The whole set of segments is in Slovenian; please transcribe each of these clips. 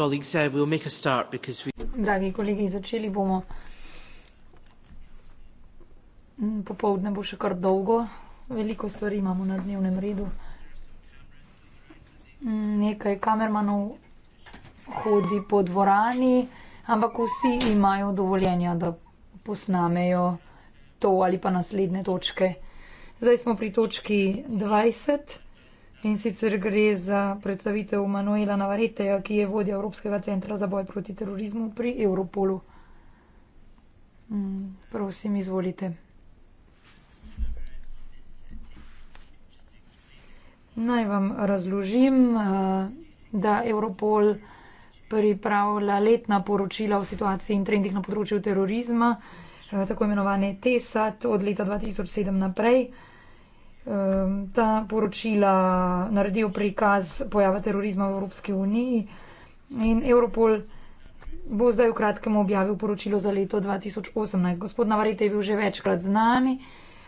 colleagues, uh, we'll make a start because we... Dragi kolegi, začeli bomo. Mm, Popovdne bo še kar dolgo. Veliko stvari imamo na dnevnem redu. Mm, nekaj kamermanov hodi po dvorani, ampak vsi imajo dovoljenja, da posnamejo to ali pa naslednje točke. Zdaj smo pri točki 20. In sicer gre za predstavitev Manuela Navareteja, ki je vodja Evropskega centra za boj proti terorizmu pri Europolu. Mm, prosim, izvolite. Naj vam razložim, eh, da Europol pripravlja letna poročila o situaciji in trendih na področju terorizma, eh, tako imenovane TESAT od leta 2007 naprej um, ta poročila naredil prikaz pojava terorizma v Evropski uniji in Europol bo zdaj v kratkem objavil poročilo za leto 2018. Gospod Navarite je bil že večkrat z nami,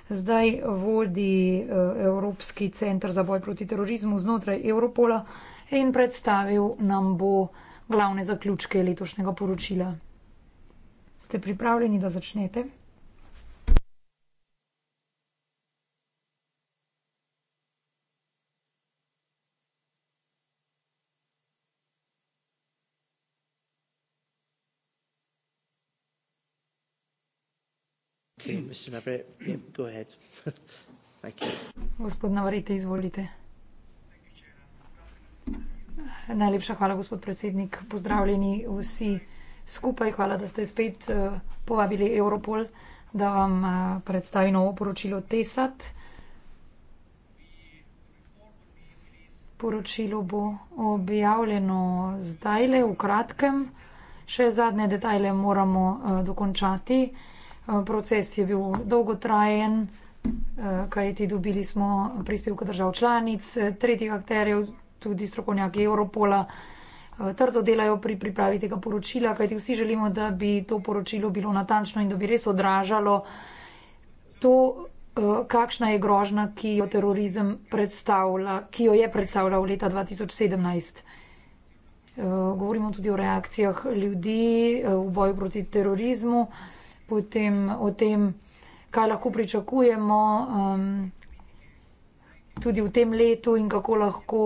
zdaj vodi eh, Evropski centr za boj proti terorizmu znotraj Europola in predstavil nam bo glavne zaključke letošnjega poročila. Ste pripravljeni, da začnete? Gospod Navarite, izvolite. Najlepša hvala, gospod predsednik. Pozdravljeni vsi skupaj. Hvala, da ste spet eh, povabili Europol, da vam eh, predstavi novo poročilo TESAT. Poročilo bo objavljeno zdajle, v kratkem. Še zadnje detajle moramo eh, dokončati. Eh, proces je bil dolgotrajen, eh, kajti dobili smo prispevke držav članic, eh, tretjih akterjev, tudi strokovnjaki Europola. Trdo delajo pri pripravi tega poročila, kajti vsi želimo, da bi to poročilo bilo natančno in da bi res odražalo to, kakšna je grožna, ki jo terorizem predstavlja, ki jo je predstavljal leta 2017. Govorimo tudi o reakcijah ljudi v boju proti terorizmu potem o tem, kaj lahko pričakujemo um, tudi v tem letu in kako lahko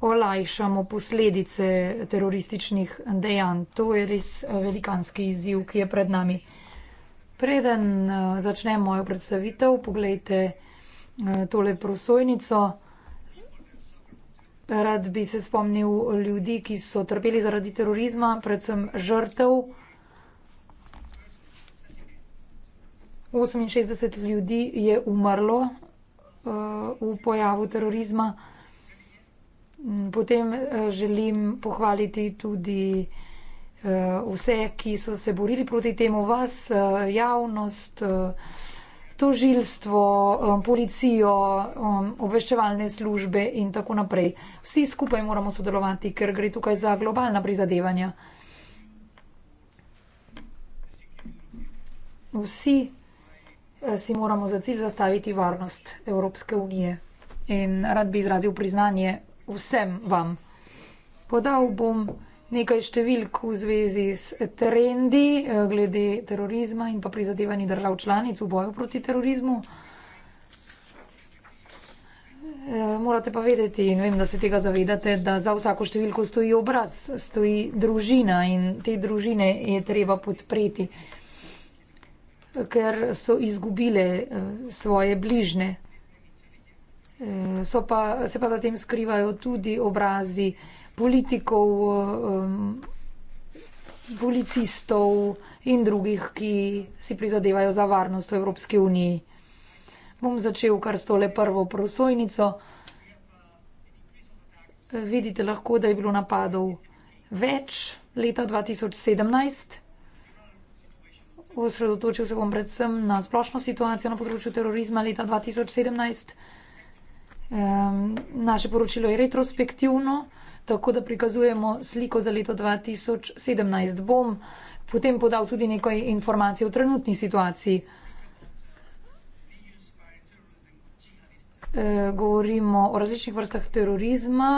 olajšamo posledice terorističnih dejanj. To je res eh, velikanski izziv, ki je pred nami. Preden eh, začnem mojo predstavitev, pogledajte eh, tole prosojnico. Rad bi se spomnil ljudi, ki so trpeli zaradi terorizma, predvsem žrtev. 68 ljudi je umrlo uh, v pojavu terorizma. Potem eh, želim pohvaliti tudi uh, vse, ki so se borili proti temu, vas, uh, javnost, uh, tožilstvo, um, policijo, um, obveščevalne službe in tako naprej. Vsi skupaj moramo sodelovati, ker gre tukaj za globalna prizadevanja. Vsi Eh, si moramo za cilj zastaviti varnost Evropske unije. In rad bi izrazil priznanje vsem vam. Podal bom nekaj številk v zvezi s trendi eh, glede terorizma in pa prizadevanji držav članic v boju proti terorizmu. Eh, morate pa vedeti, in vem, da se tega zavedate, da za vsako številko stoji obraz, stoji družina in te družine je treba podpreti ker so izgubile eh, svoje bližne. Eh, pa, se pa za tem skrivajo tudi obrazi politikov, eh, policistov in drugih, ki si prizadevajo za varnost v Evropski uniji. Bom začel kar s tole prvo prosojnico. Vidite lahko, da je bilo napadov več leta 2017 osredotočil se bom predvsem na splošno situacijo na področju terorizma leta 2017. Naše poročilo je retrospektivno, tako da prikazujemo sliko za leto 2017. Bom potem podal tudi nekaj informacij o trenutni situaciji. E, govorimo o različnih vrstah terorizma,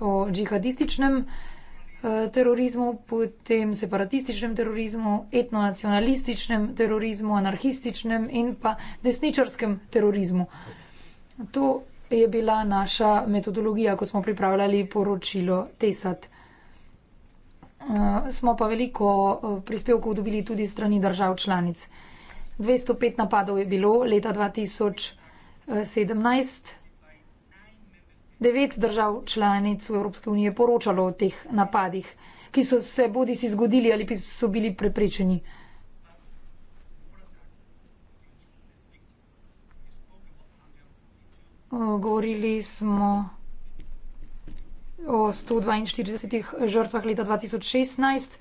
o džihadističnem terorizmu. Eh, terorizmu, potem separatističnem terorizmu, etnonacionalističnem terorizmu, anarhističnem in pa desničarskem terorizmu. To je bila naša metodologija, ko smo pripravljali poročilo TESAT. Eh, smo pa veliko eh, prispevkov dobili tudi strani držav članic. 205 napadov je bilo leta 2017. Devet držav članic Evropske unije je poročalo o teh napadih, ki so se bodi si zgodili ali pa so bili preprečeni. Govorili smo o 142 žrtvah leta 2016,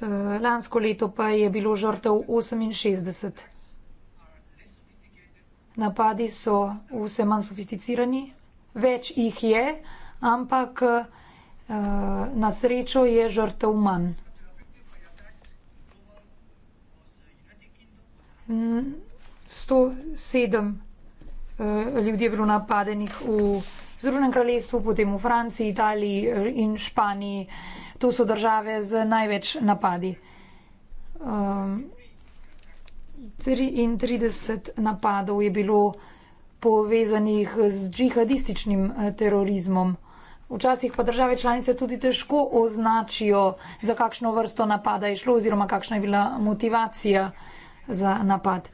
e, lansko leto pa je bilo žrtev 68 napadi so vse manj sofisticirani, več jih je, ampak eh, na srečo je žrtev manj. Sto sedem eh, ljudi je bilo napadenih v Združenem kraljestvu, potem v Franciji, Italiji eh, in Španiji. To so države z največ napadi. Ehm, 33 napadov je bilo povezanih z džihadističnim eh, terorizmom. Včasih pa države članice tudi težko označijo, za kakšno vrsto napada je šlo oziroma kakšna je bila motivacija za napad.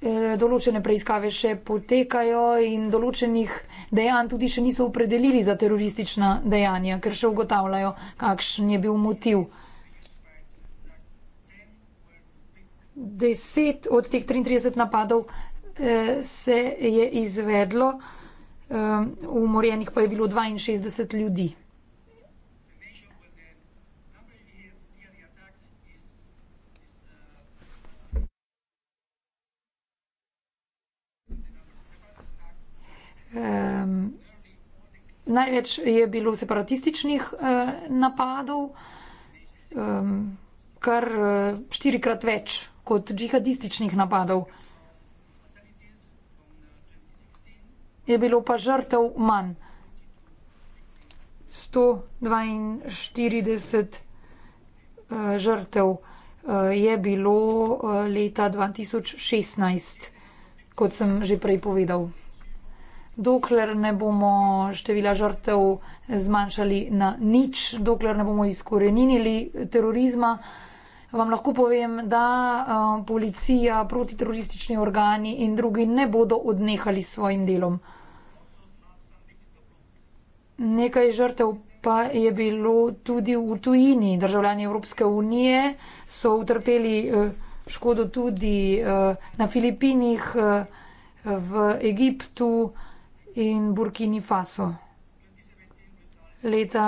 Eh, določene preiskave še potekajo in določenih dejanj tudi še niso opredelili za teroristična dejanja, ker še ugotavljajo, kakšen je bil motiv. deset od teh 33 napadov eh, se je izvedlo, eh, umorjenih pa je bilo 62 ljudi. Um, največ je bilo separatističnih uh, napadov, um, kar uh, štirikrat več kot džihadističnih napadov. Je bilo pa žrtev manj. 142 uh, eh, žrtev uh, je bilo uh, leta 2016, kot sem že prej povedal. Dokler ne bomo števila žrtev zmanjšali na nič, dokler ne bomo izkoreninili terorizma, uh, vam lahko povem, da uh, policija, protiteroristični organi in drugi ne bodo odnehali s svojim delom. Nekaj žrtev pa je bilo tudi v tujini. Državljani Evropske unije so utrpeli uh, škodo tudi uh, na Filipinih, uh, v Egiptu in Burkini Faso. Leta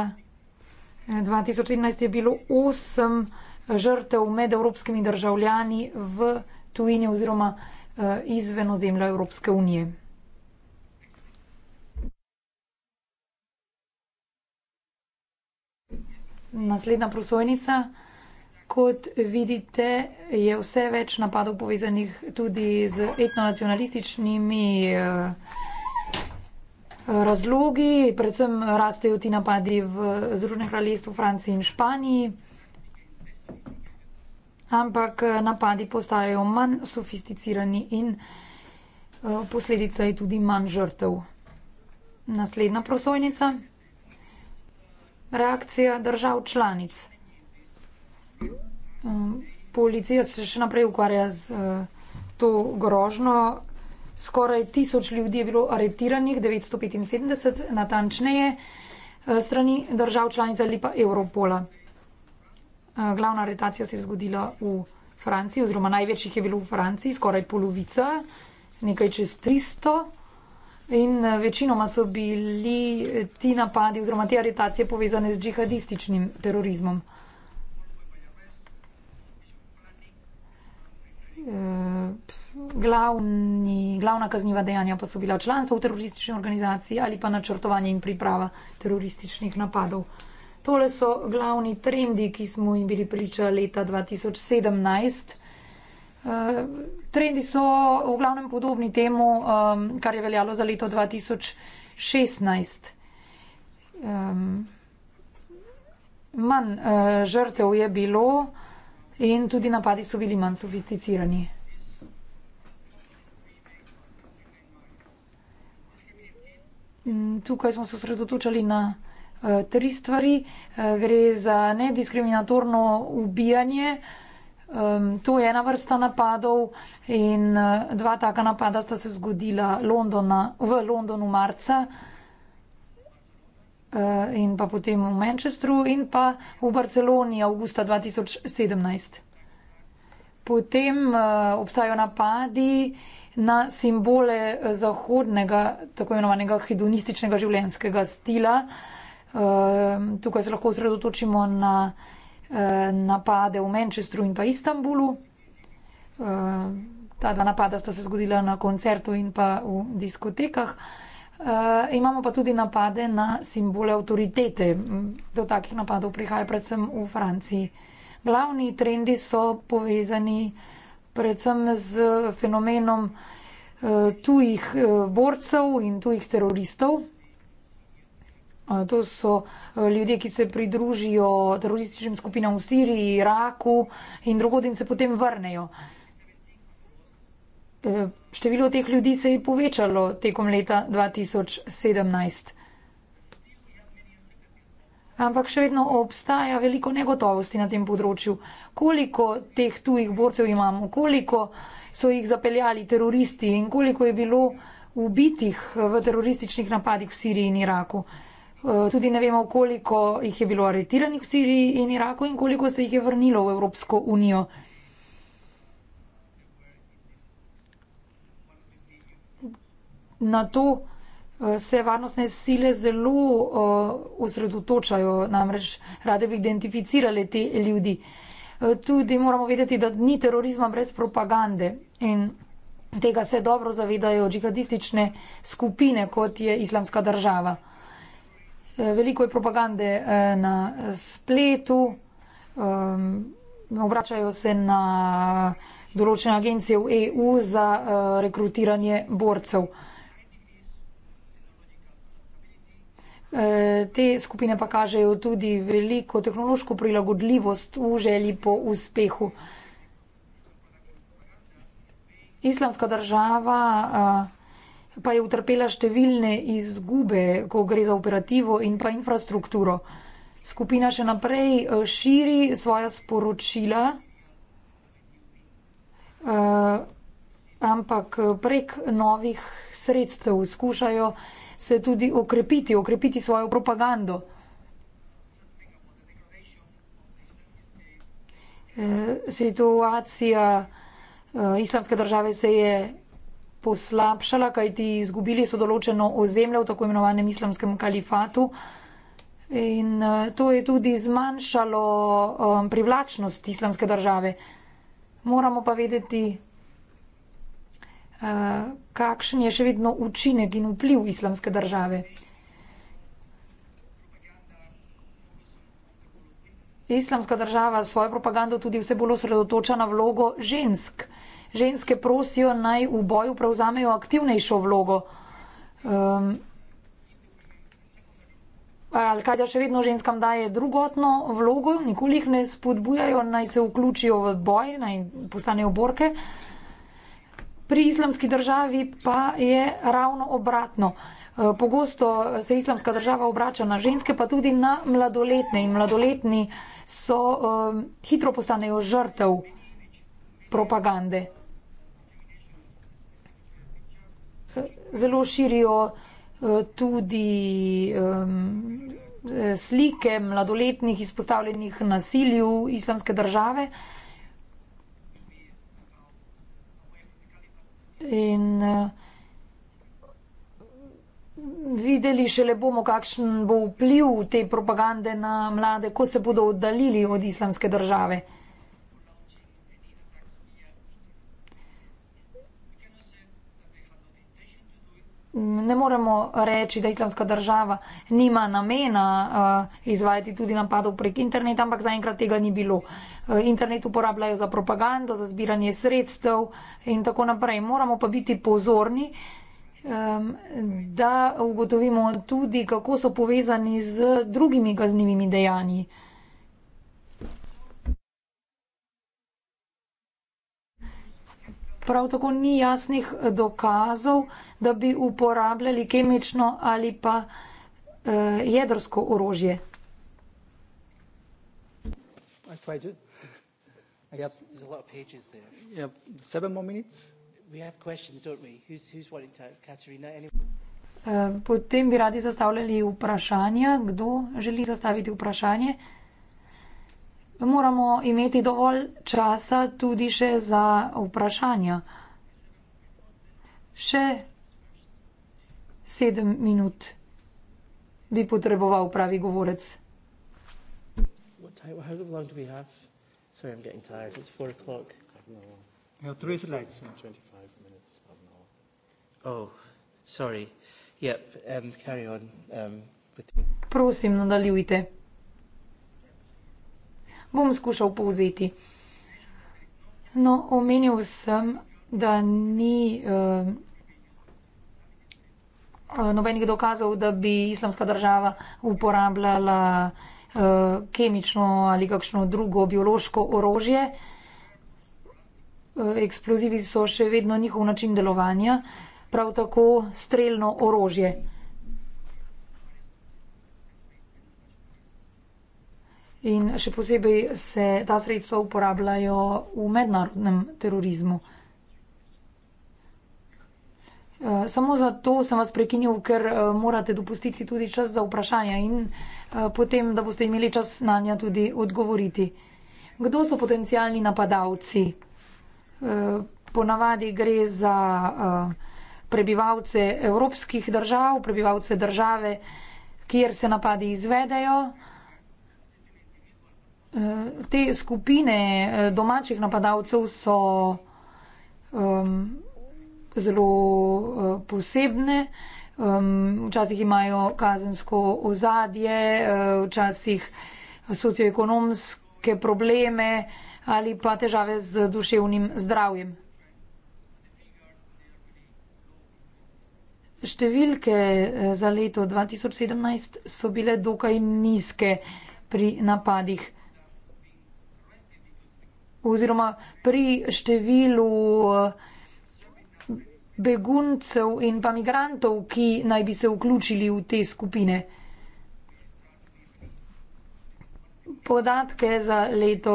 2013 je bilo osem žrtev med evropskimi državljani v tujini oziroma eh, izven ozemlja Evropske unije. Naslednja prosojnica. Kot vidite, je vse več napadov povezanih tudi z etnonacionalističnimi eh, razlogi, predvsem rastejo ti napadi v Združenem kraljestvu, Franciji in Španiji ampak eh, napadi postajajo manj sofisticirani in eh, posledica je tudi manj žrtev. Naslednja prosojnica. Reakcija držav članic. Eh, policija se še naprej ukvarja z to grožno. Skoraj tisoč ljudi je bilo aretiranih, 975 natančneje, strani držav članica ali pa Evropola. Eh, glavna aretacija se je zgodila v Franciji, oziroma največjih je bilo v Franciji, skoraj polovica, nekaj čez 300. In eh, večinoma so bili eh, ti napadi oziroma te aretacije povezane z džihadističnim terorizmom. Glavni, glavna kazniva dejanja pa so bila članstvo v teroristični organizaciji ali pa načrtovanje in priprava terorističnih napadov. Tole so glavni trendi, ki smo jim bili priča leta 2017. Eh, trendi so v glavnem podobni temu, ehm, kar je veljalo za leto 2016. Ehm, manj eh, žrtev je bilo in tudi napadi so bili manj sofisticirani. Mm, tukaj smo se osredotočali na tri stvari. Eh, gre za nediskriminatorno ubijanje, to je ena vrsta napadov in eh, dva taka napada sta se zgodila Londona, v Londonu marca eh, in pa potem v Manchesteru in pa v Barceloni avgusta 2017. Potem obstajajo napadi na simbole zahodnega, tako imenovanega hedonističnega življenjskega stila, Ehm, tukaj se lahko osredotočimo na eh, napade v Manchestru in pa Istanbulu. Ehm, ta dva napada sta se zgodila na koncertu in pa v diskotekah. Ehm, imamo pa tudi napade na simbole avtoritete. Do takih napadov prihaja predvsem v Franciji. Glavni trendi so povezani predvsem z fenomenom eh, tujih eh, borcev in tujih teroristov. To so eh, ljudje, ki se pridružijo terorističnim skupinam v Siriji, Iraku in drugod in se potem vrnejo. Eh, število teh ljudi se je povečalo tekom leta 2017. Ampak še vedno obstaja veliko negotovosti na tem področju. Koliko teh tujih borcev imamo, koliko so jih zapeljali teroristi in koliko je bilo ubitih v terorističnih napadih v Siriji in Iraku. Eh, tudi ne vemo, koliko jih je bilo aretiranih v Siriji in Iraku in koliko se jih je vrnilo v Evropsko unijo. Na to eh, se varnostne sile zelo eh, osredotočajo, namreč rade bi identificirali te ljudi. Tudi moramo vedeti, da ni terorizma brez propagande in tega se dobro zavedajo džihadistične skupine, kot je islamska država. Eh, veliko je propagande eh, na spletu, ehm, obračajo se na določene agencije v EU za eh, rekrutiranje borcev. Te skupine pa kažejo tudi veliko tehnološko prilagodljivost v želji po uspehu. Islamska država pa je utrpela številne izgube, ko gre za operativo in pa infrastrukturo. Skupina še naprej eh, širi svoja sporočila, eh, ampak eh, prek novih sredstev skušajo se tudi okrepiti, okrepiti svojo propagando. Situacija islamske države se je poslabšala, kajti izgubili so določeno ozemlje v tako imenovanem islamskem kalifatu. In eh, to je tudi zmanjšalo um, privlačnost islamske države. Moramo pa vedeti, uh, kakšen je še vedno učinek in vpliv islamske države. Islamska država svojo propagando tudi vse bolj osredotoča na vlogo žensk. Uh, ženske prosijo naj v boju prevzamejo aktivnejšo vlogo. Um, Al-Qaida še vedno ženskam daje drugotno vlogo, nikoli jih ne spodbujajo, naj se vključijo v boj, naj postanejo borke. Pri islamski državi pa je ravno obratno. Eh, pogosto se islamska država obrača na ženske, pa tudi na mladoletne in mladoletni so, um, hitro postanejo žrtev propagande. zelo širijo eh, tudi um, slike mladoletnih izpostavljenih nasilju islamske države. In uh, videli šele bomo, kakšen bo vpliv te propagande na mlade, ko se bodo oddaljili od islamske države. ne moremo reči, da islamska država nima namena uh, izvajati tudi napadov prek interneta, ampak zaenkrat tega ni bilo. Eh, internet uporabljajo za propagando, za zbiranje sredstev in tako naprej. Moramo pa biti pozorni, um, da ugotovimo tudi, kako so povezani z drugimi kaznjivimi dejanji. Prav tako ni jasnih dokazov, da bi uporabljali kemično ali pa eh, jedrsko orožje. Eh, potem bi radi zastavljali vprašanja. Kdo želi zastaviti vprašanje? Moramo imeti dovolj časa tudi še za vprašanja. Še sedem minut bi potreboval pravi govorec. Prosim, nadaljujte. Bom skušal povzeti. No, omenil sem, da ni uh, Eh, nobenih dokazov, da bi islamska država uporabljala eh, kemično ali kakšno drugo biološko orožje. Eh, Eksplozivi so še vedno njihov način delovanja, prav tako streljno orožje. In še posebej se ta sredstva uporabljajo v mednarodnem terorizmu. Eh, samo zato sem vas prekinil, ker uh, morate dopustiti tudi čas za vprašanja in uh, potem, da boste imeli čas na nja tudi odgovoriti. Kdo so potencijalni napadalci? Uh, ponavadi gre za uh, prebivalce evropskih držav, prebivalce države, kjer se napadi izvedejo. Te skupine domačih napadalcev so um, zelo uh, posebne. Um, včasih imajo kazensko ozadje, uh, včasih socioekonomske probleme ali pa težave z duševnim zdravjem. Številke eh, za leto 2017 so bile dokaj nizke pri napadih oziroma pri številu uh, beguncev in pa migrantov, ki naj bi se vključili v te skupine. Podatke za leto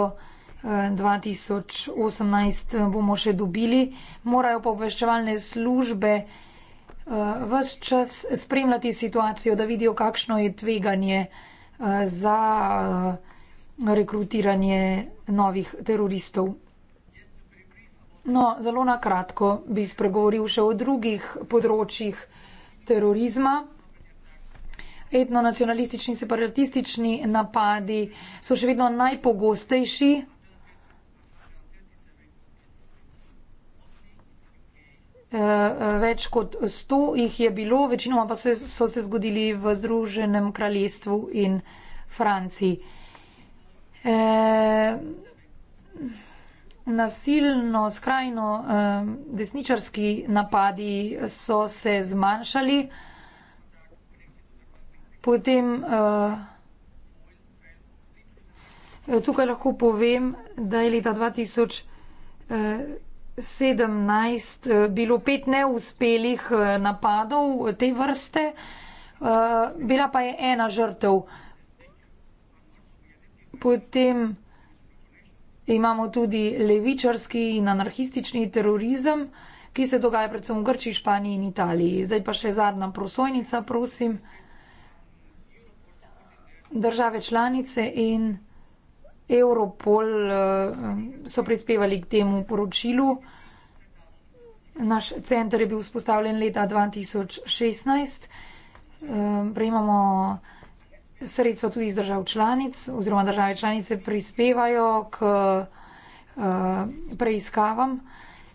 2018 eh, eh, bomo še dobili. Morajo pa obveščevalne službe eh, vse čas spremljati situacijo, da vidijo, kakšno je tveganje za rekrutiranje novih teroristov. No, zelo na kratko bi spregovoril še o drugih področjih terorizma. Etnonacionalistični in separatistični napadi so še vedno najpogostejši. Eh, eh, več kot sto jih je bilo, večinoma pa so, so se zgodili v Združenem kraljestvu in Franciji. E, Nasilno, skrajno desničarski napadi so se zmanjšali. Potem eh, tukaj lahko povem, da je leta 2017 eh, eh, bilo pet neuspelih napadov te vrste, bila pa je ena žrtev. Potem Imamo tudi levičarski in anarhistični terorizem, ki se dogaja predvsem v Grči, Španiji in Italiji. Zdaj pa še zadnja prosojnica, prosim. Države članice in Europol eh, so prispevali k temu poročilu. Naš center je bil vzpostavljen leta 2016. Eh, Prejmamo sredstva tudi iz držav članic oziroma države članice prispevajo k uh, preiskavam.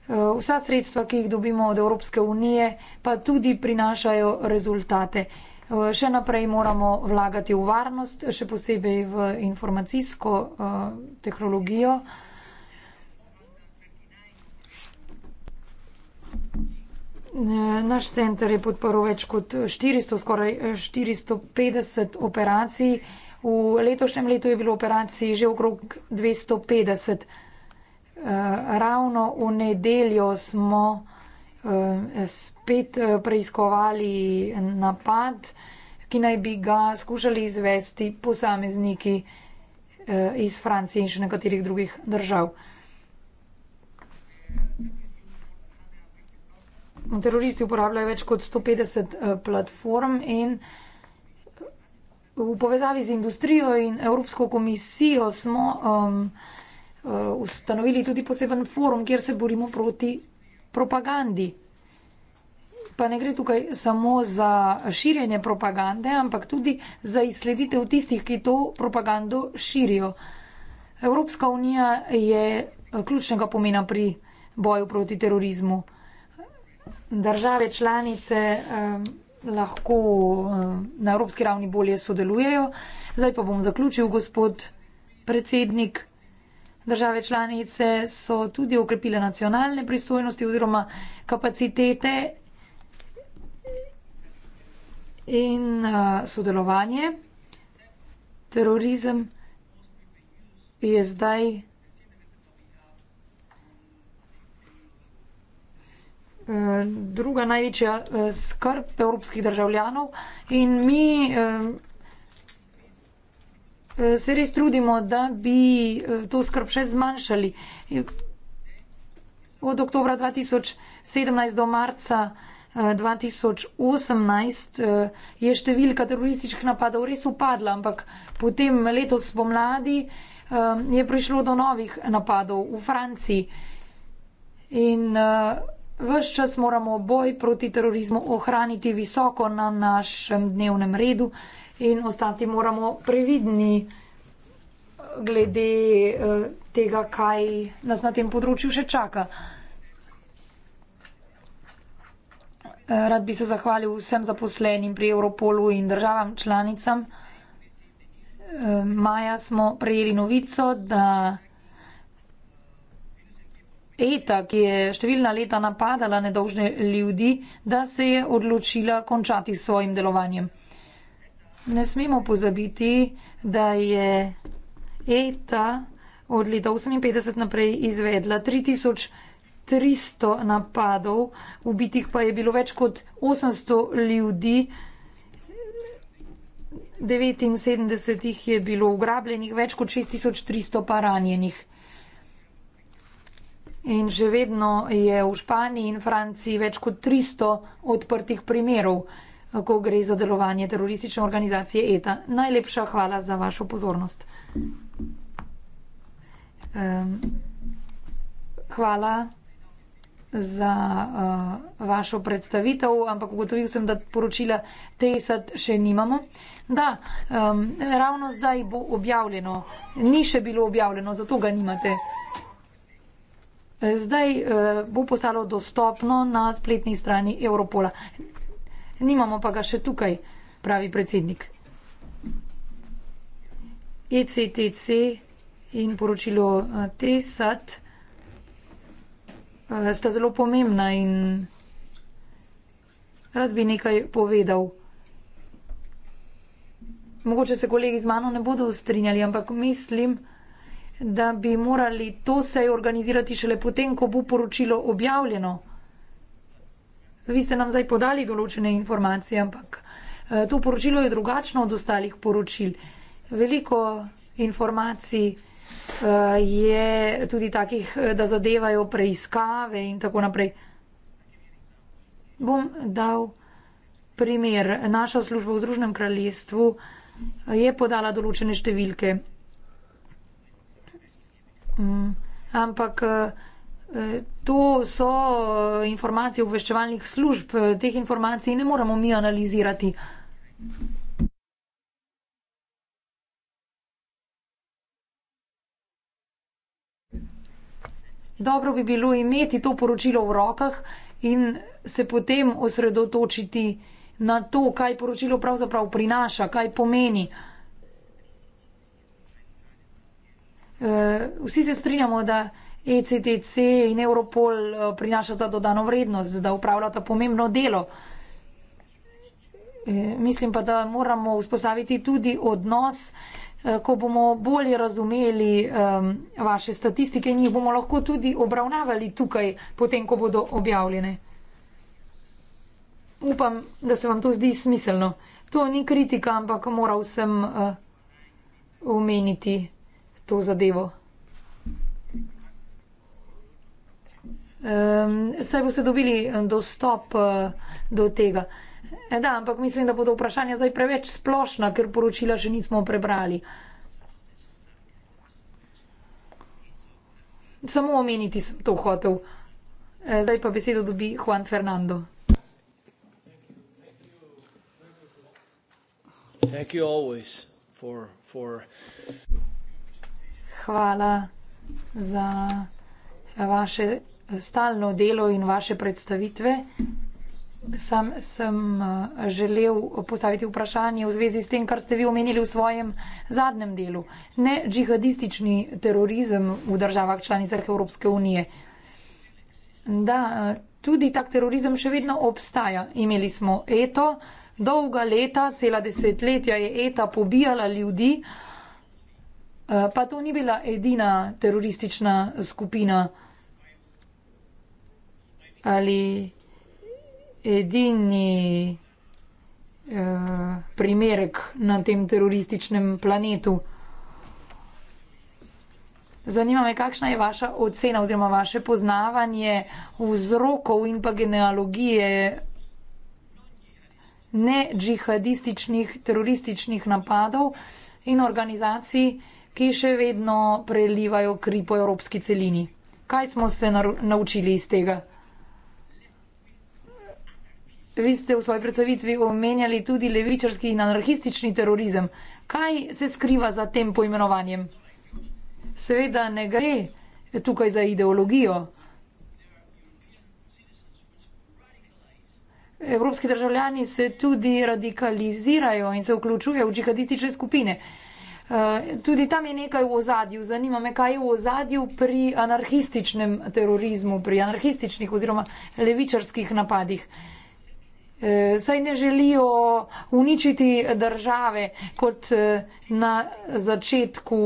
Eh, vsa sredstva, ki jih dobimo od Evropske unije, pa tudi prinašajo rezultate. Eh, še naprej moramo vlagati v varnost, še posebej v informacijsko tehnologijo. Naš center je podporil več kot 400, skoraj 450 eh, operacij. V letošnjem letu je bilo operacij že okrog 250. Eh, ravno v nedeljo smo eh, spet preiskovali napad, ki naj bi ga skušali izvesti posamezniki iz Francije in še nekaterih drugih držav. Thank you teroristi uporabljajo več kot 150 eh, platform in eh, v povezavi z industrijo in Evropsko komisijo smo um, eh, ustanovili tudi poseben forum, kjer se borimo proti propagandi. Pa ne gre tukaj samo za širjenje propagande, ampak tudi za izsleditev tistih, ki to propagando širijo. Evropska unija je ključnega pomena pri boju proti terorizmu države članice eh, lahko eh, na evropski ravni bolje sodelujejo. Zdaj pa bom zaključil, gospod predsednik. Države članice so tudi okrepile nacionalne pristojnosti oziroma kapacitete in uh, sodelovanje. Terorizem je zdaj Eh, druga največja eh, skrb evropskih državljanov in mi eh, se res trudimo, da bi to skrb še zmanjšali. Od oktobra 2017 do marca 2018 je številka terorističnih napadov res upadla, ampak potem letos pomladi je prišlo do novih napadov v Franciji. In uh, Ves čas moramo boj proti terorizmu ohraniti visoko na našem dnevnem redu in ostati moramo previdni glede eh, tega, kaj nas na tem področju še čaka. Eh, rad bi se zahvalil vsem zaposlenim pri Europolu in državam članicam. Eh, maja smo prejeli novico, da. ETA, ki je številna leta napadala nedolžne ljudi, da se je odločila končati s svojim delovanjem. Ne smemo pozabiti, da je ETA od leta 1958 naprej izvedla 3300 napadov, ubitih pa je bilo več kot 800 ljudi. 79 jih je bilo ugrabljenih, več kot 6300 pa ranjenih in že vedno je v Španiji in Franciji več kot 300 odprtih primerov, ko gre za delovanje teroristične organizacije ETA. Najlepša hvala za vašo pozornost. Hvala za uh, vašo predstavitev, ampak ugotovil sem, da poročila te sad še nimamo. Da, um, ravno zdaj bo objavljeno, ni še bilo objavljeno, zato ga nimate zdaj eh, bo postalo dostopno na spletni strani Europola. Nimamo pa ga še tukaj, pravi predsednik. ECTC in poročilo eh, TESAT eh, sta zelo pomembna in rad bi nekaj povedal. Mogoče se kolegi z mano ne bodo strinjali, ampak mislim, da da bi morali to se organizirati šele potem, ko bo poročilo objavljeno. Vi ste nam zdaj podali določene informacije, ampak eh, to poročilo je drugačno od ostalih poročil. Veliko informacij eh, je tudi takih, eh, da zadevajo preiskave in tako naprej. Bom dal primer. Naša služba v Združenem kraljestvu je podala določene številke. Mm, ampak eh, to so eh, informacije obveščevalnih služb, teh informacij ne moramo mi analizirati. Dobro bi bilo imeti to poročilo v rokah in se potem osredotočiti na to, kaj poročilo pravzaprav prinaša, kaj pomeni. Eh, vsi se strinjamo, da ECTC in Europol eh, prinašata dodano vrednost, da upravljata pomembno delo. Eh, mislim pa, da moramo vzpostaviti tudi odnos, ko bomo bolje razumeli ehm, vaše statistike in jih bomo lahko tudi obravnavali tukaj, potem, ko bodo objavljene. Upam, da se vam to zdi smiselno. To ni kritika, ampak mora vsem omeniti. Uh, to zadevo. Um, saj boste dobili dostop uh, do tega. E, da, ampak mislim, da bodo vprašanja zdaj preveč splošna, ker poročila še nismo prebrali. Samo omeniti sem to hotel. E, zdaj pa besedo dobi Juan Fernando. Thank you, thank you, thank you. Thank you hvala za vaše stalno delo in vaše predstavitve. Sam sem eh, želel postaviti vprašanje v zvezi s tem, kar ste vi omenili v svojem zadnjem delu. Ne džihadistični terorizem v državah članicah Evropske unije. Da, eh, tudi tak terorizem še vedno obstaja. Imeli smo ETO, dolga leta, cela desetletja je ETA pobijala ljudi, uh, Eh, pa to ni bila edina teroristična skupina ali edini eh, primerek na tem terorističnem planetu. Zanima me, kakšna je vaša ocena oziroma vaše poznavanje vzrokov in pa genealogije ne džihadističnih terorističnih napadov in organizacij, ki še vedno prelivajo kri po evropski celini. Kaj smo se naučili iz tega? Vi ste v svoji predstavitvi omenjali tudi levičarski in anarhistični terorizem. Kaj se skriva za tem poimenovanjem? Seveda ne gre tukaj za ideologijo. Evropski državljani se tudi radikalizirajo in se vključujejo v džihadistične skupine. Eh, tudi tam je nekaj v ozadju. Zanima me, kaj je v ozadju pri anarhističnem terorizmu, pri anarhističnih oziroma levičarskih napadih. Eh, saj ne želijo uničiti države kot eh, na začetku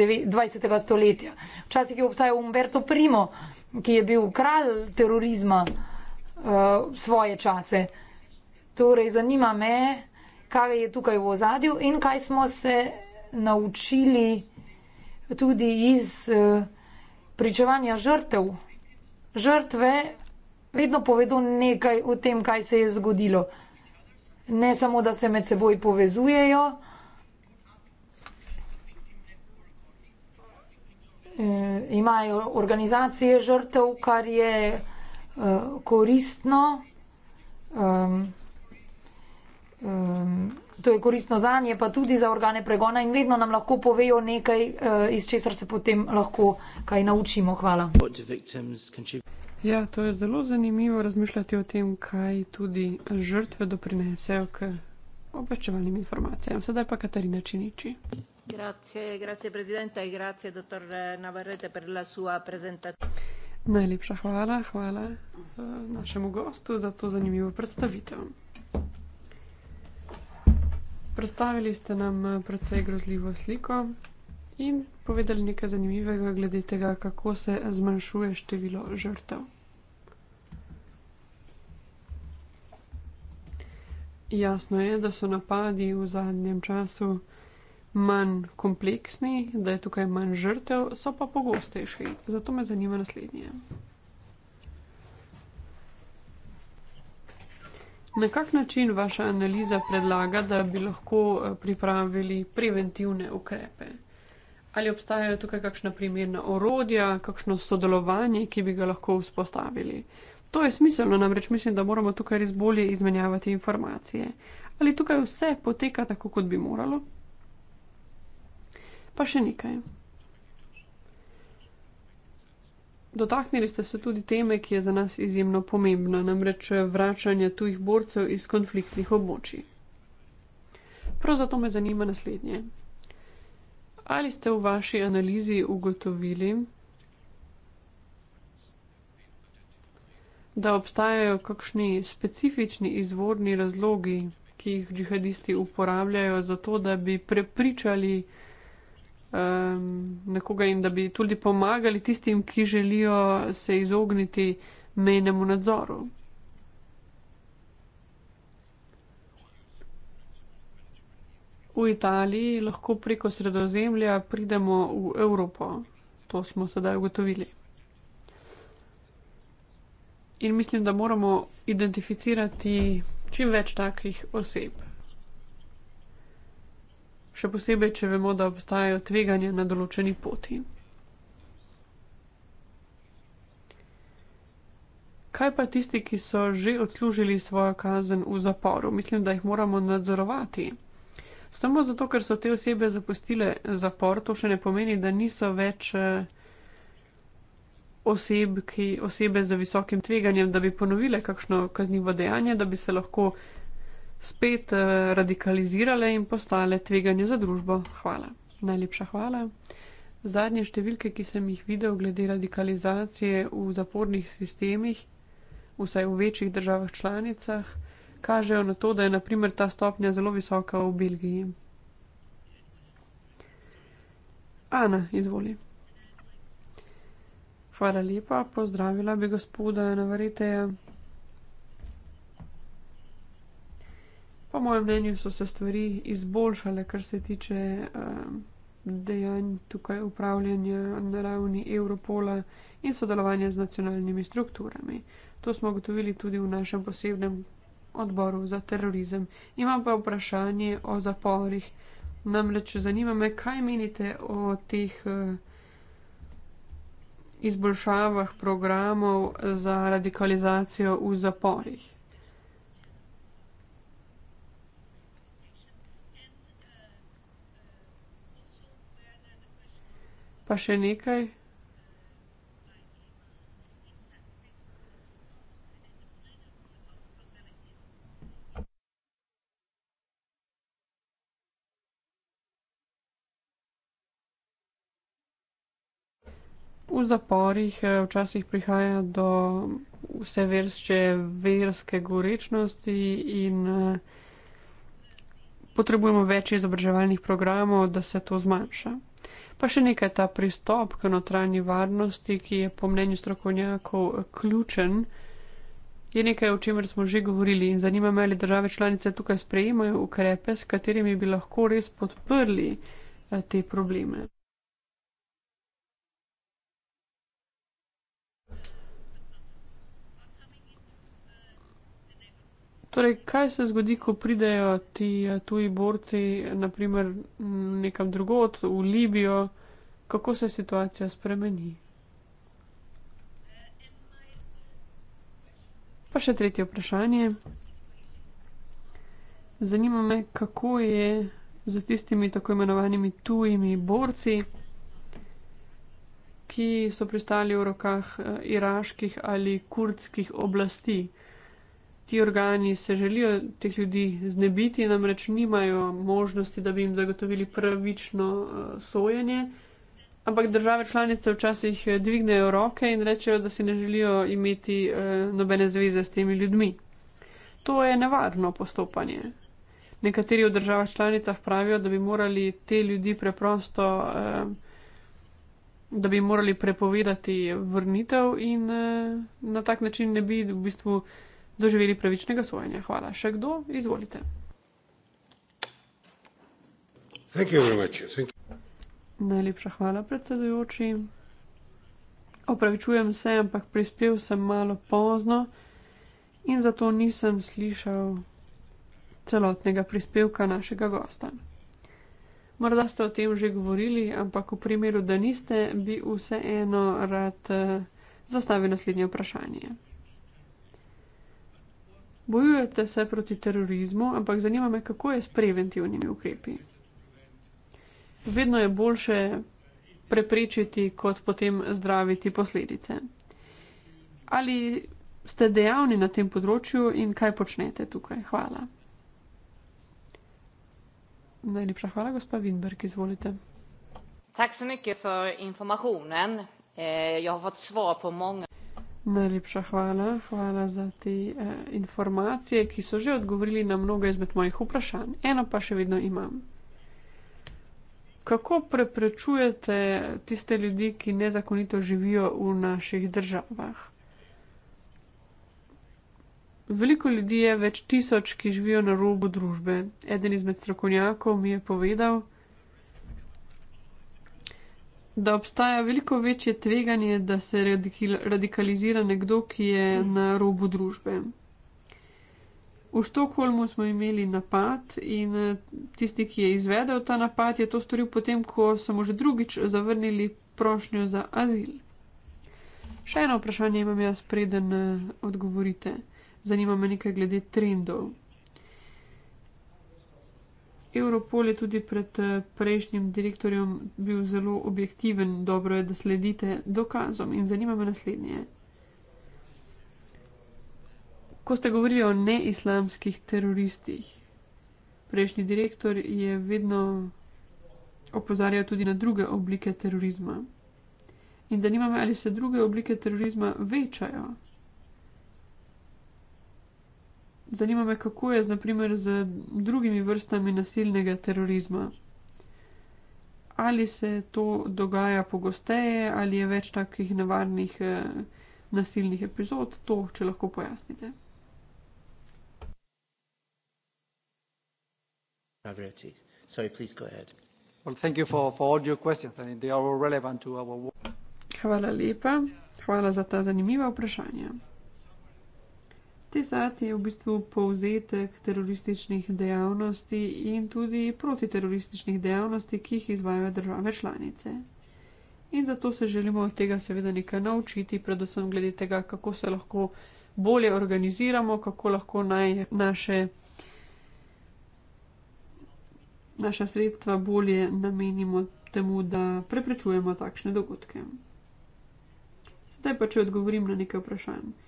20. stoletja. Včasih je obstajal Umberto Primo, ki je bil kralj terorizma svoje čase. Torej, zanima me, kaj je tukaj v ozadju in kaj smo se naučili tudi iz eh, pričevanja žrtev. Žrtve vedno povedo nekaj o tem, kaj se je zgodilo. Ne samo, da se med seboj povezujejo, eh, imajo organizacije žrtev, kar je eh, koristno. Ehm, Um, to je koristno za nje, pa tudi za organe pregona in vedno nam lahko povejo nekaj, uh, iz česar se potem lahko kaj naučimo. Hvala. Ja, to je zelo zanimivo razmišljati o tem, kaj tudi žrtve doprinesejo k obveščevalnim informacijam. Sedaj pa Katarina Činiči. Grazie, grazie presidente, e grazie dottor Navarrete per la sua presentazione. Najlepša hvala, hvala eh, našemu gostu za to zanimivo predstavitev predstavili ste nam eh, precej grozljivo sliko in povedali nekaj zanimivega glede tega, kako se zmanjšuje število žrtev. Jasno je, da so napadi v zadnjem času manj kompleksni, da je tukaj manj žrtev, so pa pogostejši. Zato me zanima naslednje. Na kak način vaša analiza predlaga, da bi lahko eh, pripravili preventivne ukrepe? Ali obstajajo tukaj kakšna primerna orodja, kakšno sodelovanje, ki bi ga lahko vzpostavili? To je smiselno, namreč mislim, da moramo tukaj res bolje izmenjavati informacije. Ali tukaj vse poteka tako, kot bi moralo? Pa še nekaj. Dotaknili ste se tudi teme, ki je za nas izjemno pomembna, namreč vračanje tujih borcev iz konfliktnih območij. Prav zato me zanima naslednje. Ali ste v vaši analizi ugotovili, da obstajajo kakšni specifični izvorni razlogi, ki jih džihadisti uporabljajo za to, da bi prepričali, um, nekoga in da bi tudi pomagali tistim, ki želijo se izogniti mejnemu nadzoru. V Italiji lahko preko sredozemlja pridemo v Evropo. To smo sedaj ugotovili. In mislim, da moramo identificirati čim več takih oseb še posebej, če vemo, da obstajajo tveganja na določeni poti. Kaj pa tisti, ki so že odslužili svojo kazen v zaporu? Mislim, da jih moramo nadzorovati. Samo zato, ker so te osebe zapustile zapor, to še ne pomeni, da niso več eh, oseb, ki, osebe z visokim tveganjem, da bi ponovile kakšno kaznivo dejanje, da bi se lahko spet eh, radikalizirale in postale tveganje za družbo. Hvala. Najlepša hvala. Zadnje številke, ki sem jih videl glede radikalizacije v zapornih sistemih, vsaj v večjih državah članicah, kažejo na to, da je naprimer ta stopnja zelo visoka v Belgiji. Ana, izvoli. Hvala lepa, pozdravila bi gospoda Navareteja. Po mojem mnenju so se stvari izboljšale, kar se tiče uh, dejanj tukaj upravljanja na ravni Evropola in sodelovanja z nacionalnimi strukturami. To smo ugotovili tudi v našem posebnem odboru za terorizem. Imam pa vprašanje o zaporih. Namreč zanima me, kaj menite o teh eh, izboljšavah programov za radikalizacijo v zaporih. Pa še nekaj? V zaporih, eh, včasih prihaja do vse vrste verske gorečnosti in, eh, potrebujemo več izobraževalnih programov, da se to zmanjša. Pa še nekaj ta pristop k notranji varnosti, ki je po mnenju strokovnjakov ključen, je nekaj, o čemer smo že govorili in zanima me, ali države članice tukaj sprejemajo ukrepe, s katerimi bi lahko res podprli eh, te probleme. Torej, kaj se zgodi, ko pridejo ti eh, tuji borci, naprimer mm, nekam drugot, v Libijo, kako se situacija spremeni? Pa še tretje vprašanje. Zanima me, kako je z tistimi tako imenovanimi tujimi borci, ki so pristali v rokah eh, iraških ali kurdskih oblasti ti organi se želijo teh ljudi znebiti, namreč nimajo možnosti, da bi jim zagotovili pravično eh, sojenje. Ampak države članice včasih eh, dvignejo roke in rečejo, da si ne želijo imeti eh, nobene zveze s temi ljudmi. To je nevarno postopanje. Nekateri v državah članicah pravijo, da bi morali te ljudi preprosto, da bi morali prepovedati vrnitev in na tak način ne bi v bistvu doživeli pravičnega sojenja. Hvala. Še kdo? Izvolite. Najlepša hvala, predsedujoči. Opravičujem se, ampak prispel sem malo pozno in zato nisem slišal celotnega prispevka našega gosta. Morda ste o tem že govorili, ampak v primeru, da niste, bi vseeno rad eh, zastavil naslednje vprašanje. Bojujete se proti terorizmu, ampak zanima me, kako je s preventivnimi ukrepi. Vedno je boljše preprečiti, kot potem zdraviti posledice. Ali ste dejavni na tem področju in kaj počnete tukaj? Hvala. Najlepša hvala, gospa Winberg, izvolite. Tak so neke informacije. Eh, Jaz sem odgovoril na mnoge. Najlepša hvala. Hvala za te eh, informacije, ki so že odgovorili na mnoge izmed mojih vprašanj. Eno pa še vedno imam. Kako preprečujete tiste ljudi, ki nezakonito živijo v naših državah? Veliko ljudi je, več tisoč, ki živijo na robu družbe. Eden izmed strokovnjakov mi je povedal, da da obstaja veliko večje tveganje, da se radikalizira nekdo, ki je na robu družbe. V Štokholmu smo imeli napad in eh, tisti, ki je izvedel ta napad, je to storil potem, ko so mu že drugič zavrnili prošnjo za azil. Še eno vprašanje imam jaz, preden eh, odgovorite. Zanima me nekaj glede trendov. Europol je tudi pred eh, prejšnjim direktorjem bil zelo objektiven, dobro je, da sledite dokazom in zanima me naslednje. Ko ste govorili o neislamskih teroristih, prejšnji direktor je vedno opozarjal tudi na druge oblike terorizma. In zanima me, ali se druge oblike terorizma večajo. Zanima me, kako je z, naprimer, z drugimi vrstami nasilnega terorizma. Ali se to dogaja pogosteje, ali je več takih nevarnih eh, nasilnih epizod, to, če lahko pojasnite. Hvala lepa, hvala za ta zanimiva vprašanja. Te sati je v bistvu povzetek terorističnih dejavnosti in tudi protiterorističnih dejavnosti, ki jih izvajo države članice. In zato se želimo od tega seveda nekaj naučiti, predvsem glede tega, kako se lahko bolje organiziramo, kako lahko naj naše, naša sredstva bolje namenimo temu, da preprečujemo takšne dogodke. Zdaj pa če odgovorim na nekaj vprašanj.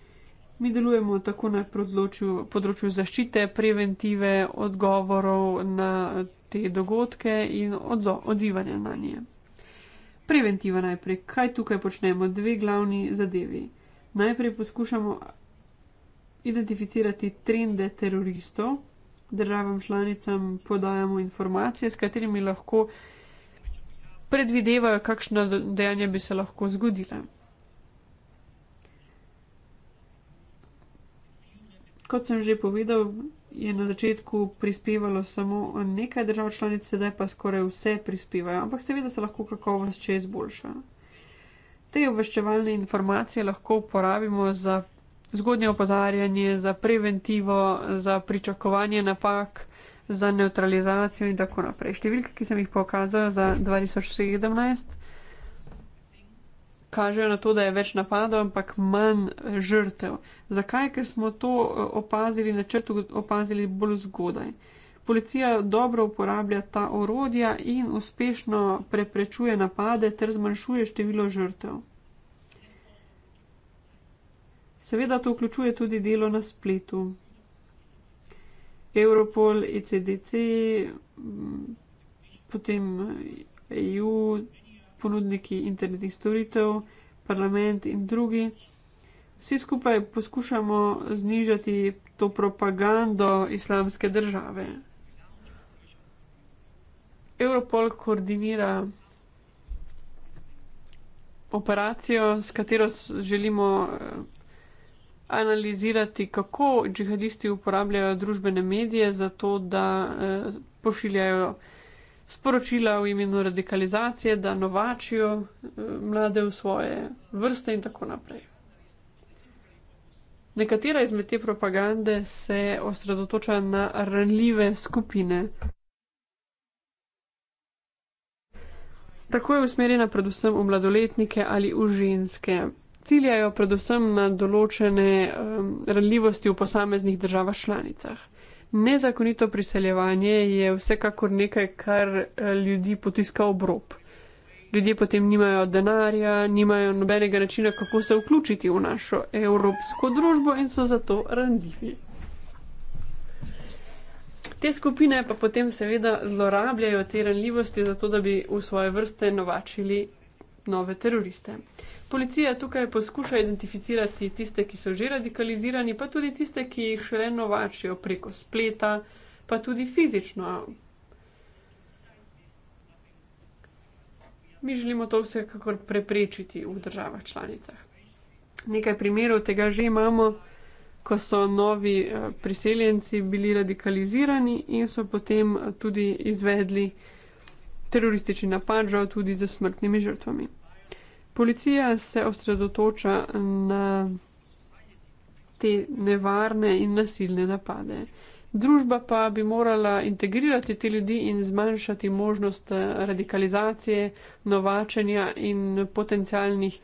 Mi delujemo tako na področju, področju zaščite, preventive, odgovorov na te dogodke in odzo, odzivanja na nje. Preventiva najprej. Kaj tukaj počnemo? Dve glavni zadevi. Najprej poskušamo identificirati trende teroristov. Državam članicam podajamo informacije, s katerimi lahko predvidevajo, kakšna dejanja bi se lahko zgodila. kot sem že povedal, je na začetku prispevalo samo nekaj držav članic, sedaj pa skoraj vse prispevajo, ampak seveda se lahko kakovost še izboljša. Te obveščevalne informacije lahko uporabimo za zgodnje opozarjanje, za preventivo, za pričakovanje napak, za neutralizacijo in tako naprej. Številke, ki sem jih pokazal za 2017 kažejo na to, da je več napadov, ampak manj eh, žrtev. Zakaj? Ker smo to eh, opazili na črtu, opazili bolj zgodaj. Policija dobro uporablja ta orodja in uspešno preprečuje napade ter zmanjšuje število žrtev. Seveda to vključuje tudi delo na spletu. Europol, ECDC, potem EU, eh, e ponudniki internetnih storitev, parlament in drugi. Vsi skupaj poskušamo znižati to propagando islamske države. Europol koordinira operacijo, s katero želimo eh, analizirati, kako džihadisti uporabljajo družbene medije za to, da eh, pošiljajo sporočila v imenu radikalizacije, da novačijo eh, mlade v svoje vrste in tako naprej. Nekatera izmed te propagande se osredotoča na ranljive skupine. Tako je usmerjena predvsem v mladoletnike ali v ženske. Ciljajo predvsem na določene um, ranljivosti v posameznih državah članicah. Nezakonito priseljevanje je vsekakor nekaj, kar eh, ljudi potiska ob rob. Ljudje potem nimajo denarja, nimajo nobenega načina, kako se vključiti v našo evropsko družbo in so zato randljivi. Te skupine pa potem seveda zlorabljajo te randljivosti, zato da bi v svoje vrste novačili nove teroriste. Policija tukaj poskuša identificirati tiste, ki so že radikalizirani, pa tudi tiste, ki jih še vedno vačijo preko spleta, pa tudi fizično. Mi želimo to vsekakor preprečiti v državah članicah. Nekaj primerov tega že imamo, ko so novi eh, priseljenci bili radikalizirani in so potem eh, tudi izvedli teroristični napad, žal tudi za smrtnimi žrtvami. Policija se osredotoča na te nevarne in nasilne napade. Družba pa bi morala integrirati te ljudi in zmanjšati možnost radikalizacije, novačenja in potencialnih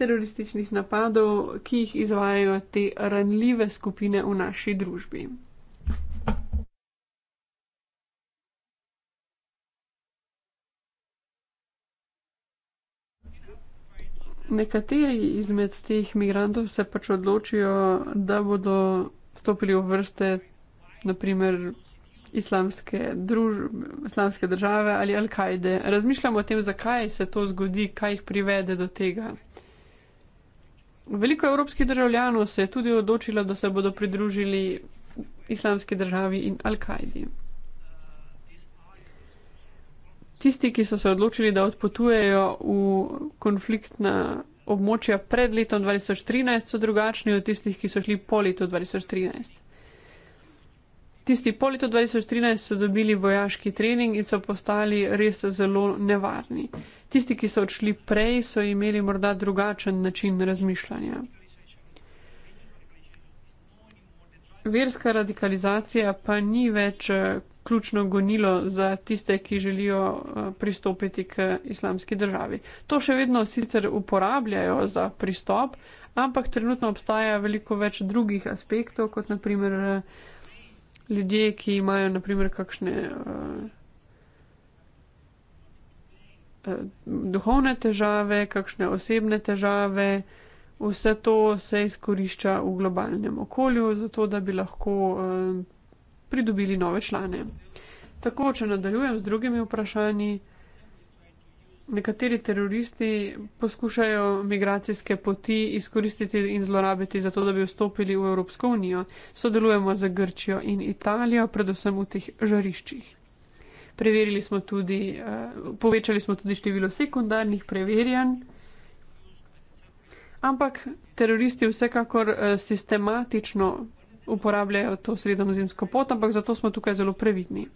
terorističnih napadov, ki jih izvajajo te ranljive skupine v naši družbi. nekateri izmed teh migrantov se pač odločijo, da bodo vstopili v vrste, naprimer, islamske, druž islamske države ali Al-Kaide. Razmišljamo o tem, zakaj se to zgodi, kaj jih privede do tega. Veliko evropskih državljanov se je tudi odločilo, da se bodo pridružili islamski državi in Al-Kaidi tisti, ki so se odločili, da odpotujejo v konfliktna območja pred letom 2013, so drugačni od tistih, ki so šli po letu 2013. Tisti po letu 2013 so dobili vojaški trening in so postali res zelo nevarni. Tisti, ki so odšli prej, so imeli morda drugačen način razmišljanja. Verska radikalizacija pa ni več eh, ključno gonilo za tiste, ki želijo eh, pristopiti k islamski državi. To še vedno sicer uporabljajo za pristop, ampak trenutno obstaja veliko več drugih aspektov, kot naprimer eh, ljudje, ki imajo naprimer kakšne eh, duhovne težave, kakšne osebne težave, vse to se izkorišča v globalnem okolju, zato da bi lahko uh, pridobili nove člane. Tako, če nadaljujem z drugimi vprašanji, nekateri teroristi poskušajo migracijske poti izkoristiti in zlorabiti zato, da bi vstopili v Evropsko unijo. Sodelujemo z Grčijo in Italijo, predvsem v teh žariščih. Preverili smo tudi, eh, povečali smo tudi število sekundarnih preverjanj, ampak teroristi vsekakor eh, sistematično uporabljajo to sredozemsko pot, ampak zato smo tukaj zelo previdni.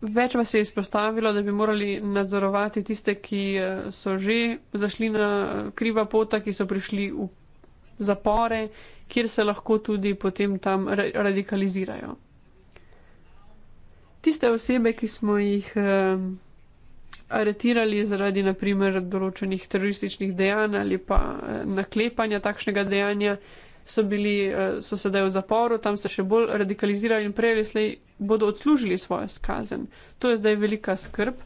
Več vas je izpostavilo, da bi morali nadzorovati tiste, ki eh, so že zašli na eh, kriva pota, ki so prišli v zapore, kjer se lahko tudi potem tam radikalizirajo. Tiste osebe, ki smo jih eh, aretirali zaradi naprimer določenih terorističnih dejanj ali pa naklepanja takšnega dejanja, so bili, eh, so sedaj v zaporu, tam se še bolj radikalizirajo in prej leslej bodo odslužili svojo skazen. To je zdaj velika skrb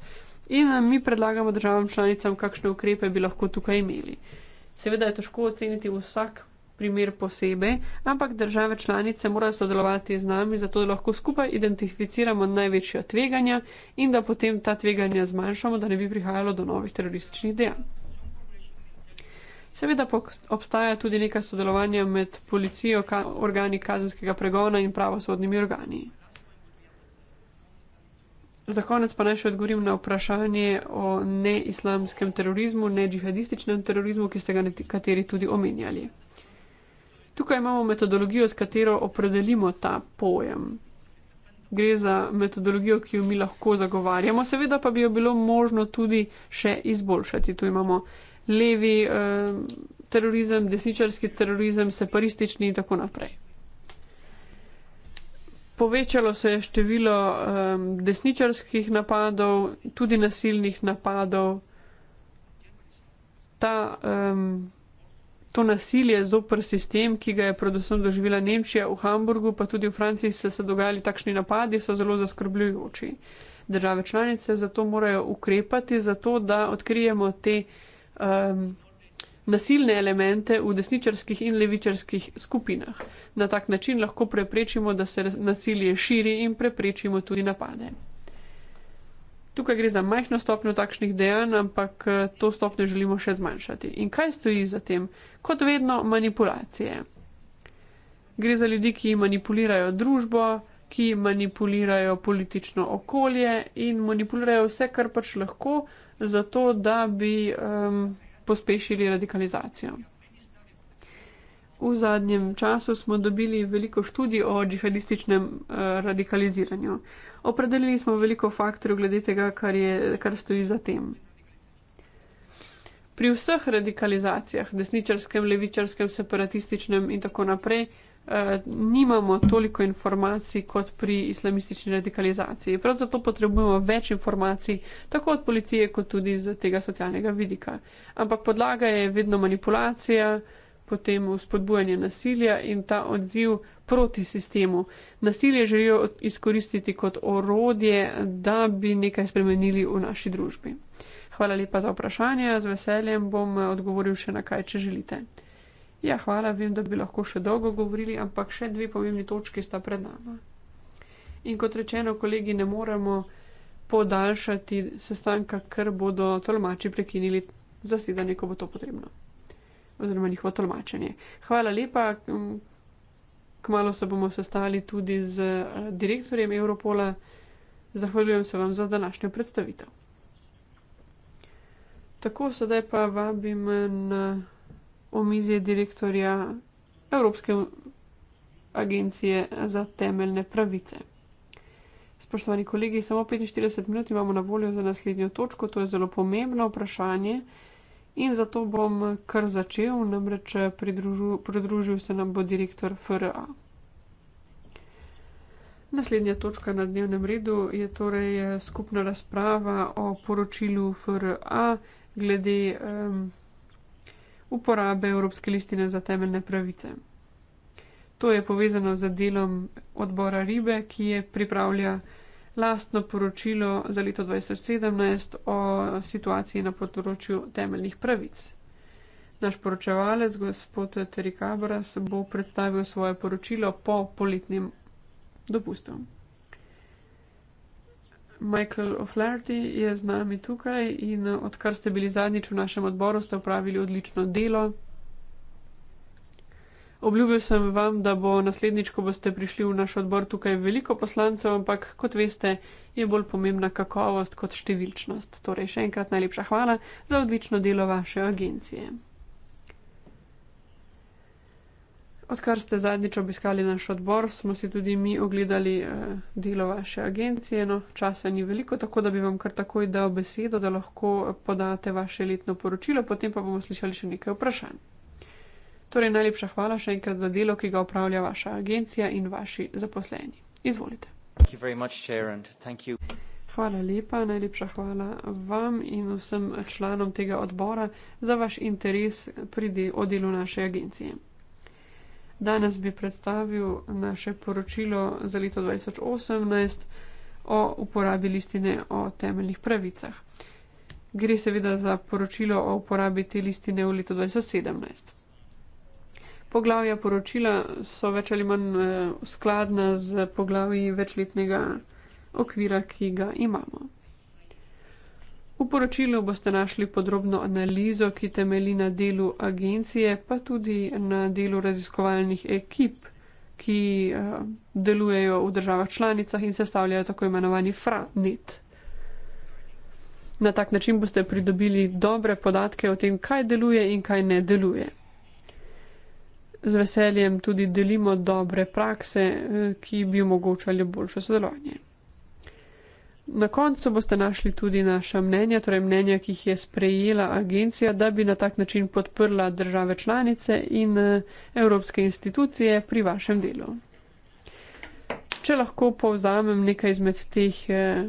in eh, mi predlagamo državam članicam, kakšne ukrepe bi lahko tukaj imeli. Seveda je težko oceniti vsak primer posebej, ampak države članice morajo sodelovati z nami, zato da lahko skupaj identificiramo največja tveganja in da potem ta tveganja zmanjšamo, da ne bi prihajalo do novih terorističnih dejanj. Seveda pa obstaja tudi nekaj sodelovanja med policijo, ka organi kazenskega pregona in pravosodnimi organi. Za konec pa naj še odgovorim na vprašanje o neislamskem terorizmu, nedžihadističnem terorizmu, ki ste ga nekateri tudi omenjali. Tukaj imamo metodologijo, s katero opredelimo ta pojem. Gre za metodologijo, ki jo mi lahko zagovarjamo, seveda pa bi jo bilo možno tudi še izboljšati. Tu imamo levi uh, terorizem, desničarski terorizem, separistični in tako naprej. Povečalo se je število um, desničarskih napadov, tudi nasilnih napadov. Ta, um, to nasilje zopr sistem, ki ga je predvsem doživela Nemčija v Hamburgu, pa tudi v Franciji se so dogajali takšni napadi, so zelo zaskrbljujoči. Države članice zato morajo ukrepati, zato da odkrijemo te napade um, nasilne elemente v desničarskih in levičarskih skupinah. Na tak način lahko preprečimo, da se nasilje širi in preprečimo tudi napade. Tukaj gre za majhno stopnjo takšnih dejanj, ampak eh, to stopnjo želimo še zmanjšati. In kaj stoji za tem? Kot vedno, manipulacije. Gre za ljudi, ki manipulirajo družbo, ki manipulirajo politično okolje in manipulirajo vse, kar pač lahko, zato da bi um, pospešili radikalizacijo. V zadnjem času smo dobili veliko študij o džihadističnem uh, radikaliziranju. Opredelili smo veliko faktorjev glede tega, kar, je, kar stoji za tem. Pri vseh radikalizacijah, desničarskem, levičarskem, separatističnem in tako naprej, nimamo toliko informacij kot pri islamistični radikalizaciji. Prav zato potrebujemo več informacij, tako od policije, kot tudi z tega socialnega vidika. Ampak podlaga je vedno manipulacija, potem spodbujanje nasilja in ta odziv proti sistemu. Nasilje želijo izkoristiti kot orodje, da bi nekaj spremenili v naši družbi. Hvala lepa za vprašanje, z veseljem bom odgovoril še na kaj, če želite. Ja, hvala, vem, da bi lahko še dolgo govorili, ampak še dve pomembni točki sta pred nami. In kot rečeno, kolegi, ne moremo podaljšati sestanka, ker bodo tolmači prekinili zasedanje, ko bo to potrebno. Oziroma njihovo tolmačenje. Hvala lepa, hm, kmalo se bomo sestali tudi z eh, direktorjem Europola. Zahvaljujem se vam za današnjo predstavitev. Tako, sedaj pa vabim eh, na omizje direktorja Evropske agencije za temeljne pravice. Spoštovani kolegi, samo 45 minut imamo na voljo za naslednjo točko, to je zelo pomembno vprašanje in zato bom kar začel, namreč pridružil, pridružil se nam bo direktor FRA. Naslednja točka na dnevnem redu je torej skupna razprava o poročilu FRA glede. Um, uporabe Evropske listine za temeljne pravice. To je povezano z delom odbora Ribe, ki je pripravlja lastno poročilo za leto 2017 o situaciji na področju temeljnih pravic. Naš poročevalec, gospod Terikabras, bo predstavil svoje poročilo po poletnem dopustu. Michael O'Flaherty je z nami tukaj in eh, odkar ste bili zadnjič v našem odboru, ste upravili odlično delo. Obljubil sem vam, da bo naslednjič, ko boste prišli v naš odbor, tukaj veliko poslancev, ampak kot veste, je bolj pomembna kakovost kot številčnost. Torej, še enkrat najlepša hvala za odlično delo vaše agencije. Odkar ste zadnjič obiskali naš odbor, smo si tudi mi ogledali eh, delo vaše agencije. No, časa ni veliko, tako da bi vam kar takoj dal besedo, da lahko podate vaše letno poročilo, potem pa bomo slišali še nekaj vprašanj. Torej, najlepša hvala še enkrat za delo, ki ga upravlja vaša agencija in vaši zaposleni. Izvolite. Hvala lepa, najlepša hvala vam in vsem članom tega odbora za vaš interes pri delu naše agencije. Danes bi predstavil naše poročilo za leto 2018 o uporabi listine o temeljnih pravicah. Gre seveda za poročilo o uporabi te listine v letu 2017. Poglavja poročila so več ali manj eh, skladna z poglavji večletnega okvira, ki ga imamo. V poročilu boste našli podrobno analizo, ki temeli na delu agencije, pa tudi na delu raziskovalnih ekip, ki eh, delujejo v državah članicah in sestavljajo tako imenovani FRANET. Na tak način boste pridobili dobre podatke o tem, kaj deluje in kaj ne deluje. Z veseljem tudi delimo dobre prakse, eh, ki bi omogočali boljše sodelovanje. Na koncu boste našli tudi naša mnenja, torej mnenja, ki jih je sprejela agencija, da bi na tak način podprla države članice in eh, evropske institucije pri vašem delu. Če lahko povzamem nekaj izmed teh eh,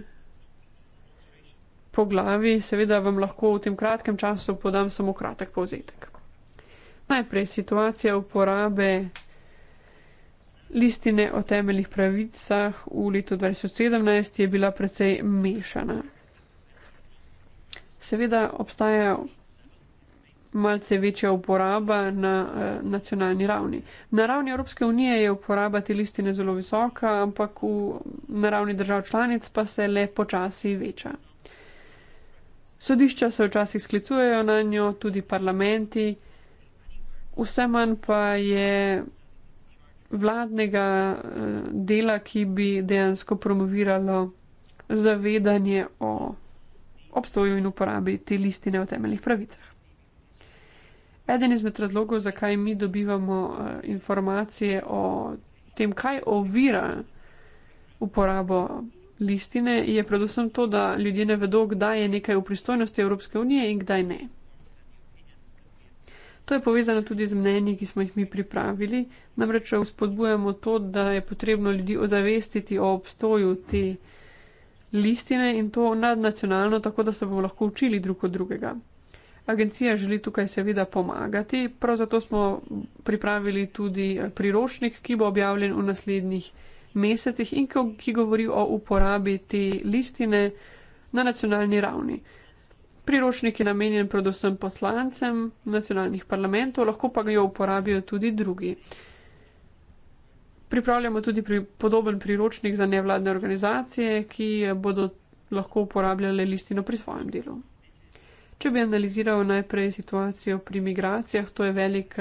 poglavi, seveda vam lahko v tem kratkem času podam samo kratek povzetek. Najprej situacija uporabe listine o temeljnih pravicah v letu 2017 je bila precej mešana. Seveda obstaja malce večja uporaba na eh, nacionalni ravni. Na ravni Evropske unije je uporaba te listine zelo visoka, ampak v, na ravni držav članic pa se le počasi veča. Sodišča se včasih sklicujejo na njo, tudi parlamenti, vse manj pa je vladnega eh, dela, ki bi dejansko promoviralo zavedanje o obstoju in uporabi te listine o temeljnih pravicah. Eden izmed razlogov, zakaj mi dobivamo eh, informacije o tem, kaj ovira uporabo listine, je predvsem to, da ljudje ne vedo, kdaj je nekaj v pristojnosti Evropske unije in kdaj ne. To je povezano tudi z mnenji, ki smo jih mi pripravili. Namreč vzpodbujamo to, da je potrebno ljudi ozavestiti o obstoju te listine in to nadnacionalno, tako da se bomo lahko učili drug od drugega. Agencija želi tukaj seveda pomagati, prav zato smo pripravili tudi eh, priročnik, ki bo objavljen v naslednjih mesecih in ki govori o uporabi te listine na nacionalni ravni. Priročnik je namenjen predvsem poslancem nacionalnih parlamentov, lahko pa ga jo uporabijo tudi drugi. Pripravljamo tudi pri podoben priročnik za nevladne organizacije, ki bodo lahko uporabljale listino pri svojem delu. Če bi analiziral najprej situacijo pri migracijah, to je velik,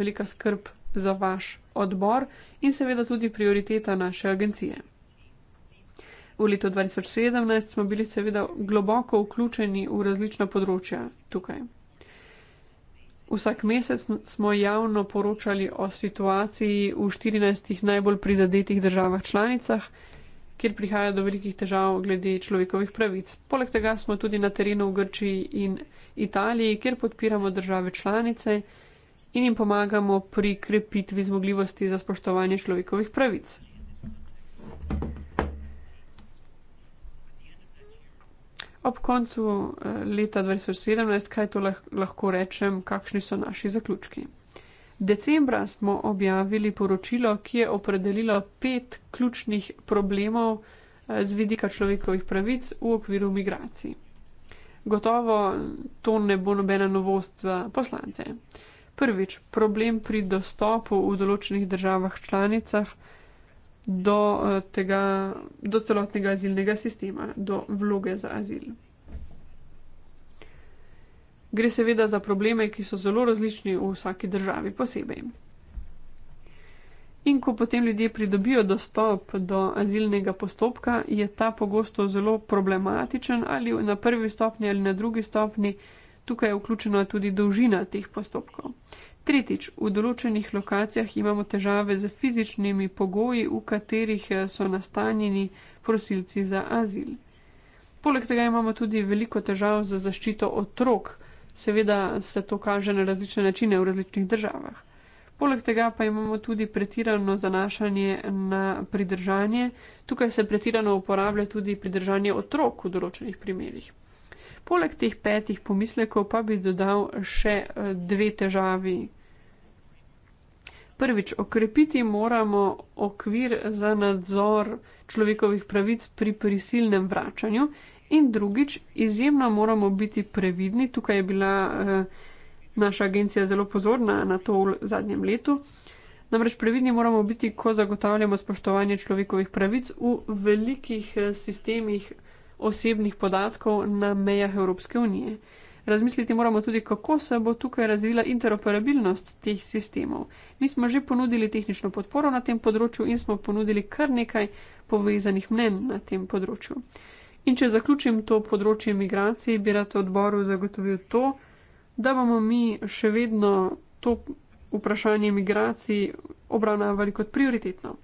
velika skrb za vaš odbor in seveda tudi prioriteta naše agencije. V letu 2017 smo bili seveda globoko vključeni v različna področja tukaj. Vsak mesec smo javno poročali o situaciji v 14 najbolj prizadetih državah članicah, kjer prihaja do velikih težav glede človekovih pravic. Poleg tega smo tudi na terenu v Grčiji in Italiji, kjer podpiramo države članice in jim pomagamo pri krepitvi zmogljivosti za spoštovanje človekovih pravic. ob koncu eh, leta 2017, kaj to lahko rečem, kakšni so naši zaključki. Decembra smo objavili poročilo, ki je opredelilo pet ključnih problemov eh, z vidika človekovih pravic v okviru migracij. Gotovo to ne bo nobena novost za poslance. Prvič, problem pri dostopu v določenih državah članicah do, eh, tega, do celotnega azilnega sistema, do vloge za azil. Gre seveda za probleme, ki so zelo različni v vsaki državi posebej. In ko potem ljudje pridobijo dostop do azilnega postopka, je ta pogosto zelo problematičen ali na prvi stopni ali na drugi stopni. Tukaj je vključena tudi dolžina teh postopkov. Tretjič, v določenih lokacijah imamo težave z fizičnimi pogoji, v katerih eh, so nastanjeni prosilci za azil. Poleg tega imamo tudi veliko težav za zaščito otrok, seveda se to kaže na različne načine v različnih državah. Poleg tega pa imamo tudi pretirano zanašanje na pridržanje, tukaj se pretirano uporablja tudi pridržanje otrok v določenih primerjih. Poleg teh petih pomislekov pa bi dodal še eh, dve težavi. Prvič, okrepiti moramo okvir za nadzor človekovih pravic pri prisilnem vračanju, in drugič, izjemno moramo biti previdni, tukaj je bila eh, naša agencija zelo pozorna na to v zadnjem letu. Namreč previdni moramo biti, ko zagotavljamo spoštovanje človekovih pravic v velikih eh, sistemih osebnih podatkov na mejah Evropske unije. Razmisliti moramo tudi, kako se bo tukaj razvila interoperabilnost teh sistemov. Mi smo že ponudili tehnično podporo na tem področju in smo ponudili kar nekaj povezanih mnen na tem področju. In če zaključim to področje migracij, bi rad odboru zagotovil to, da bomo mi še vedno to vprašanje migracij obravnavali kot prioritetno.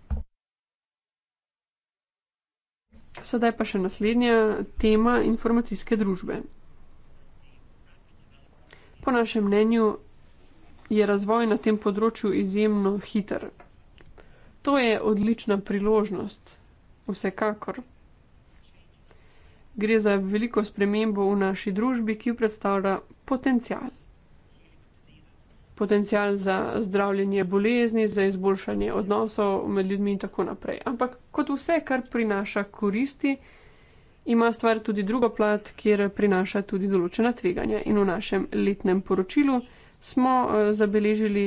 Sedaj pa še naslednja tema informacijske družbe. Po našem mnenju je razvoj na tem področju izjemno hiter. To je odlična priložnost, vsekakor. Gre za veliko spremembo v naši družbi, ki predstavlja potencial potencial za zdravljenje bolezni, za izboljšanje odnosov med ljudmi in tako naprej. Ampak kot vse, kar prinaša koristi, ima stvar tudi drugo plat, kjer prinaša tudi določena tveganja. In v našem letnem poročilu smo eh, zabeležili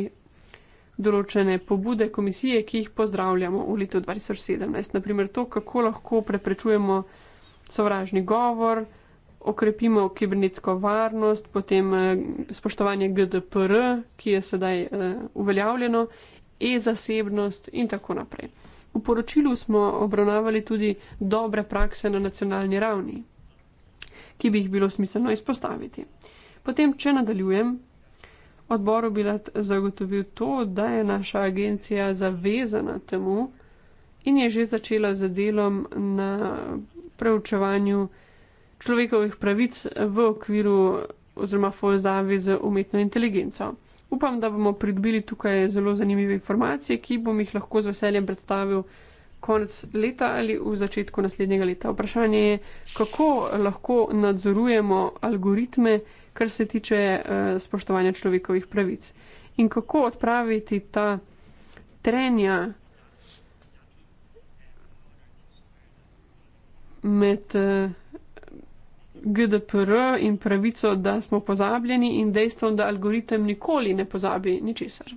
določene pobude komisije, ki jih pozdravljamo v letu 2017. Naprimer to, kako lahko preprečujemo sovražni govor, okrepimo kibernetsko varnost, potem eh, spoštovanje GDPR, ki je sedaj eh, uveljavljeno, e-zasebnost in tako naprej. V poročilu smo obravnavali tudi dobre prakse na nacionalni ravni, ki bi jih bilo smiselno izpostaviti. Potem, če nadaljujem, odboru bi rad zagotovil to, da je naša agencija zavezana temu in je že začela z delom na preučevanju človekovih pravic v okviru oziroma v povezavi z umetno inteligenco. Upam, da bomo pridobili tukaj zelo zanimive informacije, ki bom jih lahko z veseljem predstavil konec leta ali v začetku naslednjega leta. Vprašanje je, kako lahko nadzorujemo algoritme, kar se tiče uh, spoštovanja človekovih pravic in kako odpraviti ta trenja med. Uh, GDPR in pravico, da smo pozabljeni, in dejstvom, da algoritem nikoli ne pozabi ničesar.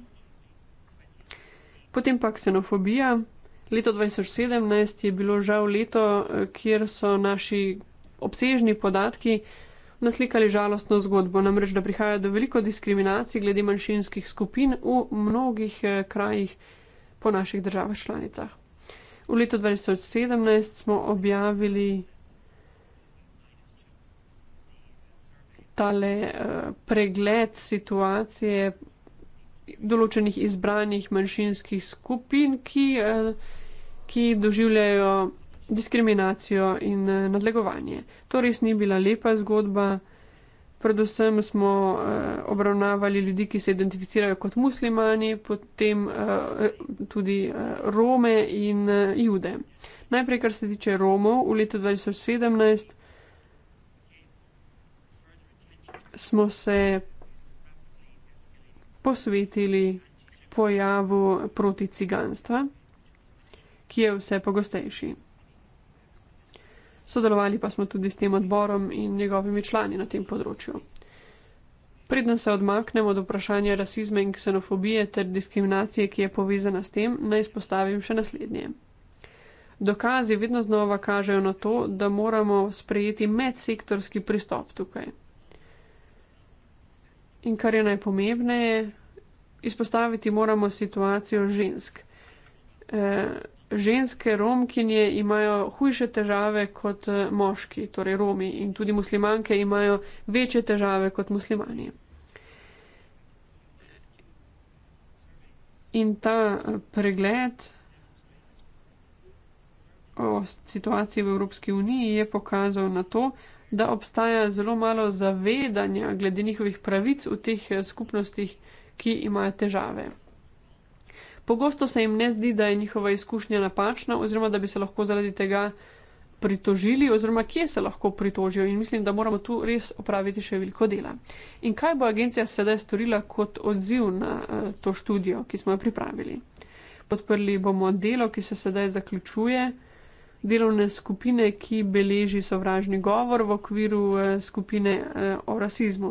Potem pa ksenofobija. Leto 2017 je bilo žal leto, kjer so naši obsežni podatki naslikali žalostno zgodbo. Namreč, da prihaja do veliko diskriminacij glede manjšinskih skupin v mnogih eh, krajih po naših državah članicah. V letu 2017 smo objavili tale eh, pregled situacije določenih izbranih manjšinskih skupin, ki, eh, ki doživljajo diskriminacijo in eh, nadlegovanje. To res ni bila lepa zgodba. Predvsem smo obravnavali ljudi, ki se identificirajo kot muslimani, potem tudi Rome in Jude. Najprej, kar se tiče Romov, v letu 2017. smo se posvetili pojavu proticiganstva, ki je vse pogostejši. Sodelovali pa smo tudi s tem odborom in njegovimi člani na tem področju. Predno se odmaknemo od vprašanja rasizma in ksenofobije ter diskriminacije, ki je povezana s tem, naj izpostavim še naslednje. Dokazi vedno znova kažejo na to, da moramo sprejeti medsektorski pristop tukaj in kar je najpomembneje, izpostaviti moramo situacijo žensk. E, ženske romkinje imajo hujše težave kot eh, moški, torej romi, in tudi muslimanke imajo večje težave kot muslimani. In ta eh, pregled o situaciji v Evropski uniji je pokazal na to, da obstaja zelo malo zavedanja glede njihovih pravic v teh eh, skupnostih, ki imajo težave. Pogosto se jim ne zdi, da je njihova izkušnja napačna, oziroma da bi se lahko zaradi tega pritožili, oziroma kje se lahko pritožijo. In mislim, da moramo tu res opraviti še veliko dela. In kaj bo agencija sedaj storila kot odziv na eh, to študijo, ki smo jo pripravili? Podprli bomo delo, ki se sedaj zaključuje delovne skupine, ki beleži sovražni govor v okviru eh, skupine eh, o rasizmu.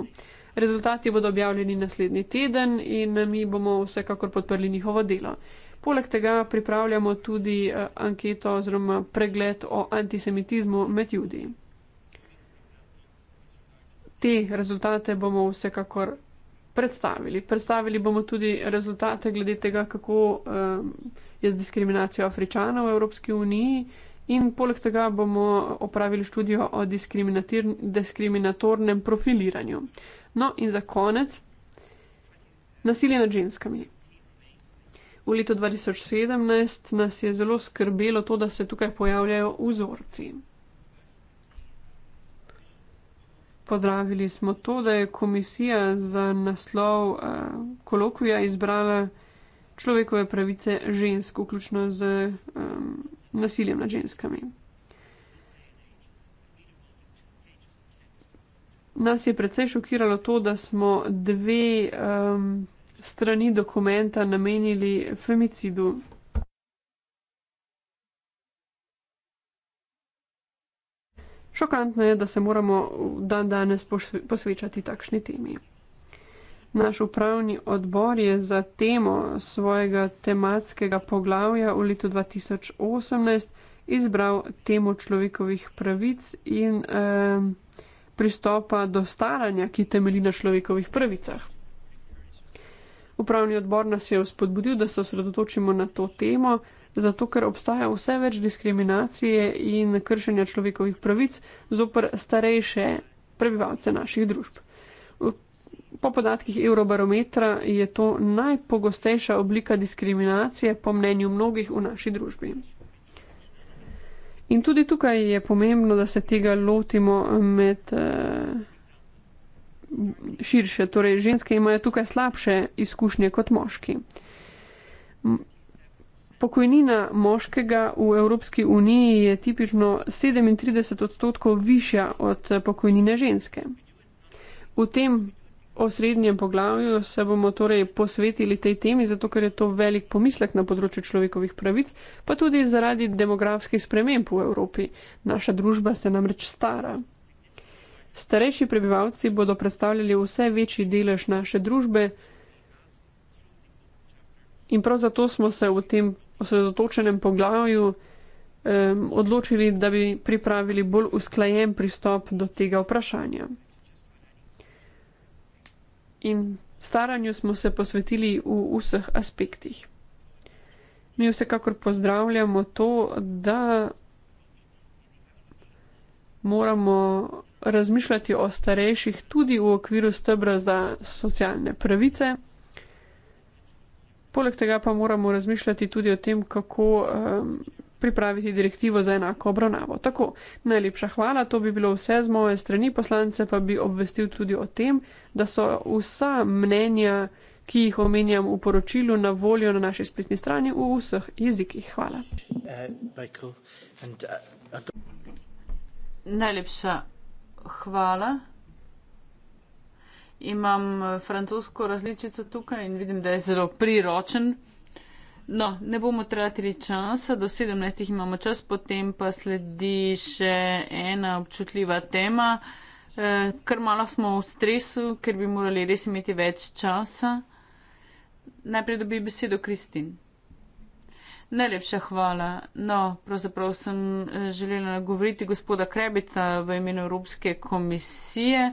Rezultati bodo objavljeni naslednji teden in eh, mi bomo vsekakor podprli njihovo delo. Poleg tega pripravljamo tudi anketo oziroma pregled o antisemitizmu med ljudi. Te rezultate bomo vsekakor predstavili. Predstavili bomo tudi rezultate glede tega, kako um, je z diskriminacijo afričanov v Evropski uniji. In poleg tega bomo opravili študijo o diskriminatornem profiliranju. No, in za konec, nasilje nad ženskami. V letu 2017 nas je zelo skrbelo to, da se tukaj pojavljajo vzorci. Pozdravili smo to, da je komisija za naslov uh, kolokvija izbrala človekove pravice žensk, vključno z. Um, nasiljem nad ženskami. Nas je precej šokiralo to, da smo dve um, strani dokumenta namenili femicidu. Šokantno je, da se moramo dan danes posvečati takšni temi. Naš upravni odbor je za temo svojega tematskega poglavja v letu 2018 izbral temo človekovih pravic in eh, pristopa do staranja, ki temelji na človekovih pravicah. Upravni odbor nas je vzpodbudil, da se osredotočimo na to temo, zato ker obstaja vse več diskriminacije in kršenja človekovih pravic zopr starejše prebivalce naših družb. Po podatkih Eurobarometra je to najpogostejša oblika diskriminacije, po mnenju mnogih v naši družbi. In tudi tukaj je pomembno, da se tega lotimo med eh, širše. Torej, ženske imajo tukaj slabše izkušnje kot moški. Pokojnina moškega v Evropski uniji je tipično 37 odstotkov višja od pokojnine ženske. V tem osrednjem poglavju se bomo torej posvetili tej temi, zato ker je to velik pomislek na področju človekovih pravic, pa tudi zaradi demografskih sprememb v Evropi. Naša družba se namreč stara. Starejši prebivalci bodo predstavljali vse večji delež naše družbe in prav zato smo se v tem osredotočenem poglavju um, odločili, da bi pripravili bolj usklajen pristop do tega vprašanja in staranju smo se posvetili v vseh aspektih. Mi vsekakor pozdravljamo to, da moramo razmišljati o starejših tudi v okviru stebra za socialne pravice. Poleg tega pa moramo razmišljati tudi o tem, kako um, pripraviti direktivo za enako obravnavo. Tako, najlepša hvala, to bi bilo vse z moje strani, poslance pa bi obvestil tudi o tem, da so vsa mnenja, ki jih omenjam v poročilu, na voljo na naši spletni strani v vseh jezikih. Hvala. Najlepša hvala. Imam eh, francosko različico tukaj in vidim, da je zelo priročen. No, ne bomo tratili časa, do 17. imamo čas, potem pa sledi še ena občutljiva tema. E, kar malo smo v stresu, ker bi morali res imeti več časa. Najprej dobi besedo Kristin. Najlepša hvala. No, pravzaprav sem eh, želela nagovoriti gospoda Krebita v imenu Evropske komisije,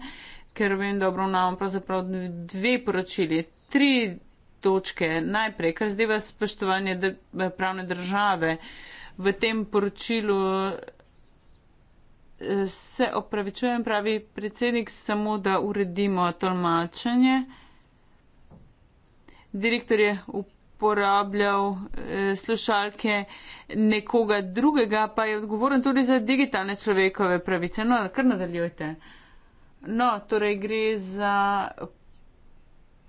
ker vem, da obravnavam pravzaprav dve poročili, tri točke. Najprej, kar zdaj vas spoštovanje de, pravne države. V tem poročilu eh, se opravičujem, pravi predsednik, samo da uredimo tolmačenje. Direktor je uporabljal eh, slušalke nekoga drugega, pa je odgovoren tudi za digitalne človekove pravice. No, kar nadaljujte. No, torej gre za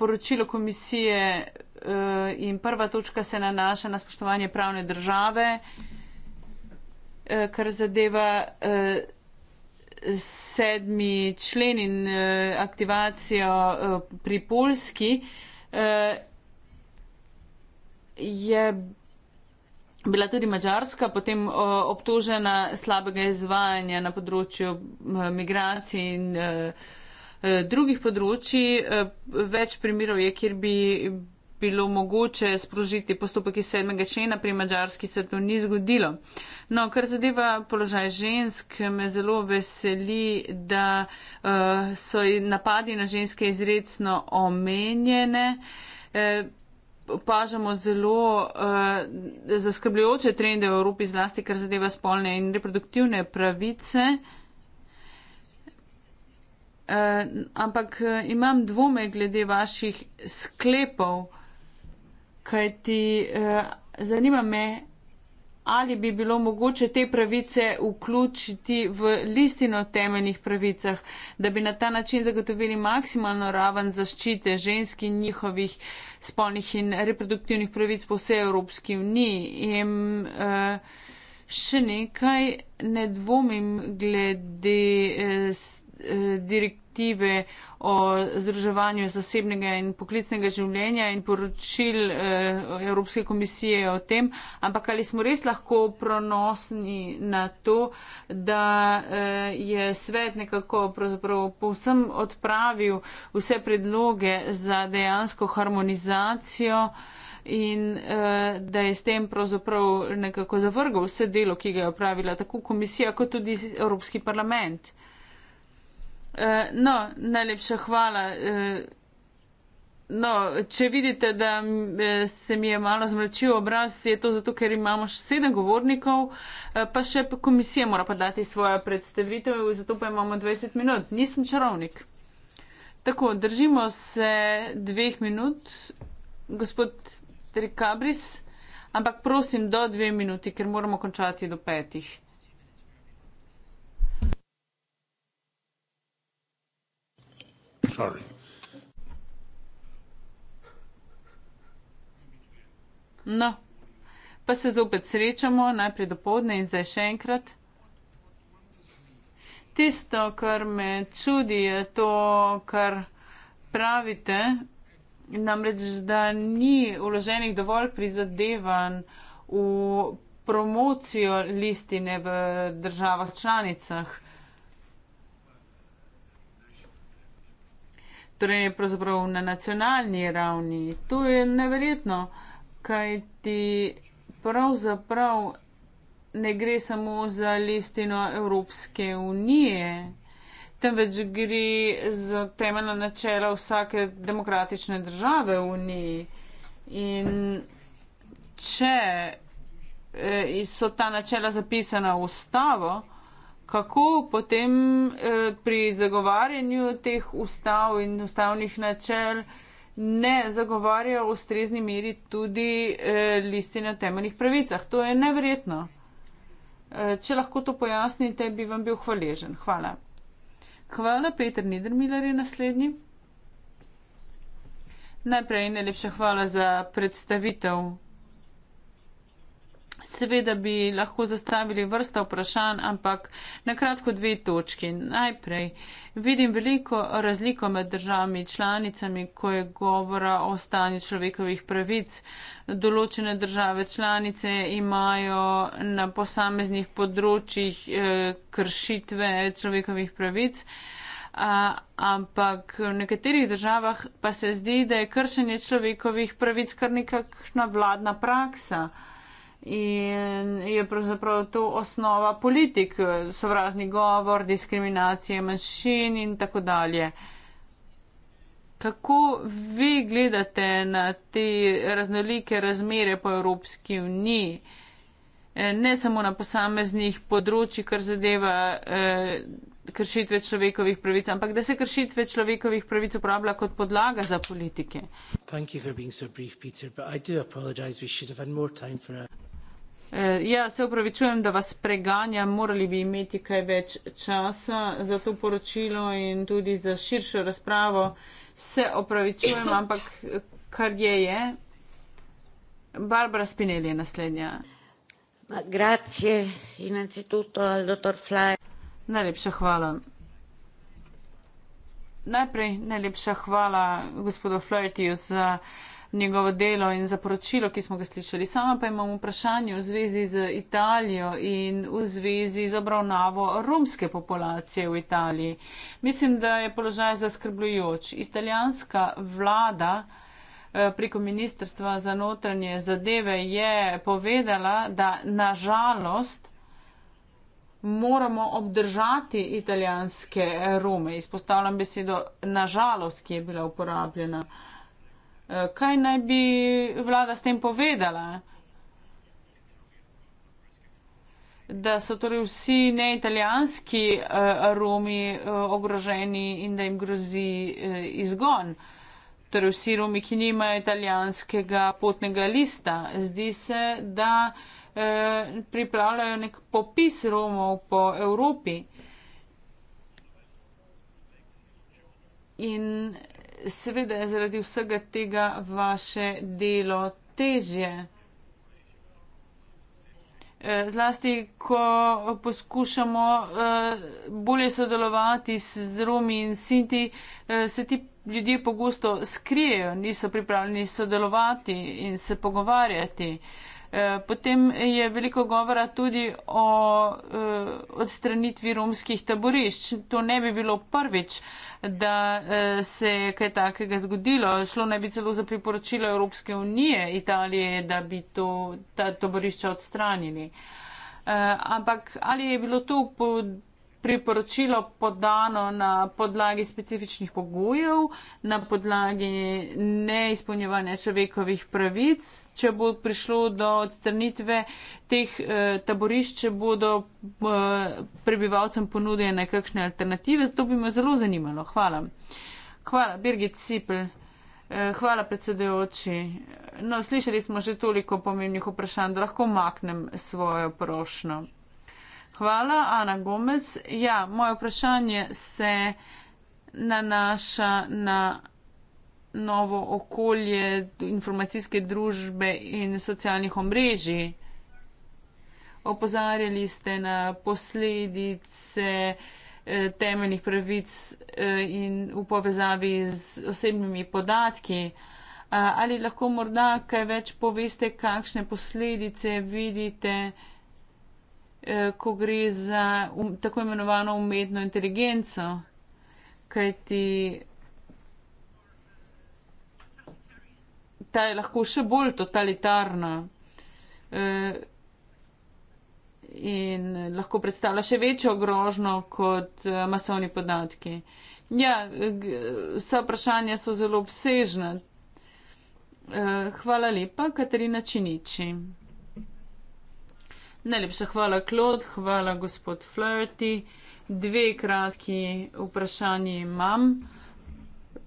poročilo komisije uh, in prva točka se nanaša na spoštovanje pravne države, uh, kar zadeva uh, sedmi člen in uh, aktivacijo uh, pri Polski. Uh, je bila tudi Mačarska potem uh, obtožena slabega izvajanja na področju uh, migracij in uh, Eh, drugih področji. Eh, več primerov je, kjer bi bilo mogoče sprožiti postopek iz 7. člena pri mađarski, se to ni zgodilo. No, kar zadeva položaj žensk, me zelo veseli, da uh, so napadi na ženske izredno omenjene. Opažamo uh, zelo uh, zaskrbljujoče trende v Evropi, zlasti kar zadeva spolne in reproduktivne pravice. Uh, Eh, ampak eh, imam dvome glede vaših sklepov, kaj ti uh, eh, zanima me, ali bi bilo mogoče te pravice vključiti v listino o temeljnih pravicah, da bi na ta način zagotovili maksimalno raven zaščite žensk in njihovih spolnih in reproduktivnih pravic po vsej Evropski uniji. In, uh, Še nekaj ne dvomim glede eh, Eh, direktive o združevanju zasebnega in poklicnega življenja in poročil eh, Evropske komisije o tem, ampak ali smo res lahko pronosni na to, da eh, je svet nekako povsem odpravil vse predloge za dejansko harmonizacijo in eh, da je s tem pravzaprav nekako zavrgal vse delo, ki ga je opravila tako komisija, kot tudi Evropski parlament. Eh, Eh, no, najlepša hvala. Eh, no, če vidite, da eh, se mi je malo zmračil obraz, je to zato, ker imamo še sedem govornikov, pa še komisija mora podati svojo predstavitev, zato pa imamo 20 minut. Nisem čarovnik. Tako, držimo se dveh minut, gospod Trikabris, ampak prosim do dve minuti, ker moramo končati do petih. sorry. No, pa se zopet srečamo, najprej do povdne in zdaj še enkrat. Tisto, kar me čudi, je to, kar pravite, namreč, da ni uloženih dovolj prizadevan v promocijo listine v državah članicah. Torej, pravzaprav na nacionalni ravni. To je neverjetno, kaj ti pravzaprav ne gre samo za listino Evropske unije, temveč gre za temeljna načela vsake demokratične države v uniji. In če eh, so ta načela zapisana v ustavo, kako potem eh, pri zagovarjanju teh ustav in ustavnih načel ne zagovarja v strezni meri tudi eh, listine o temeljnih pravicah. To je neverjetno. Eh, če lahko to pojasnite, bi vam bil hvaležen. Hvala. Hvala, Peter Nidermiller je naslednji. Najprej najlepša hvala za predstavitev seveda bi lahko zastavili vrsta vprašanj, ampak na kratko dve točki. Najprej vidim veliko razliko med državami članicami, ko je govora o stanju človekovih pravic. Določene države članice imajo na posameznih področjih eh, kršitve človekovih pravic. A, ampak v nekaterih državah pa se zdi, da je kršenje človekovih pravic kar nekakšna vladna praksa. In je pravzaprav to osnova politik, sovražni govor, diskriminacije manjšin in tako dalje. Kako vi gledate na te raznolike razmere po Evropski uniji, e, ne samo na posameznih področjih, kar zadeva e, kršitve človekovih pravic, ampak da se kršitve človekovih pravic uporablja kot podlaga za politike? Eh, ja, se upravičujem, da vas preganjam, morali bi imeti kaj več časa za to poročilo in tudi za širšo razpravo. Se opravičujem, ampak kar je je. Barbara Spinelli je naslednja. Grazie in instituto al dottor Fly. Najlepša hvala. Najprej najlepša hvala gospodu Flytiju za njegovo delo in za poročilo, ki smo ga slišali. Sama pa imam vprašanje v zvezi z Italijo in v zvezi z obravnavo romske populacije v Italiji. Mislim, da je položaj zaskrbljujoč. Italijanska vlada eh, preko Ministrstva za notranje zadeve je povedala, da nažalost moramo obdržati italijanske rume. Izpostavljam besedo nažalost, ki je bila uporabljena. Uh, Eh, kaj naj bi vlada s tem povedala? Da so torej vsi neitalijanski eh, Romi eh, ogroženi in da jim grozi izgon. Torej vsi Romi, ki nimajo italijanskega potnega lista. Zdi se, da pripravljajo nek popis Romov po Evropi. In seveda je zaradi vsega tega vaše delo težje. E, zlasti, ko poskušamo e, bolje sodelovati z Romi in Sinti, e, se ti ljudje pogosto skrijejo, niso pripravljeni sodelovati in se pogovarjati. Potem je veliko govora tudi o odstranitvi romskih taborišč. To ne bi bilo prvič da eh, se je kaj takega zgodilo. Šlo naj bi celo za priporočilo Evropske unije Italije, da bi to, ta taborišča odstranili. Eh, ampak ali je bilo to pod priporočilo podano na podlagi specifičnih pogojev, na podlagi neizpolnjevanja človekovih pravic. Če bo prišlo do odstrnitve teh eh, taborišč, če bodo eh, prebivalcem ponudili nekakšne alternative, to bi me zelo zanimalo. Hvala. Hvala, Birgit Cipl. Eh, hvala, predsedujoči. No, slišali smo že toliko pomembnih vprašanj, da lahko maknem svojo prošnjo hvala, Ana Gomez. Ja, moje vprašanje se nanaša na novo okolje informacijske družbe in socialnih omrežij. Opozarjali ste na posledice eh, temeljnih pravic eh, in v povezavi z osebnimi podatki. Eh, ali lahko morda kaj več poveste, kakšne posledice vidite? Eh, ko gre za um, tako imenovano umetno inteligenco, kajti ta je lahko še bolj totalitarna eh, in lahko predstavlja še večjo grožno kot eh, masovni podatki. Ja, vsa vprašanja so zelo obsežna. Hvala lepa, Katarina Činiči. Najlepša hvala, Klod, hvala, gospod Flirty. Dve kratki vprašanji imam.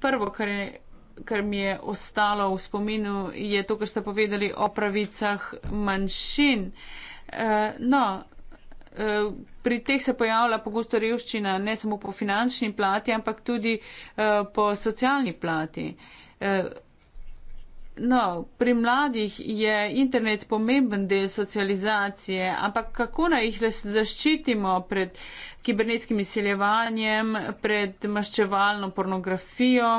Prvo, kar, je, kar mi je ostalo v spominu, je to, kar ste povedali o pravicah manjšin. Uh, no, eh, Pri teh se pojavlja pogosto revščina ne samo po finančni plati, ampak tudi eh, po socialni plati. No, pri mladih je internet pomemben del socializacije, ampak kako naj jih zaščitimo pred kibernetskim izsiljevanjem, pred maščevalno pornografijo?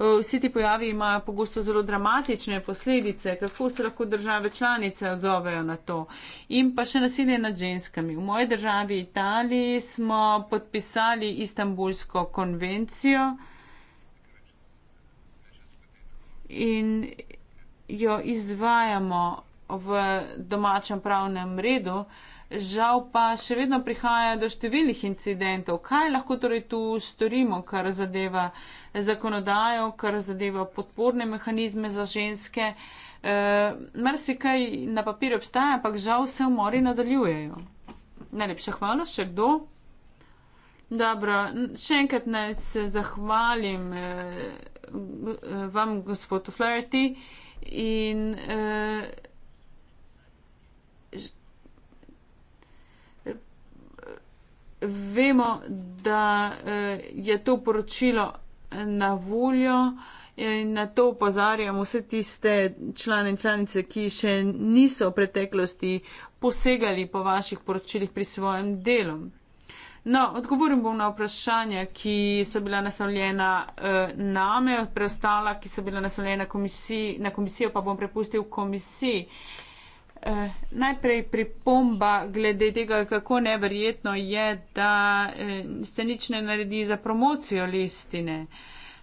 Vsi ti pojavi imajo pogosto zelo dramatične posledice. Kako se lahko države članice odzovejo na to? In pa še nasilje nad ženskami. V moji državi Italiji smo podpisali Istanbulsko konvencijo. In jo izvajamo v domačem pravnem redu, žal pa še vedno prihaja do številnih incidentov. Kaj lahko torej tu storimo, kar zadeva zakonodajo, kar zadeva podporne mehanizme za ženske? E, eh, Mrsi kaj na papir obstaja, ampak žal se umori nadaljujejo. Najlepša hvala še kdo. Dobro, še enkrat naj se zahvalim eh, eh vam, gospod Flaherty, eh, in uh, vemo, da uh, je to poročilo na voljo in na to opozarjamo vse tiste člane in članice, ki še niso v preteklosti posegali po vaših poročilih pri svojem delu. No, odgovoril bom na vprašanja, ki so bila naslovljena uh, name, preostala, ki so bila naslovljena na komisijo, pa bom prepustil komisiji. Eh, najprej pripomba glede tega, kako neverjetno je, da eh, se nič ne naredi za promocijo listine.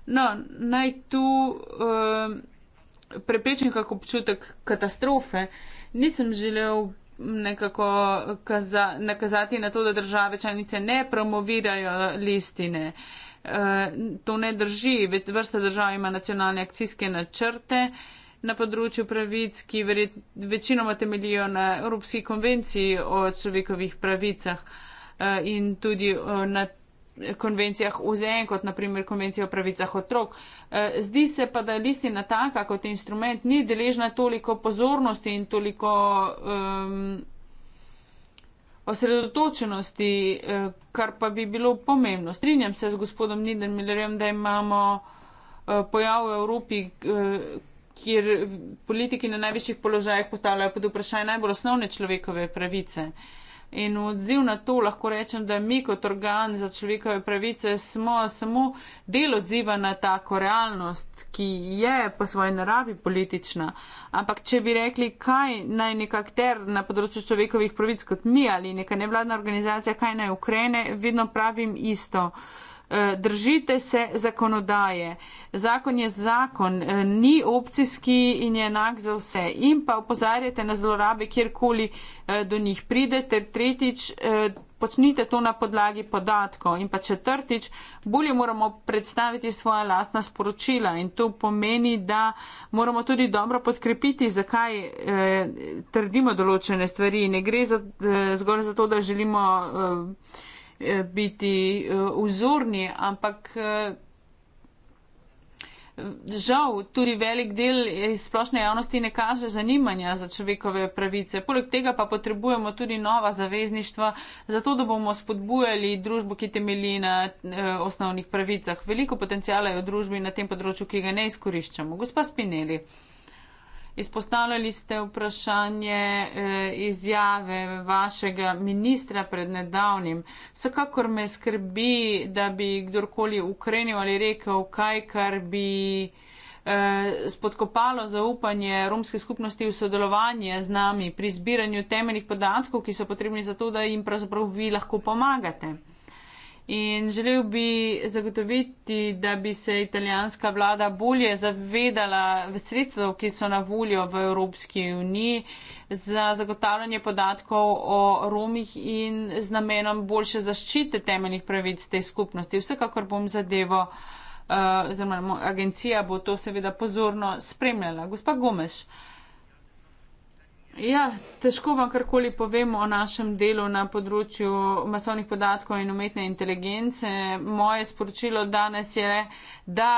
No, naj tu eh, preprečim kak občutek katastrofe. Nisem želel nekako kaza, nakazati na to, da države članice ne promovirajo listine. E, to ne drži. Vrsta držav ima nacionalne akcijske načrte na področju pravic, ki večinoma temeljijo na Evropski konvenciji o človekovih pravicah e, in tudi eh, na konvencijah OZN, e kot naprimer konvencija o pravicah otrok. Eh, zdi se pa, da listina taka kot instrument ni deležna toliko pozornosti in toliko um, osredotočenosti, eh, kar pa bi bilo pomembno. Strinjam se z gospodom Nidermillerjem, da imamo eh, pojav v Evropi, kjer politiki na najvišjih položajih postavljajo pod vprašanje najbolj osnovne človekove pravice. In v odziv na to lahko rečem, da mi kot organ za človekove pravice smo samo del odziva na tako realnost, ki je po svoji naravi politična. Ampak če bi rekli, kaj naj nek akter na področju človekovih pravic kot mi ali neka nevladna organizacija, kaj naj ukrene, vedno pravim isto. Uh, Eh, držite se zakonodaje. Zakon je zakon, eh, ni opcijski in je enak za vse. In pa upozarjate na zlorabe, kjerkoli eh, do njih pridete. Tretjič, počnite to na podlagi podatkov. In pa četrtič, bolje moramo predstaviti svoja lastna sporočila. In to pomeni, da moramo tudi dobro podkrepiti, zakaj eh, trdimo določene stvari. Ne gre za, eh, zgolj za to, da želimo. Eh, Eh, biti eh, vzorni, ampak eh, žal tudi velik del splošne javnosti ne kaže zanimanja za človekove pravice. Poleg tega pa potrebujemo tudi nova zavezništva, zato da bomo spodbujali družbo, ki temelji na osnovnih pravicah. Veliko potencijala je v družbi na tem področju, ki ga ne izkoriščamo. Gospa Spinelli. Izpostavljali ste vprašanje eh, izjave vašega ministra pred nedavnim. Vsekakor me skrbi, da bi kdorkoli ukrenil ali rekel kaj, kar bi eh, spodkopalo zaupanje romske skupnosti v sodelovanje z nami pri zbiranju temeljnih podatkov, ki so potrebni za to, da jim pravzaprav vi lahko pomagate. In želel bi zagotoviti, da bi se italijanska vlada bolje zavedala sredstev, ki so na voljo v Evropski uniji za zagotavljanje podatkov o romih in z namenom boljše zaščite temeljnih pravic te skupnosti. Vsekakor bom zadevo, uh, eh, zelo agencija bo to seveda pozorno spremljala. Gospa Gomes. Ja, težko vam karkoli povem o našem delu na področju masovnih podatkov in umetne inteligence. Moje sporočilo danes je, da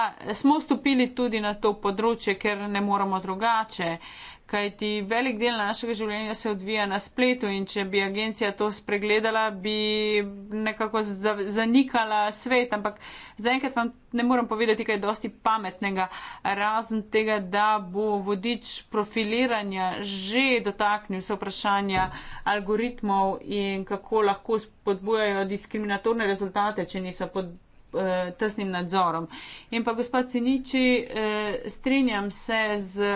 smo vstopili tudi na to področje, ker ne moramo drugače. Uh, kajti velik del našega življenja se odvija na spletu in če bi agencija to spregledala, bi nekako zanikala svet, ampak zaenkrat vam ne moram povedati kaj dosti pametnega, razen tega, da bo vodič profiliranja že dotaknil se vprašanja algoritmov in kako lahko spodbujajo diskriminatorne rezultate, če niso pod eh, tesnim nadzorom. In pa gospod Ciniči, eh, strinjam se z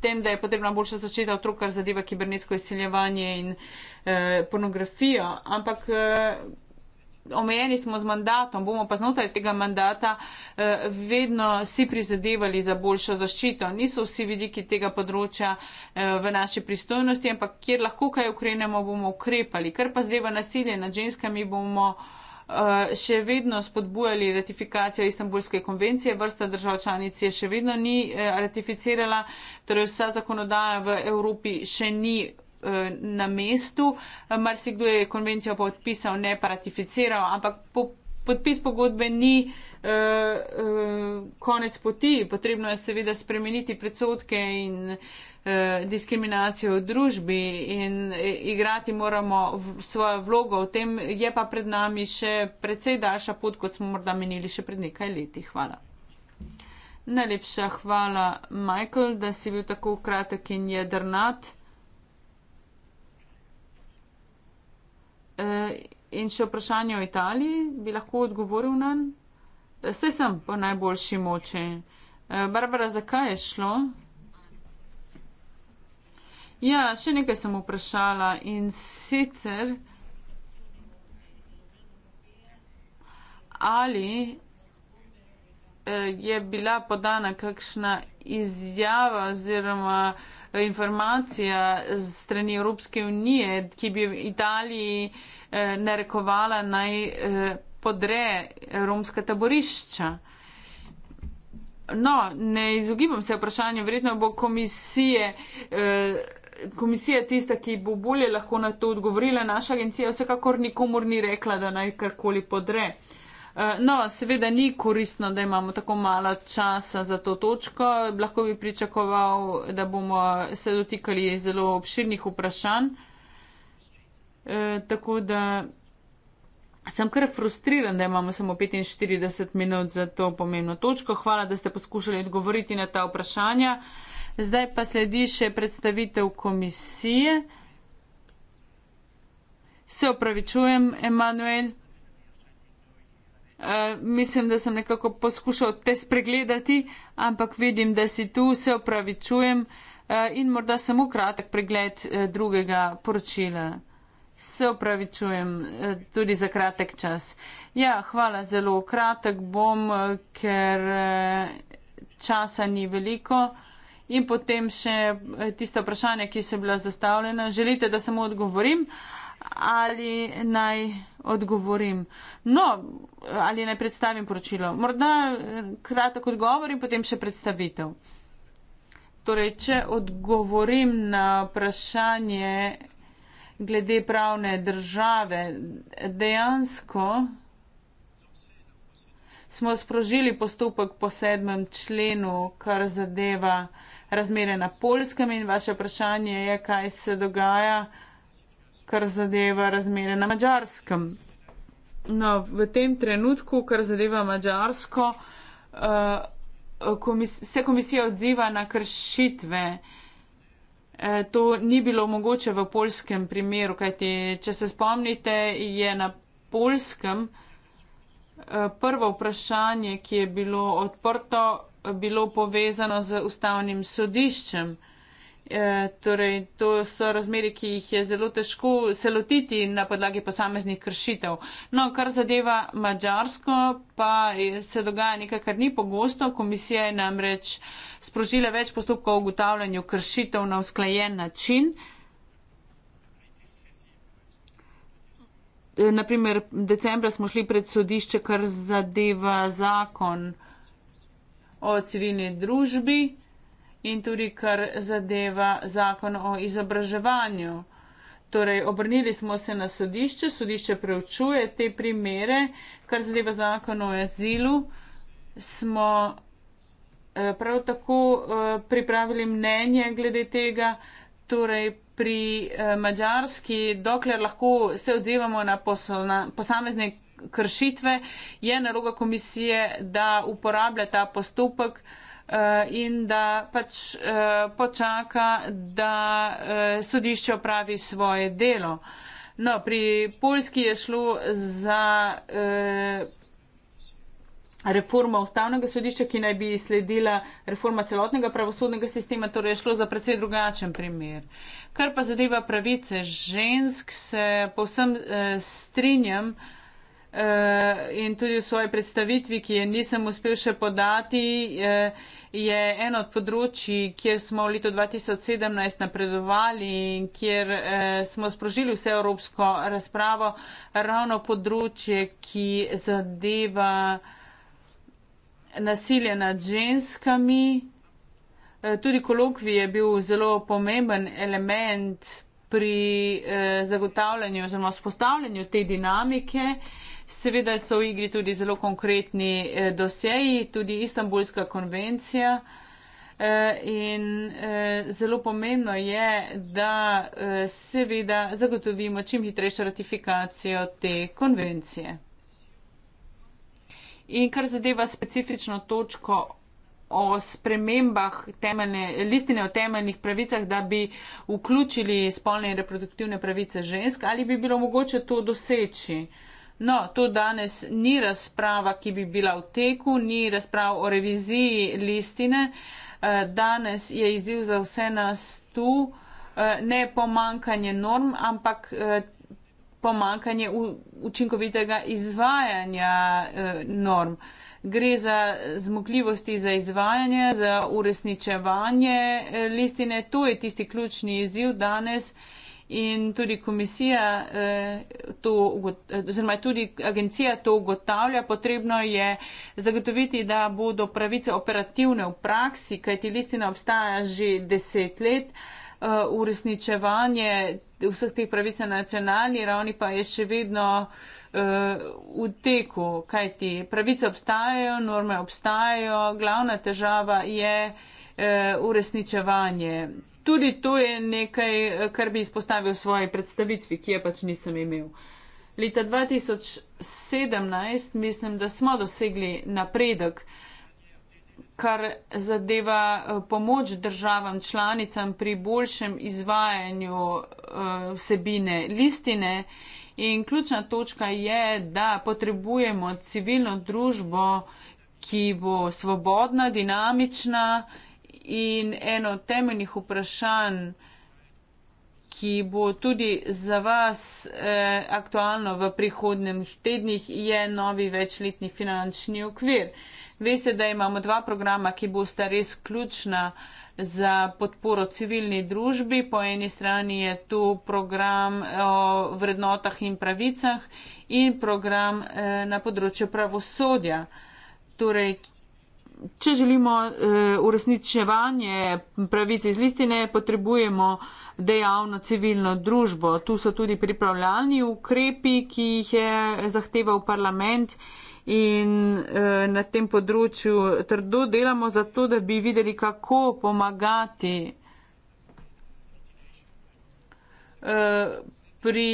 tem, da je potrebna boljša zaščita otrok, kar zadeva kibernetsko izsiljevanje in eh, pornografijo. Ampak eh, omejeni smo z mandatom, bomo pa znotraj tega mandata eh, vedno si prizadevali za boljšo zaščito. Niso vsi vidiki tega področja eh, v naši pristojnosti, ampak kjer lahko kaj ukrenemo, bomo ukrepali. Kar pa zadeva nasilje nad ženskami, bomo. Eh, še vedno spodbujali ratifikacijo Istanbulske konvencije, vrsta držav članic je še vedno ni eh, ratificirala, torej vsa zakonodaja v Evropi še ni eh, na mestu. Marsikdo je konvencijo podpisal, ne pa ratificiral, ampak po, podpis pogodbe ni eh, konec poti. Potrebno je seveda spremeniti predsotke in eh, Eh, diskriminacijo v družbi in eh, igrati moramo svojo vlogo. V tem je pa pred nami še precej daljša pot, kot smo morda menili še pred nekaj leti. Hvala. Najlepša hvala, Michael, da si bil tako kratek in jedrnat. Eh, in še vprašanje o Italiji, bi lahko odgovoril na njen? Vse sem po najboljši moči. Barbara, zakaj je šlo? Ja, še nekaj sem vprašala in sicer ali eh, je bila podana kakšna izjava oziroma informacija strani Evropske unije, ki bi v Italiji eh, narekovala naj eh, podre romska taborišča. No, ne izogibam se vprašanju, verjetno bo komisije. Eh, komisija tista, ki bo bolje lahko na to odgovorila. Naša agencija vsekakor nikomor ni rekla, da naj karkoli podre. Eh, no, seveda ni koristno, da imamo tako malo časa za to točko. Lahko bi pričakoval, da bomo se dotikali zelo obširnih vprašanj. E, tako da sem kar frustriran, da imamo samo 45 minut za to pomembno točko. Hvala, da ste poskušali odgovoriti na ta vprašanja. Zdaj pa sledi še predstavitev komisije. Se opravičujem, Emanuel. Uh, mislim, da sem nekako poskušal te spregledati, ampak vidim, da si tu, se opravičujem uh, in morda samo kratek pregled uh, drugega poročila. Se opravičujem uh, tudi za kratek čas. Ja, hvala, zelo kratek bom, uh, ker uh, časa ni veliko. Uh, in potem še eh, tiste vprašanje, ki so bila zastavljena. Želite, da samo odgovorim ali naj odgovorim? No, ali naj predstavim poročilo? Morda eh, kratek odgovor in potem še predstavitev. Torej, če odgovorim na vprašanje glede pravne države, dejansko smo sprožili postopek po sedmem členu, kar zadeva razmere na polskem in vaše vprašanje je, kaj se dogaja, kar zadeva razmere na mačarskem. No, v tem trenutku, kar zadeva mačarsko, eh, se komisija odziva na kršitve. Eh, to ni bilo mogoče v polskem primeru, kajti, če se spomnite, je na polskem eh, prvo vprašanje, ki je bilo odprto, bilo povezano z ustavnim sodiščem. E, torej, to so razmeri, ki jih je zelo težko selotiti na podlagi posameznih kršitev. No, kar zadeva Mačarsko, pa se dogaja nekaj, kar ni pogosto. Komisija je namreč sprožila več postopkov o ugotavljanju kršitev na usklajen način. E, Naprimer, decembra smo šli pred sodišče, kar zadeva zakon o civilni družbi in tudi kar zadeva zakon o izobraževanju. Torej, obrnili smo se na sodišče, sodišče preučuje te primere, kar zadeva zakon o azilu. Smo eh, prav tako eh, pripravili mnenje glede tega, torej pri eh, Mačarski, dokler lahko se odzivamo na posamezne kršitve, je naloga komisije, da uporablja ta postopek eh, in da pač eh, počaka, da eh, sodišče opravi svoje delo. No, pri Poljski je šlo za reforma ustavnega sodišča, ki naj bi sledila reforma celotnega pravosodnega sistema, torej je šlo za precej drugačen primer. Kar pa zadeva pravice žensk, se povsem eh, strinjam, eh, Eh, in tudi v svoji predstavitvi, ki je nisem uspel še podati, eh, je eno od področji, kjer smo v letu 2017 napredovali in kjer eh, smo sprožili vse evropsko razpravo, ravno področje, ki zadeva nasilje nad ženskami. Tudi kolokvi je bil zelo pomemben element pri zagotavljanju oziroma spostavljanju te dinamike. Seveda so v igri tudi zelo konkretni eh, dosjeji, tudi Istanbulska konvencija. Eh, in eh, zelo pomembno je, da eh, seveda zagotovimo čim hitrejšo ratifikacijo te konvencije. In kar zadeva specifično točko o spremembah temeljne, listine o temeljnih pravicah, da bi vključili spolne in reproduktivne pravice žensk, ali bi bilo mogoče to doseči. Eh, No, to danes ni razprava, ki bi bila v teku, ni razprava o reviziji listine. Eh, danes je izziv za vse nas tu eh, ne pomankanje norm, ampak eh, pomankanje učinkovitega izvajanja norm. Gre za zmogljivosti za izvajanje, za uresničevanje listine. To je tisti ključni izziv danes in tudi komisija, eh, to, oziroma tudi agencija to ugotavlja, potrebno je zagotoviti, da bodo pravice operativne v praksi, kajti listina obstaja že deset let. Eh, uresničevanje vseh teh pravic na nacionalni ravni pa je še vedno uh, v teku, kajti pravice obstajajo, norme obstajajo, glavna težava je uh, uresničevanje tudi to je nekaj, kar bi izpostavil v svoji predstavitvi, ki je pač nisem imel. Leta 2017 mislim, da smo dosegli napredek, kar zadeva eh, pomoč državam članicam pri boljšem izvajanju uh, vsebine listine. In ključna točka je, da potrebujemo civilno družbo, ki bo svobodna, dinamična In eno od temeljnih vprašanj, ki bo tudi za vas eh, aktualno v prihodnjih tednih, je novi večletni finančni okvir. Veste, da imamo dva programa, ki bosta res ključna za podporo civilni družbi. Po eni strani je tu program eh, o vrednotah in pravicah in program eh, na področju pravosodja. Torej, če želimo eh, uresničevanje pravic iz listine, potrebujemo dejavno civilno družbo. Tu so tudi pripravljalni ukrepi, ki jih je zahteval parlament in eh, na tem področju trdo delamo za to, da bi videli, kako pomagati eh, pri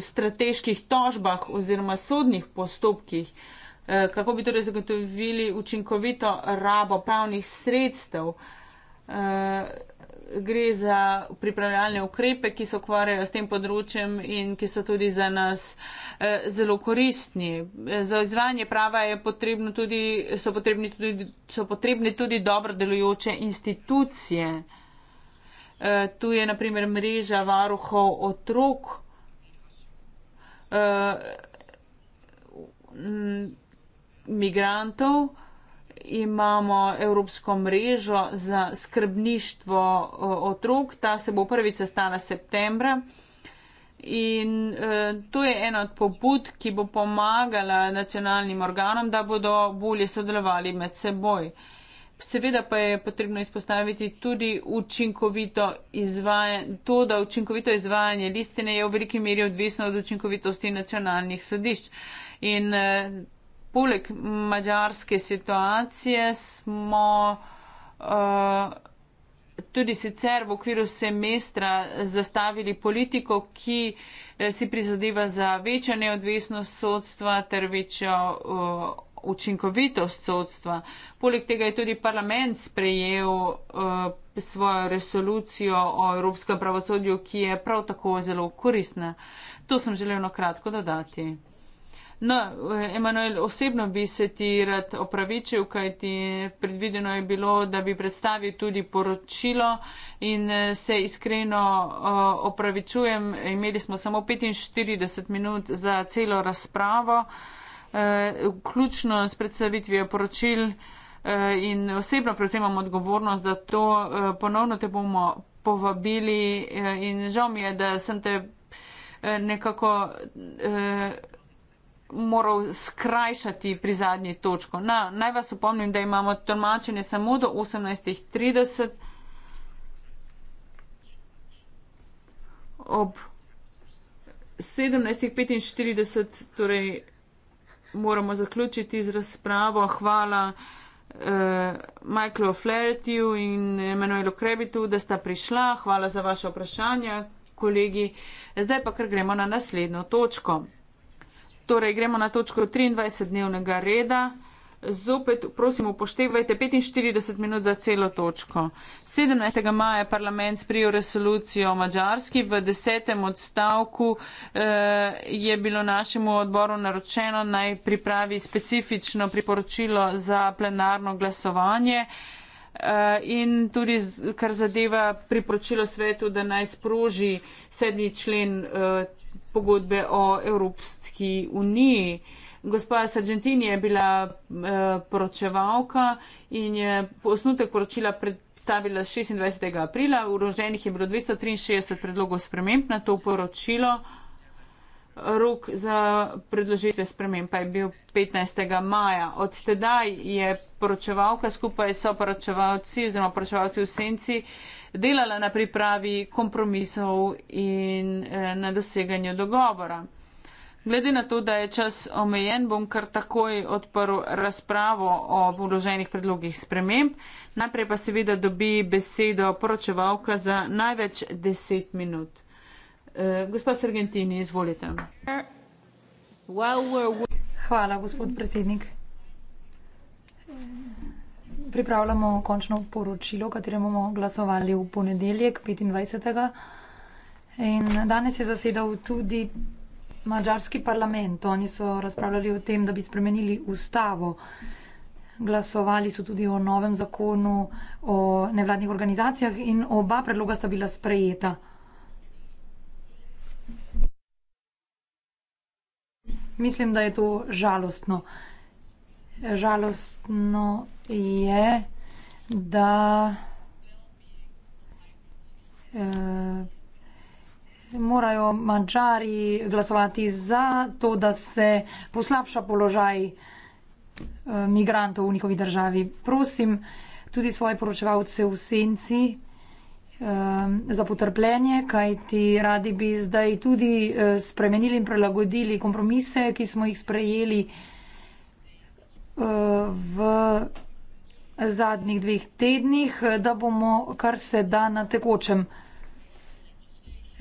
strateških tožbah oziroma sodnih postopkih, eh, kako bi torej zagotovili učinkovito rabo pravnih sredstev. Eh, gre za pripravljalne ukrepe, ki se ukvarjajo s tem področjem in ki so tudi za nas eh, zelo koristni. Za izvajanje prava tudi, so, potrebni tudi, so potrebne tudi dobro delujoče institucije. Tu je naprimer mreža varuhov otrok, Eh, migrantov, imamo Evropsko mrežo za skrbništvo uh, otrok, ta se bo prvič sestala septembra. In uh, to je ena od pobud, ki bo pomagala nacionalnim organom, da bodo bolje sodelovali med seboj. Uh, Seveda pa je potrebno izpostaviti tudi učinkovito izvajanje. To, da učinkovito izvajanje listine je v veliki meri odvisno od učinkovitosti nacionalnih sodišč. In eh, poleg mađarske situacije smo. Uh, tudi sicer v okviru semestra zastavili politiko, ki eh, si prizadeva za večjo neodvisnost sodstva ter večjo uh, učinkovitost sodstva. Poleg tega je tudi parlament sprejel uh, svojo resolucijo o evropskem pravosodju, ki je prav tako zelo koristna. To sem želel na kratko dodati. No, eh, Emanuel, osebno bi se ti rad opravičil, kajti predvideno je bilo, da bi predstavil tudi poročilo in eh, se iskreno opravičujem. Imeli smo samo 45 minut za celo razpravo. Uh, Eh, vključno s predstavitvijo poročil eh, in osebno predvsem imam odgovornost za to. Eh, ponovno te bomo povabili in žal mi je, da sem te nekako moral skrajšati pri zadnji točko. Na, naj vas upomnim, da imamo tolmačenje samo do 18.30. Ob 17.45, torej moramo zaključiti z razpravo. Hvala eh, Michaelu Flaherty-ju in Emanuelu Krebitu, da sta prišla. Hvala za vaše vprašanje, kolegi. Zdaj pa kar gremo na naslednjo točko. Torej, gremo na točko 23 dnevnega reda zopet, prosim, upoštevajte 45 minut za celo točko. 17. maja je parlament sprijel resolucijo o Mačarski, v desetem odstavku eh, je bilo našemu odboru naročeno naj pripravi specifično priporočilo za plenarno glasovanje. Eh, in tudi, kar zadeva priporočilo svetu, da naj sproži sedmi člen eh, pogodbe o Evropski uniji. Eh, Gospa Sargentini je bila eh, poročevalka in je osnutek poročila predstavila 26. aprila. Uroženih je bilo 263 predlogov sprememb na to poročilo. Rok za predložitve sprememb pa je bil 15. maja. Od tedaj je poročevalka skupaj so poročevalci oziroma poročevalci v senci delala na pripravi kompromisov in eh, na doseganju dogovora. Glede na to, da je čas omejen, bom kar takoj odprl razpravo o vloženih predlogih sprememb. Najprej pa seveda dobi besedo poročevalka za največ deset minut. E, eh, gospod Sargentini, izvolite. Hvala, gospod predsednik. Pripravljamo končno poročilo, katerem bomo glasovali v ponedeljek 25. In danes je zasedal tudi mađarski parlament. Oni so razpravljali o tem, da bi spremenili ustavo. Glasovali so tudi o novem zakonu o nevladnih organizacijah in oba predloga sta bila sprejeta. Mislim, da je to žalostno. Žalostno je, da. Eh, morajo mačari glasovati za to, da se poslabša položaj eh, migrantov v njihovi državi. Prosim tudi svoje poročevalce v senci um, za potrpljenje, kajti radi bi zdaj tudi eh, spremenili in prelagodili kompromise, ki smo jih sprejeli v zadnjih dveh tednih, da bomo kar se da na tekočem.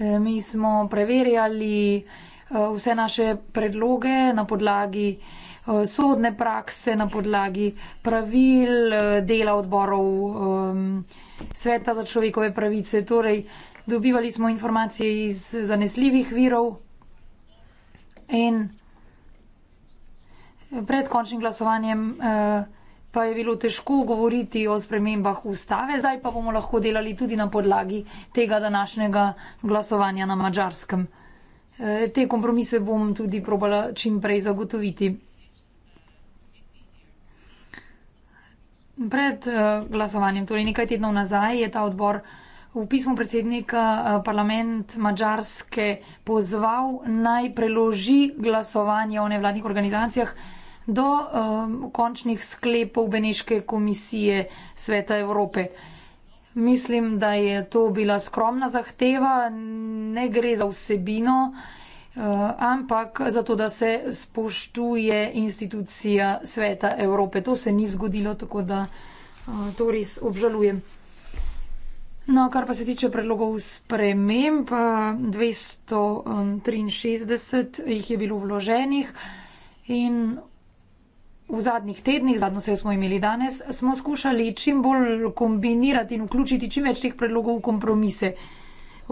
E, mi smo preverjali e, vse naše predloge na podlagi e, sodne prakse, na podlagi pravil dela odborov Sveta za človekove pravice. Torej, dobivali smo informacije iz zanesljivih virov in pred končnim glasovanjem pa je bilo težko govoriti o spremembah ustave, zdaj pa bomo lahko delali tudi na podlagi tega današnjega glasovanja na mačarskem. E, te kompromise bom tudi probala čim prej zagotoviti. Pred e, glasovanjem, torej nekaj tednov nazaj, je ta odbor v pismu predsednika e, parlament Mačarske pozval naj preloži glasovanje o nevladnih organizacijah do um, končnih sklepov Beneške komisije Sveta Evrope. Mislim, da je to bila skromna zahteva, ne gre za vsebino, uh, ampak za to, da se spoštuje institucija Sveta Evrope. To se ni zgodilo, tako da uh, to res obžalujem. No, kar pa se tiče predlogov sprememb, 263 uh, um, jih je bilo vloženih in V zadnjih tednih, zadnjo se smo imeli danes, smo skušali čim bolj kombinirati in vključiti čim več teh predlogov v kompromise.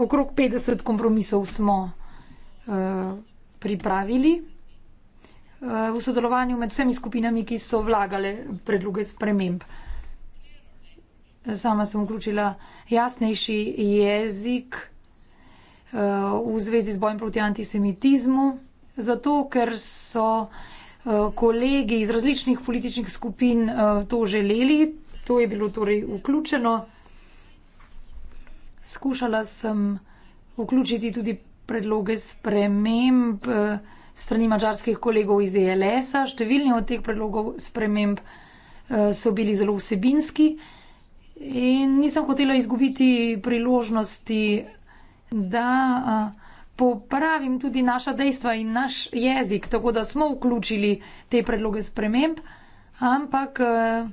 Okrog 50 kompromisov smo uh, pripravili uh, v sodelovanju med vsemi skupinami, ki so vlagale predloge sprememb. Sama sem vključila jasnejši jezik uh, v zvezi z bojem proti antisemitizmu, zato ker so. Eh, kolegi iz različnih političnih skupin eh, to želeli. To je bilo torej vključeno. Skušala sem vključiti tudi predloge sprememb eh, strani mačarskih kolegov iz ELS-a. Številni od teh predlogov sprememb so bili zelo vsebinski in nisem hotela izgubiti priložnosti, da popravim tudi naša dejstva in naš jezik, tako da smo vključili te predloge sprememb, ampak eh, eh,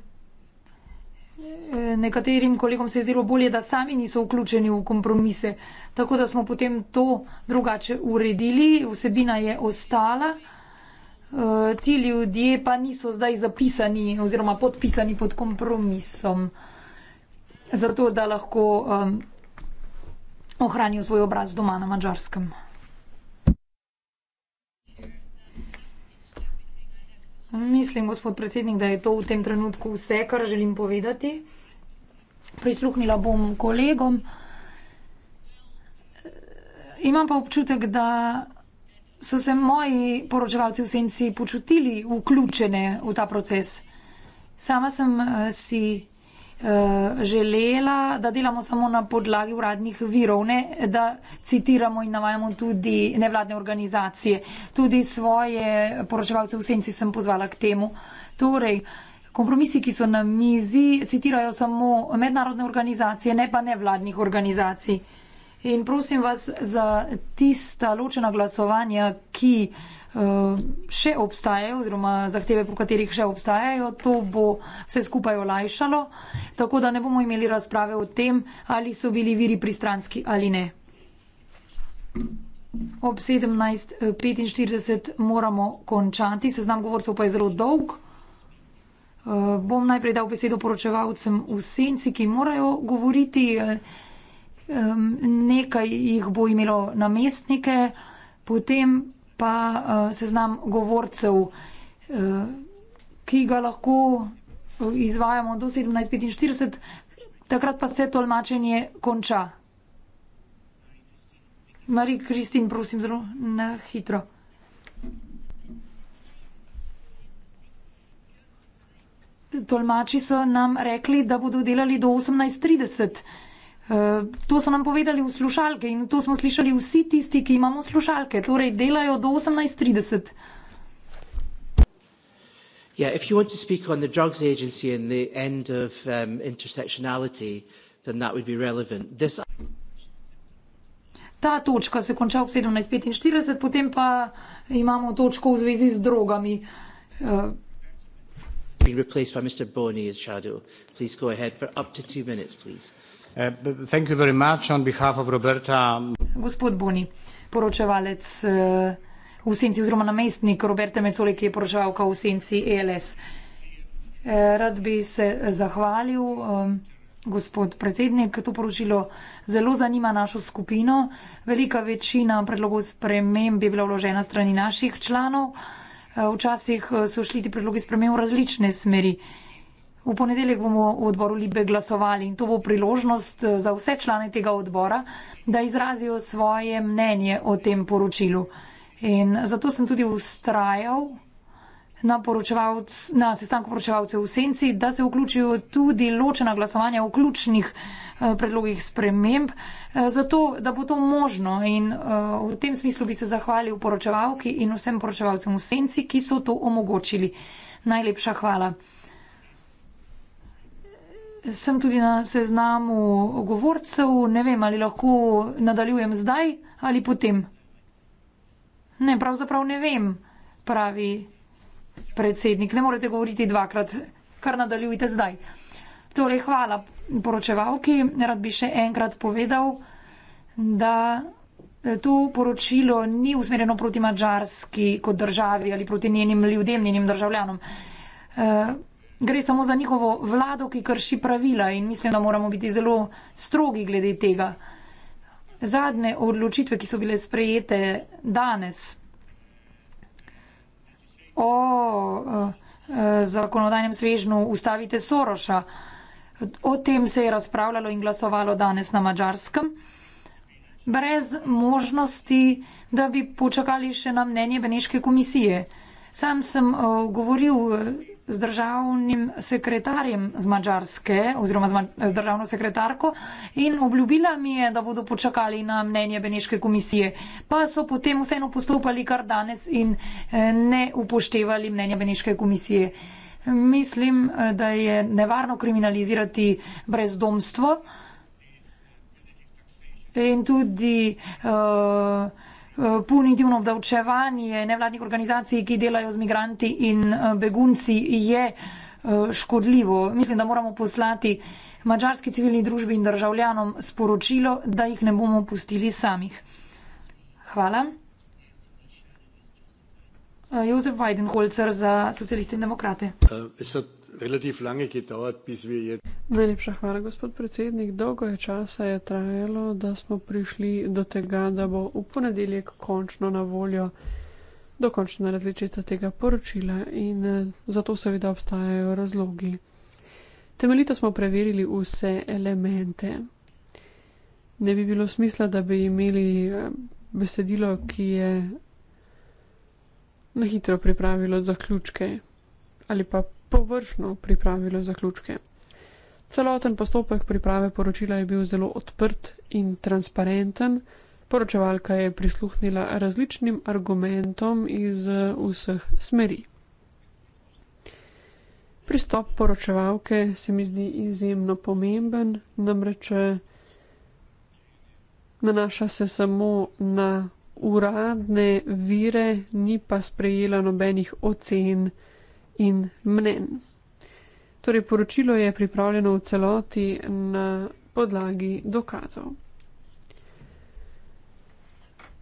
nekaterim kolegom se je zdelo bolje, da sami niso vključeni v kompromise. Tako da smo potem to drugače uredili, vsebina je ostala. Eh, ti ljudje pa niso zdaj zapisani oziroma podpisani pod kompromisom, zato da lahko um, ohranil svoj obraz doma na mačarskem. Mislim, gospod predsednik, da je to v tem trenutku vse, kar želim povedati. Prisluhnila bom kolegom. Imam pa občutek, da so se moji poročevalci v senci počutili vključene v ta proces. Sama sem eh, si. Eh, želela, da delamo samo na podlagi uradnih virov, ne, da citiramo in navajamo tudi nevladne organizacije. Tudi svoje poročevalce v senci sem pozvala k temu. Torej, kompromisi, ki so na mizi, citirajo samo mednarodne organizacije, ne pa nevladnih organizacij. In prosim vas za tista ločena glasovanja, ki Eh, še obstajajo oziroma zahteve, po katerih še obstajajo, to bo vse skupaj olajšalo, tako da ne bomo imeli razprave o tem, ali so bili viri pristranski ali ne. Ob 17.45 moramo končati, seznam govorcev pa je zelo dolg. Eh, bom najprej dal besedo poročevalcem v senci, ki morajo govoriti. Eh, nekaj jih bo imelo namestnike, potem pa uh, seznam govorcev, uh, ki ga lahko eh, izvajamo do 17.45, takrat pa se tolmačenje konča. Mari Kristin, prosim, zelo na hitro. Tolmači so nam rekli, da bodo delali do 18.30. Uh, to so nam povedali v slušalke in to smo slišali vsi tisti, ki imamo slušalke, torej delajo do 18.30. Yeah, if you want to speak on the drugs agency and the end of um, intersectionality, then that would be relevant. This... Ta točka se konča ob 17.45, potem pa imamo točko v zvezi z drogami. Uh... Been replaced by Mr. Boney as shadow. Please go ahead for up to two minutes, please. Uh, thank you very much on behalf of Roberta. Gospod Boni, poročevalec uh, v senci oziroma namestnik Roberta Mecoli, ki je poročevalka v senci ELS. Uh, rad bi se zahvalil, um, gospod predsednik, to poročilo zelo zanima našo skupino. Velika večina predlogov sprememb je bila vložena strani naših članov. Včasih so šli ti predlogi sprememb v različne smeri. V ponedeljek bomo v odboru Libe glasovali in to bo priložnost eh, za vse člane tega odbora, da izrazijo svoje mnenje o tem poročilu. In zato sem tudi ustrajal na, na sestanku poročevalcev v Senci, da se vključijo tudi ločena glasovanja o ključnih eh, predlogih sprememb, eh, zato da bo to možno. In v tem smislu bi se zahvalil poročevalki in vsem poročevalcem v Senci, ki so to omogočili. Najlepša hvala sem tudi na seznamu govorcev, ne vem, ali lahko nadaljujem zdaj ali potem. Ne, pravzaprav ne vem, pravi predsednik, ne morete govoriti dvakrat, kar nadaljujte zdaj. Torej, hvala poročevalki, rad bi še enkrat povedal, da eh, to poročilo ni usmerjeno proti mačarski kot državi ali proti njenim ljudem, njenim državljanom. Eh, gre samo za njihovo vlado, ki krši pravila in mislim, da moramo biti zelo strogi glede tega. Zadnje odločitve, ki so bile sprejete danes o eh, zakonodajnem svežnu ustavite Soroša, o tem se je razpravljalo in glasovalo danes na mačarskem, brez možnosti, da bi počakali še na mnenje Beneške komisije. Sam sem uh, govoril eh, z državnim sekretarjem z Mačarske oziroma z, ma z državno sekretarko in obljubila mi je, da bodo počakali na mnenje Beneške komisije. Pa so potem vseeno postopali kar danes in eh, ne upoštevali mnenja Beneške komisije. Mislim, eh, da je nevarno kriminalizirati brezdomstvo in tudi uh, Eh, punitivno obdavčevanje nevladnih organizacij, ki delajo z migranti in eh, begunci, je eh, škodljivo. Mislim, da moramo poslati mađarski civilni družbi in državljanom sporočilo, da jih ne bomo pustili samih. Hvala. Jozef Weidenholzer za socialiste in demokrate. Uh, relativ lange gedauert, bis wir jetzt. Najlepša hvala, gospod predsednik. Dolgo je časa je trajalo, da smo prišli do tega, da bo v ponedeljek končno na voljo dokončna različica tega poročila in eh, zato seveda obstajajo razlogi. Temeljito smo preverili vse elemente. Ne bi bilo smisla, da bi imeli eh, besedilo, ki je na hitro pripravilo zaključke ali pa površno pripravilo zaključke. Celoten postopek priprave poročila je bil zelo odprt in transparenten. Poročevalka je prisluhnila različnim argumentom iz eh, vseh smeri. Pristop poročevalke se mi zdi izjemno pomemben, namreč eh, nanaša se samo na uradne vire, ni pa sprejela nobenih ocen in mnen. Torej, poročilo je pripravljeno v celoti na podlagi dokazov.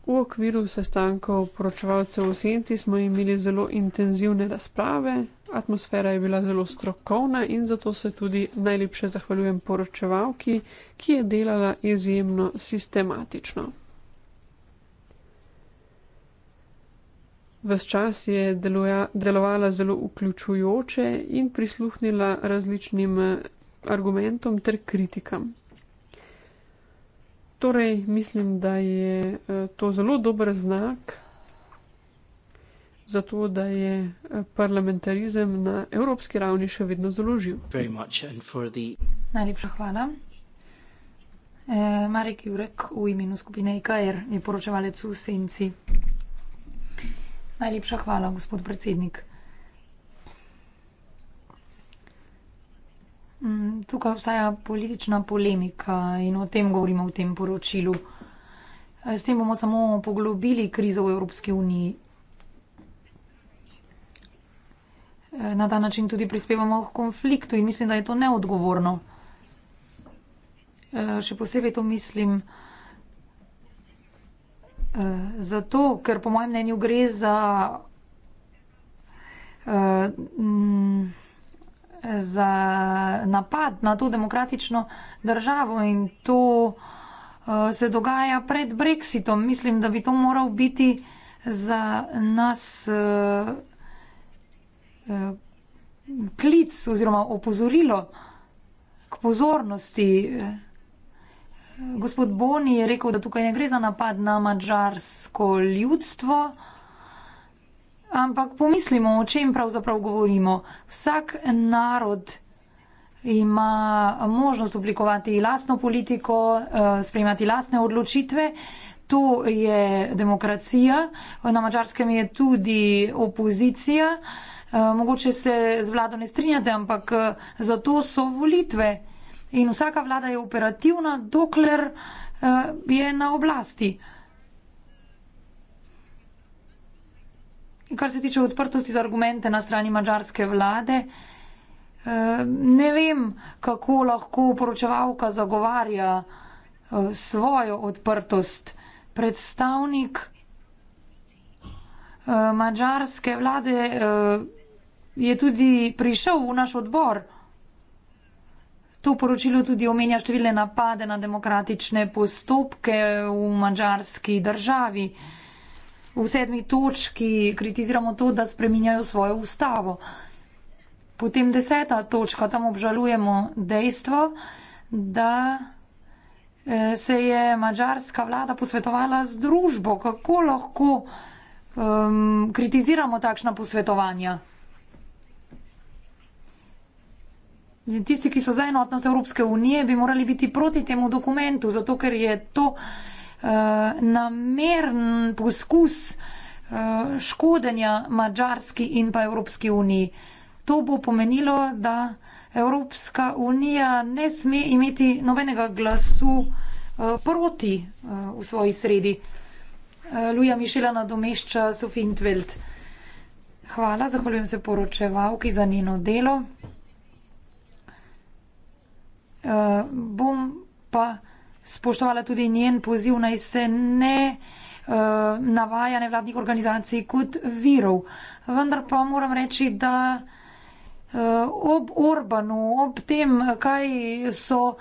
V okviru sestankov poročevalcev v senci smo imeli zelo intenzivne razprave, atmosfera je bila zelo strokovna in zato se tudi najlepše zahvaljujem poročevalki, ki je delala izjemno sistematično. Ves čas je deloja, delovala zelo vključujoče in prisluhnila različnim eh, argumentom ter kritikam. Torej, mislim, da je eh, to zelo dober znak za to, da je eh, parlamentarizem na evropski ravni še vedno zelo živ. The... Najlepša hvala. E, Marek Jurek v imenu skupine IKR e je poročevalec v Senci. Najlepša hvala, gospod predsednik. Mm, tukaj obstaja politična polemika in o tem govorimo v tem poročilu. S tem bomo samo poglobili krizo v Evropski uniji. Na ta način tudi prispevamo k konfliktu in mislim, da je to neodgovorno. Še posebej to mislim. Eh, zato, ker po mojem mnenju gre za, eh, mm, za napad na to demokratično državo in to eh, se dogaja pred Brexitom. Mislim, da bi to moral biti za nas klic oziroma opozorilo k pozornosti. Gospod Boni je rekel, da tukaj ne gre za napad na mačarsko ljudstvo, ampak pomislimo, o čem pravzaprav govorimo. Vsak narod ima možnost oblikovati lastno politiko, eh, sprejemati lastne odločitve. To je demokracija, na mačarskem je tudi opozicija. Eh, mogoče se z vlado ne strinjate, ampak eh, zato so volitve. In vsaka vlada je operativna, dokler uh, je na oblasti. Kar se tiče odprtosti za argumente na strani mačarske vlade, eh, ne vem, kako lahko poročevalka zagovarja eh, svojo odprtost. Predstavnik mačarske vlade je tudi prišel v naš odbor. To poročilo tudi omenja številne napade na demokratične postopke v mađarski državi. V sedmi točki kritiziramo to, da spreminjajo svojo ustavo. Potem deseta točka, tam obžalujemo dejstvo, da eh, se je mađarska vlada posvetovala z družbo. Kako lahko um, kritiziramo takšna posvetovanja? Tisti, ki so za enotnost Evropske unije, bi morali biti proti temu dokumentu, zato ker je to uh, eh, namern poskus uh, škodenja Mačarski in pa Evropski uniji. To bo pomenilo, da Evropska unija ne sme imeti nobenega glasu uh, proti uh, v svoji sredi. Uh, Luja Mišela nadomešča Sofintveld. Hvala, zahvaljujem se poročevalki za njeno delo. Uh, bom pa spoštovala tudi njen poziv, naj se ne uh, navaja nevladnih organizacij kot virov. Vendar pa moram reči, da uh, ob Orbanu, ob tem, kaj so uh,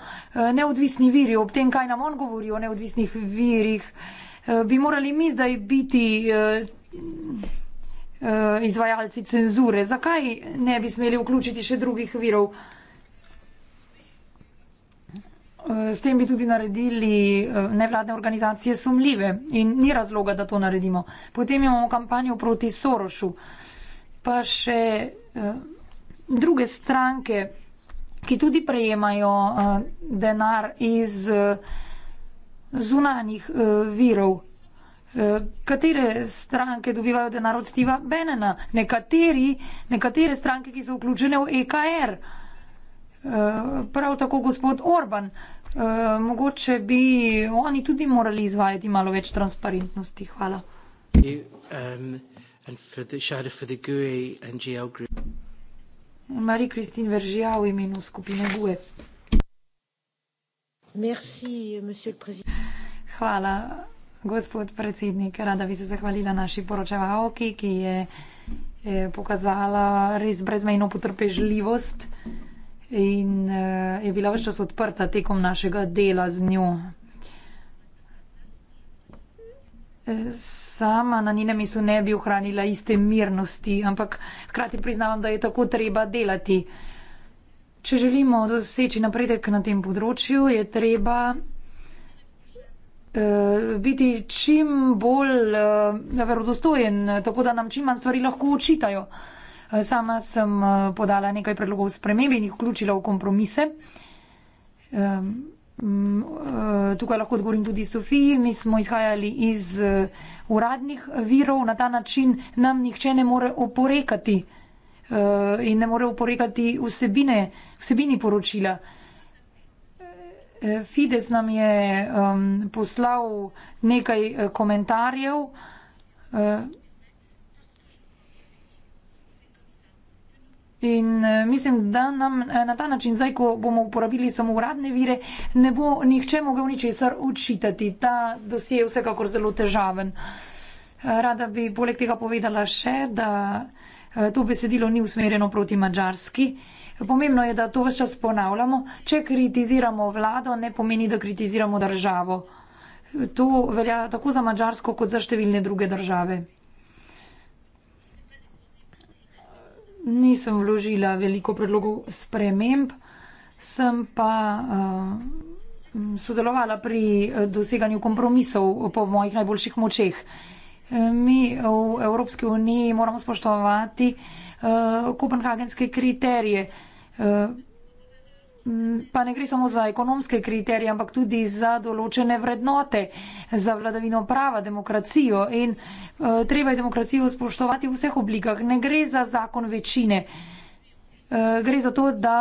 neodvisni viri, ob tem, kaj nam on govori o neodvisnih virih, uh, bi morali mi zdaj biti. Uh, Izvajalci cenzure, zakaj ne bi smeli vključiti še drugih virov? Uh, S tem bi tudi naredili eh, nevladne organizacije sumljive in ni razloga, da to naredimo. Potem imamo kampanjo proti Sorošu, pa še eh, druge stranke, ki tudi prejemajo eh, denar iz zunanjih virov. Katere stranke dobivajo denar od Steva Benena? Nekateri, nekatere stranke, ki so vključene v EKR, prav tako gospod Orban. Eh, mogoče bi oni tudi morali izvajati malo več transparentnosti. Hvala. Um, e Marie-Christine Vergia v imenu skupine GUE. Merci, Hvala, gospod predsednik. Rada bi se zahvalila naši poročevalki, ki je, je eh, pokazala res brezmejno potrpežljivost in eh, je bila več čas odprta tekom našega dela z njo. Eh, sama na njenem mestu ne bi ohranila iste mirnosti, ampak hkrati priznavam, da je tako treba delati. Če želimo doseči napredek na tem področju, je treba uh, biti čim bolj uh, verodostojen, tako da nam čim manj stvari lahko očitajo. Uh, Sama sem eh, podala nekaj predlogov sprememb in jih vključila v kompromise. Ehm, eh, tukaj lahko odgovorim tudi Sofiji. Mi smo izhajali iz eh, uradnih virov, na ta način nam nihče ne more oporekati in ne more oporekati vsebine, vsebini poročila. Fides nam je ehm, poslal nekaj komentarjev. In eh, mislim, da nam eh, na ta način, zdaj, ko bomo uporabili samo uradne vire, ne bo nihče mogel ničesar učitati. Ta dosje je vsekakor zelo težaven. Eh, rada bi poleg tega povedala še, da to besedilo ni usmerjeno proti mačarski. Pomembno je, da to vse čas ponavljamo. Če kritiziramo vlado, ne pomeni, da kritiziramo državo. To velja tako za mačarsko, kot za številne druge države. nisem vložila veliko predlogov sprememb, sem pa uh, sodelovala pri eh, doseganju kompromisov po mojih najboljših močeh. Eh, mi v Evropski uniji moramo spoštovati uh, kopenhagenske kriterije. Uh, Mm, pa ne gre samo za ekonomske kriterije, ampak tudi za določene vrednote, za vladavino prava, demokracijo in uh, treba je demokracijo spoštovati v vseh oblikah. Ne gre za zakon večine, uh, gre za to, da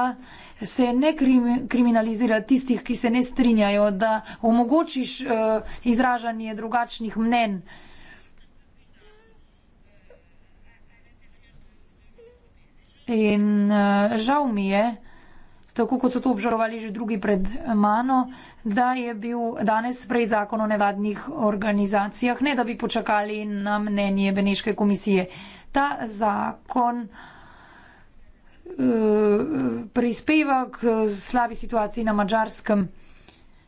se ne krim, kriminalizira tistih, ki se ne strinjajo, da omogočiš uh, izražanje drugačnih mnen. In uh, žal mi je, tako kot so to obžalovali že drugi pred mano, da je bil danes sprejet zakon o nevadnih organizacijah, ne da bi počakali na mnenje Beneške komisije. Ta zakon eh, prispeva k slabi situaciji na mačarskem,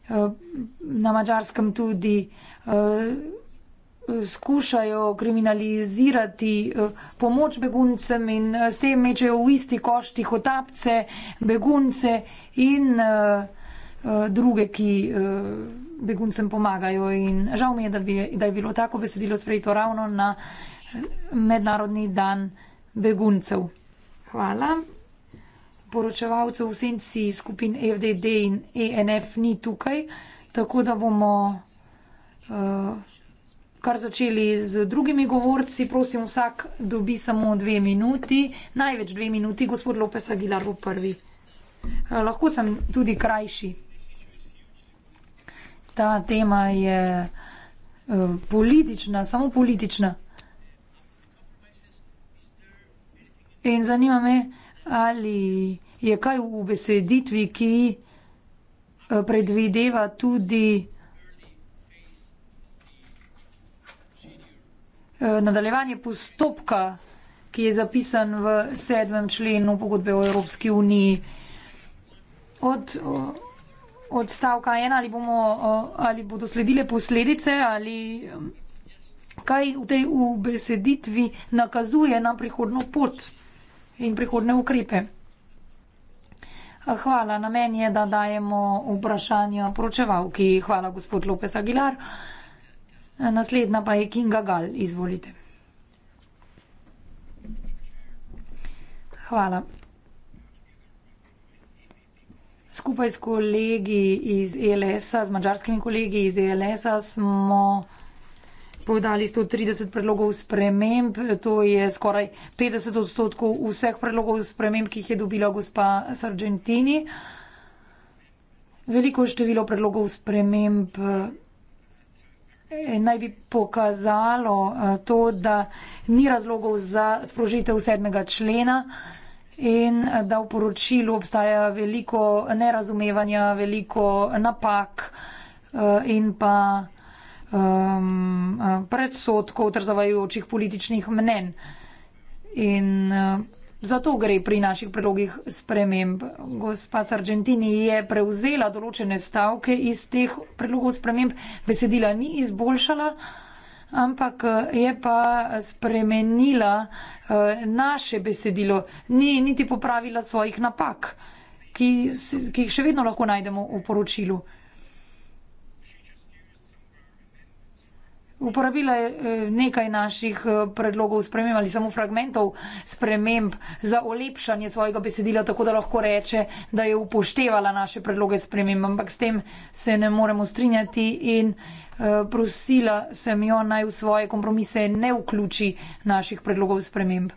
eh, na mačarskem tudi eh, skušajo kriminalizirati eh, pomoč beguncem in eh, s tem mečejo v isti košti hotapce, begunce in eh, druge, ki beguncem pomagajo. In žal mi je, da, bi, da je bilo tako besedilo sprejeto ravno na Mednarodni dan beguncev. Hvala. Poročevalcev v senci skupin FDD in ENF ni tukaj, tako da bomo. Uh, kar začeli z drugimi govorci. Prosim, vsak dobi samo dve minuti, največ dve minuti, gospod Lopes Aguilar bo prvi. Eh, lahko sem tudi krajši. Ta tema je eh, politična, samo politična. In zanima me, ali je kaj v beseditvi, ki eh, predvideva tudi. Eh, nadaljevanje postopka, ki je zapisan v sedmem členu pogodbe o Evropski uniji. Od, od stavka ena ali, bomo, ali bodo sledile posledice ali kaj v tej ubeseditvi nakazuje na prihodno pot in prihodne ukrepe. Hvala, namen je, da dajemo vprašanja poročevalki. Hvala, gospod Lopes Aguilar. Naslednja pa je Kinga Gal, izvolite. Hvala. Skupaj s kolegi iz ELS-a, z mađarskimi kolegi iz ELS-a smo podali 130 predlogov sprememb, to je skoraj 50 odstotkov vseh predlogov sprememb, ki jih je dobila gospa Sargentini. Veliko število predlogov sprememb Eh, naj bi pokazalo eh, to, da ni razlogov za sprožitev sedmega člena in eh, da v poročilu obstaja veliko nerazumevanja, veliko napak in pa um, ehm, predsotkov ter zavajajočih političnih mnen. In Zato gre pri naših predlogih sprememb. Gospa Sargentini je prevzela določene stavke iz teh predlogov sprememb, besedila ni izboljšala, ampak eh, je pa spremenila eh, naše besedilo, ni niti popravila svojih napak, ki, ki jih še vedno lahko najdemo v poročilu. uporabila eh, nekaj naših eh, predlogov sprememb ali samo fragmentov sprememb za olepšanje svojega besedila, tako da lahko reče, da je upoštevala naše predloge sprememb, ampak s tem se ne moremo strinjati in eh, prosila sem jo naj v svoje kompromise ne vključi naših predlogov sprememb.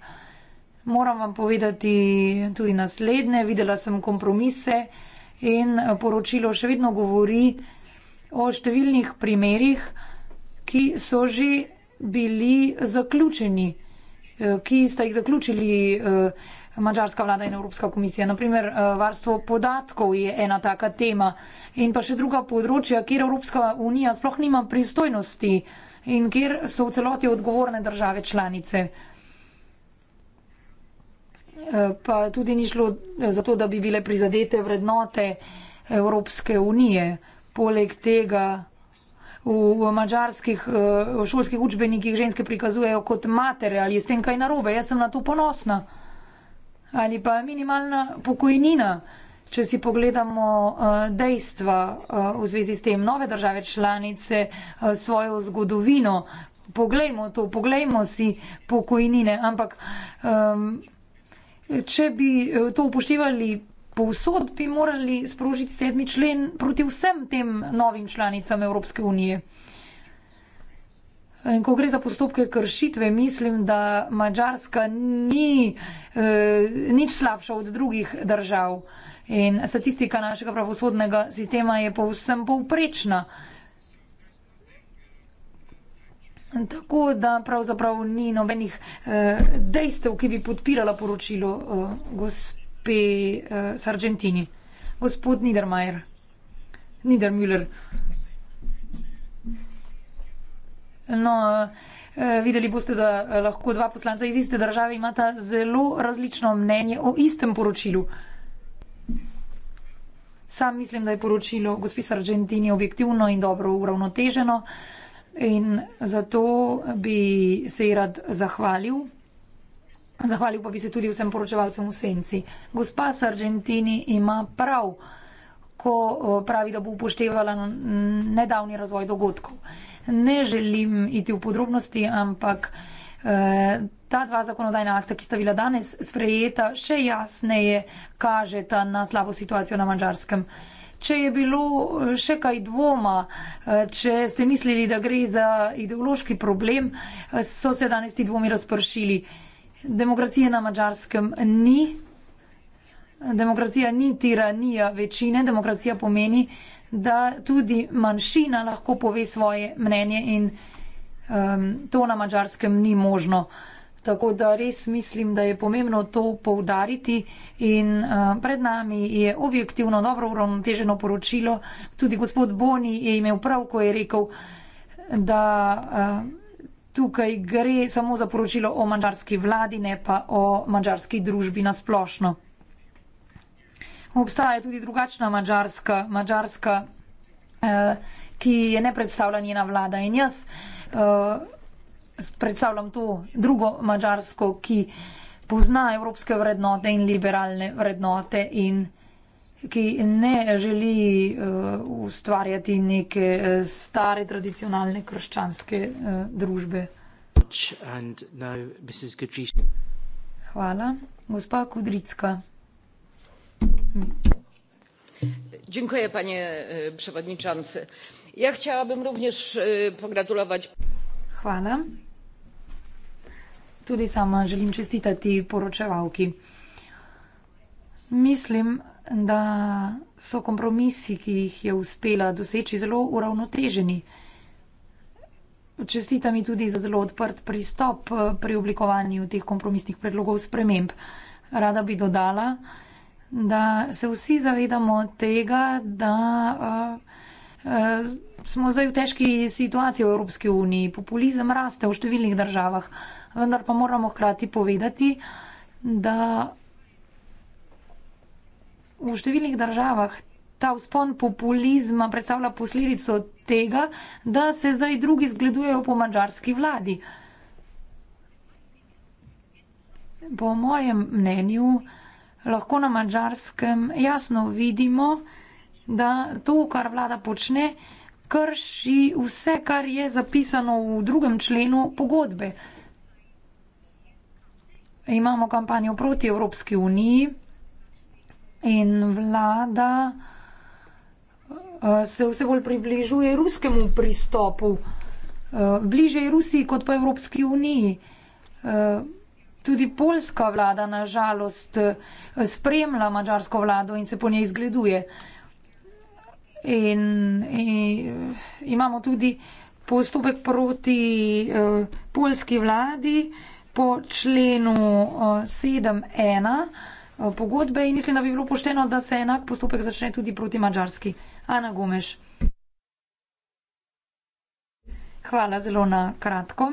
Moram vam povedati tudi naslednje, videla sem kompromise in poročilo še vedno govori o številnih primerih, ki so že bili zaključeni, eh, ki sta jih zaključili eh, mađarska vlada in Evropska komisija. Naprimer, eh, varstvo podatkov je ena taka tema in pa še druga področja, kjer Evropska unija sploh nima pristojnosti in kjer so v celoti odgovorne države članice. Pa tudi ni šlo za to, da bi bile prizadete vrednote Evropske unije. Poleg tega v mačarskih eh, šolskih učbenikih ženske prikazujejo kot matere ali je s tem kaj narobe, jaz sem na to ponosna. Ali pa minimalna pokojnina, če si pogledamo eh, dejstva eh, v zvezi s tem nove države članice, svojo zgodovino. Poglejmo to, poglejmo si pokojnine, ampak um, če bi to upoštevali povsod bi morali sprožiti sedmi člen proti vsem tem novim članicam Evropske unije. In ko gre za postopke kršitve, mislim, da Mačarska ni eh, nič slabša od drugih držav. In statistika našega pravosodnega sistema je povsem povprečna. Tako da pravzaprav ni nobenih eh, dejstev, ki bi podpirala poročilo eh, gospoda pe uh, eh, Sargentini. Gospod Niedermayer. Niedermüller. No, eh, eh, videli boste, da lahko dva poslanca iz iste države imata zelo različno mnenje o istem poročilu. Sam mislim, da je poročilo gospe Sargentini objektivno in dobro uravnoteženo in zato bi se ji rad zahvalil. Zahvalil pa bi se tudi vsem poročevalcem v senci. Gospa s Argentini ima prav, ko pravi, da bo upoštevala nedavni razvoj dogodkov. Ne želim iti v podrobnosti, ampak e, ta dva zakonodajna akta, ki sta bila danes sprejeta, še jasneje kažeta na slabo situacijo na mačarskem. Če je bilo e, še kaj dvoma, e, če ste mislili, da gre za ideološki problem, so se danes ti dvomi razpršili. Demokracije na mačarskem ni. Demokracija ni tiranija večine, demokracija pomeni, da tudi manjšina lahko pove svoje mnenje in um, to na mačarskem ni možno. Tako da res mislim, da je pomembno to poudariti in uh, pred nami je objektivno, dobro uravnoteženo poročilo. Tudi gospod Boni je imel prav, ko je rekel, da. Uh, tukaj gre samo za poročilo o mađarski vladi, ne pa o mađarski družbi nasplošno. Obstaja tudi drugačna mađarska, mađarska eh, ki je ne predstavlja njena vlada in jaz eh, predstavljam to drugo mađarsko, ki pozna evropske vrednote in liberalne vrednote in vrednote ki ne želi uh, ustvarjati neke uh, stare tradicionalne krščanske uh, družbe. Hvala. Gospa Kudricka. Dziękuję, panie e, przewodniczący. Ja chciałabym również e, pogratulować. Hvala. Tudi sama želim čestitati poročevalki. Mislim, da so kompromisi, ki jih je uspela doseči, zelo uravnoteženi. Čestita mi tudi za zelo odprt pristop eh, pri oblikovanju teh kompromisnih predlogov sprememb. Rada bi dodala, da se vsi zavedamo tega, da uh, uh, smo zdaj v težki situaciji v Evropski uniji. Populizem raste v številnih državah, vendar pa moramo hkrati povedati, da v številnih državah ta vzpon populizma predstavlja posledico tega, da se zdaj drugi zgledujejo po mađarski vladi. Po mojem mnenju lahko na mađarskem jasno vidimo, da to, kar vlada počne, krši vse, kar je zapisano v drugem členu pogodbe. Imamo kampanjo proti Evropski uniji. In vlada eh, se vse bolj približuje ruskemu pristopu, eh, bliže Rusiji kot pa Evropski uniji. Eh, tudi polska vlada nažalost spremlja mađarsko vlado in se po njej zgleduje. In, in imamo tudi postopek proti eh, polski vladi po členu eh, 7.1. Eh, pogodbe in mislim, da bi bilo pošteno, da se enak postopek začne tudi proti Mačarski. Ana Gomeš. Hvala zelo na kratko.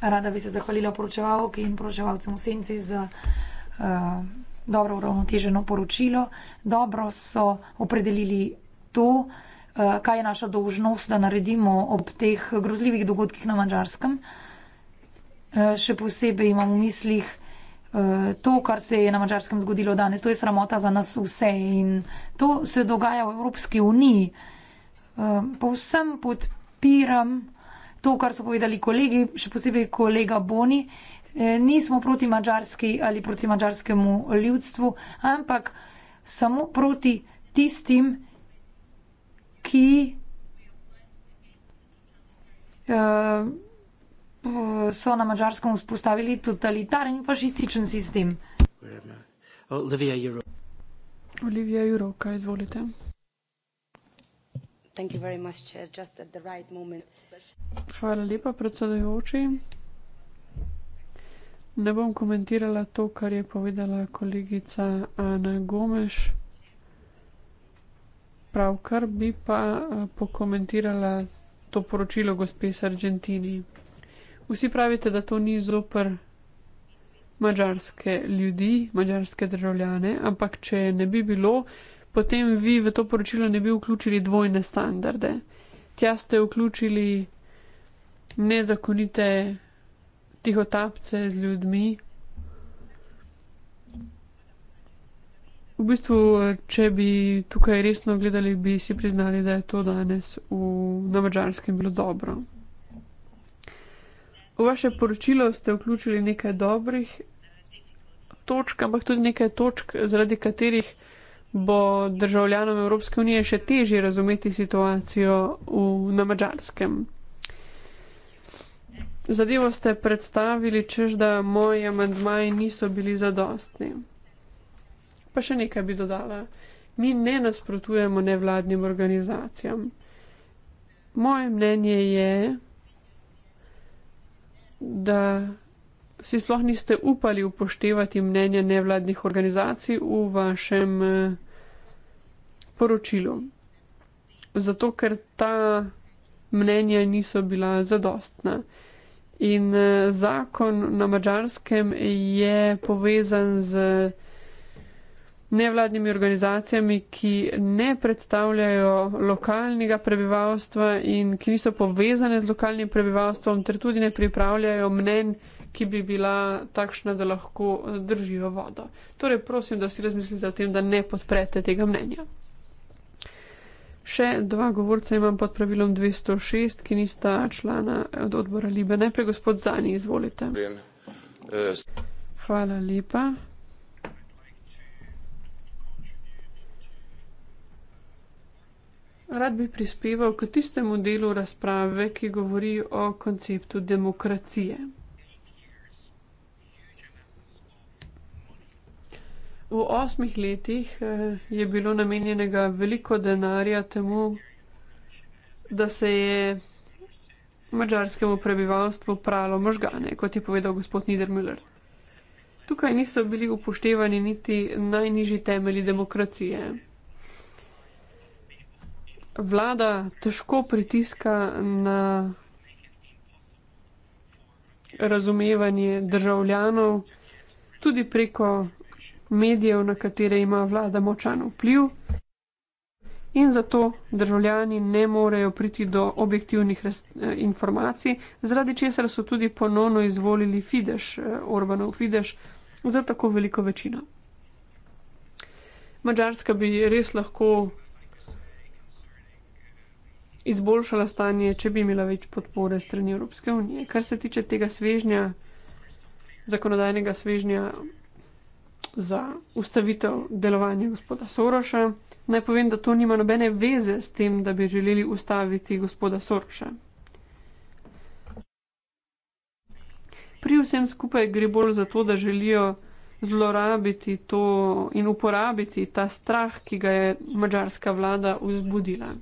Rada bi se zahvalila poročevalki in poročevalcem v senci za uh, dobro uravnoteženo poročilo. Dobro so opredelili to, uh, kaj je naša dožnost, da naredimo ob teh grozljivih dogodkih na Mačarskem. Uh, še posebej imam v mislih to, kar se je na mačarskem zgodilo danes, to je sramota za nas vse in to se dogaja v Evropski uniji. Eh, povsem podpiram to, kar so povedali kolegi, še posebej kolega Boni. Eh, nismo proti mačarski ali proti mačarskemu ljudstvu, ampak samo proti tistim, ki. Uh, Eh, so na Mačarskem vzpostavili totalitaren in fašističen sistem. Olivia Juro. Olivia Juro, kaj izvolite? Thank you very much, Chair, just at the right moment. Hvala lepa, predsedujoči. Ne bom komentirala to, kar je povedala kolegica Ana Gomeš. Pravkar bi pa eh, pokomentirala to poročilo gospe Sargentini. Vsi pravite, da to ni zoper mačarske ljudi, mačarske državljane, ampak če ne bi bilo, potem vi v to poročilo ne bi vključili dvojne standarde. Tja ste vključili nezakonite tihotapce z ljudmi. V bistvu, če bi tukaj resno gledali, bi si priznali, da je to danes v, na mačarskem bilo dobro. V vaše poročilo ste vključili nekaj dobrih točk, ampak tudi nekaj točk, zaradi katerih bo državljanom Evropske unije še težje razumeti situacijo v, na mačarskem. Zadevo ste predstavili, čež da moji amantmaji niso bili zadostni. Pa še nekaj bi dodala. Mi ne nasprotujemo nevladnim organizacijam. Moje mnenje je, da si sploh niste upali upoštevati mnenja nevladnih organizacij v vašem eh, poročilu. Zato, ker ta mnenja niso bila zadostna. In eh, zakon na mačarskem je povezan z nevladnimi organizacijami, ki ne predstavljajo lokalnega prebivalstva in ki niso povezane z lokalnim prebivalstvom, ter tudi ne pripravljajo mnen, ki bi bila takšna, da lahko držijo vodo. Torej, prosim, da vsi razmislite o tem, da ne podprete tega mnenja. Še dva govorca imam pod pravilom 206, ki nista člana od odbora Libe. Najprej gospod Zani, izvolite. Eh, Hvala lepa. Rad bi prispeval k tistemu delu razprave, ki govori o konceptu demokracije. V osmih letih eh, je bilo namenjenega veliko denarja temu, da se je mačarskemu prebivalstvu pralo možgane, kot je povedal gospod Niedermüller. Tukaj niso bili upoštevani niti najnižji temeli demokracije vlada težko pritiska na razumevanje državljanov, tudi preko medijev, na katere ima vlada močan vpliv. In zato državljani ne morejo priti do objektivnih res, eh, informacij, zaradi česar so tudi ponovno izvolili Fidesz, eh, Orbanov Fidesz, za tako veliko večino. Mačarska bi res lahko izboljšala stanje, če bi imela več podpore strani Evropske unije. Kar se tiče tega svežnja, zakonodajnega svežnja za ustavitev delovanja gospoda Soroša, naj povem, da to nima nobene veze s tem, da bi želeli ustaviti gospoda Soroša. Pri vsem skupaj gre bolj za to, da želijo zlorabiti to in uporabiti ta strah, ki ga je mađarska vlada vzbudila.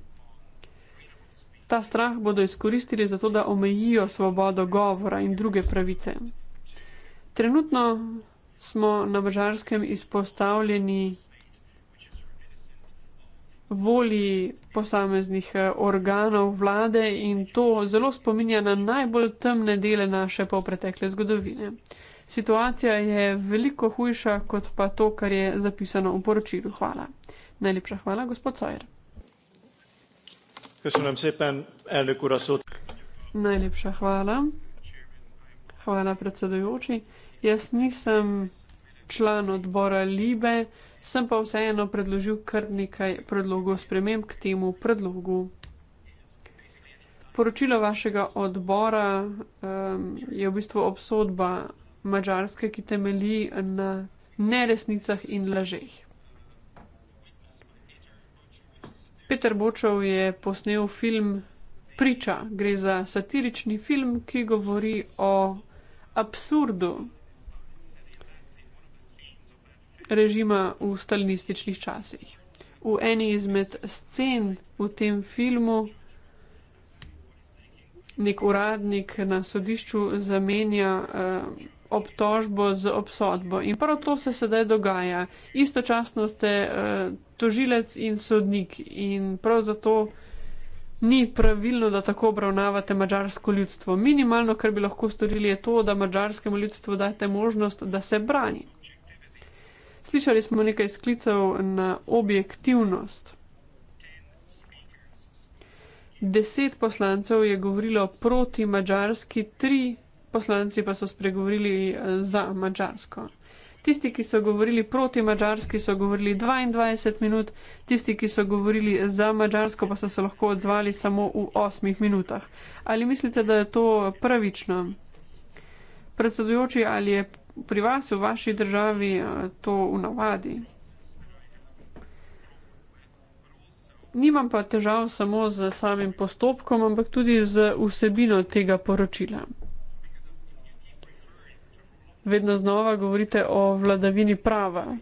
Ta strah bodo izkoristili zato, da omejijo svobodo govora in druge pravice. Trenutno smo na Mažarskem izpostavljeni volji posameznih eh, organov vlade in to zelo spominja na najbolj temne dele naše popretekle zgodovine. Situacija je veliko hujša kot pa to, kar je zapisano v poročilu. Hvala. Najlepša hvala, gospod Sojer. Köszönöm szépen, elnök úr, a szót. Najlepsza chwala. Chwala predsedujúci. Jest nisem član odbora LIBE, sem pa vseeno predložil kar nekaj predlogov sprememb k temu predlogu. Poročilo vašega odbora um, je v bistvu obsodba Mačarske, ki temelji na neresnicah in lažeh. Peter Bočov je posnel film Priča. Gre za satirični film, ki govori o absurdu režima v stalinističnih časih. V eni izmed scen v tem filmu nek uradnik na sodišču zamenja eh, obtožbo z obsodbo. In prav to se sedaj dogaja. Istočasno ste. Eh, tožilec in sodnik. In prav zato ni pravilno, da tako obravnavate mačarsko ljudstvo. Minimalno, kar bi lahko storili, je to, da mačarskemu ljudstvu dajete možnost, da se brani. Slišali smo nekaj sklicev na objektivnost. Deset poslancev je govorilo proti mačarski, tri poslanci pa so spregovorili za mačarsko. Tisti, ki so govorili proti Mačarski, so govorili 22 minut, tisti, ki so govorili za Mačarsko, pa so se lahko odzvali samo v 8 minutah. Ali mislite, da je to pravično? Predsedujoči, ali je pri vas v vaši državi eh, to v navadi? Nimam pa težav samo z samim postopkom, ampak tudi z vsebino tega poročila vedno znova govorite o vladavini prava.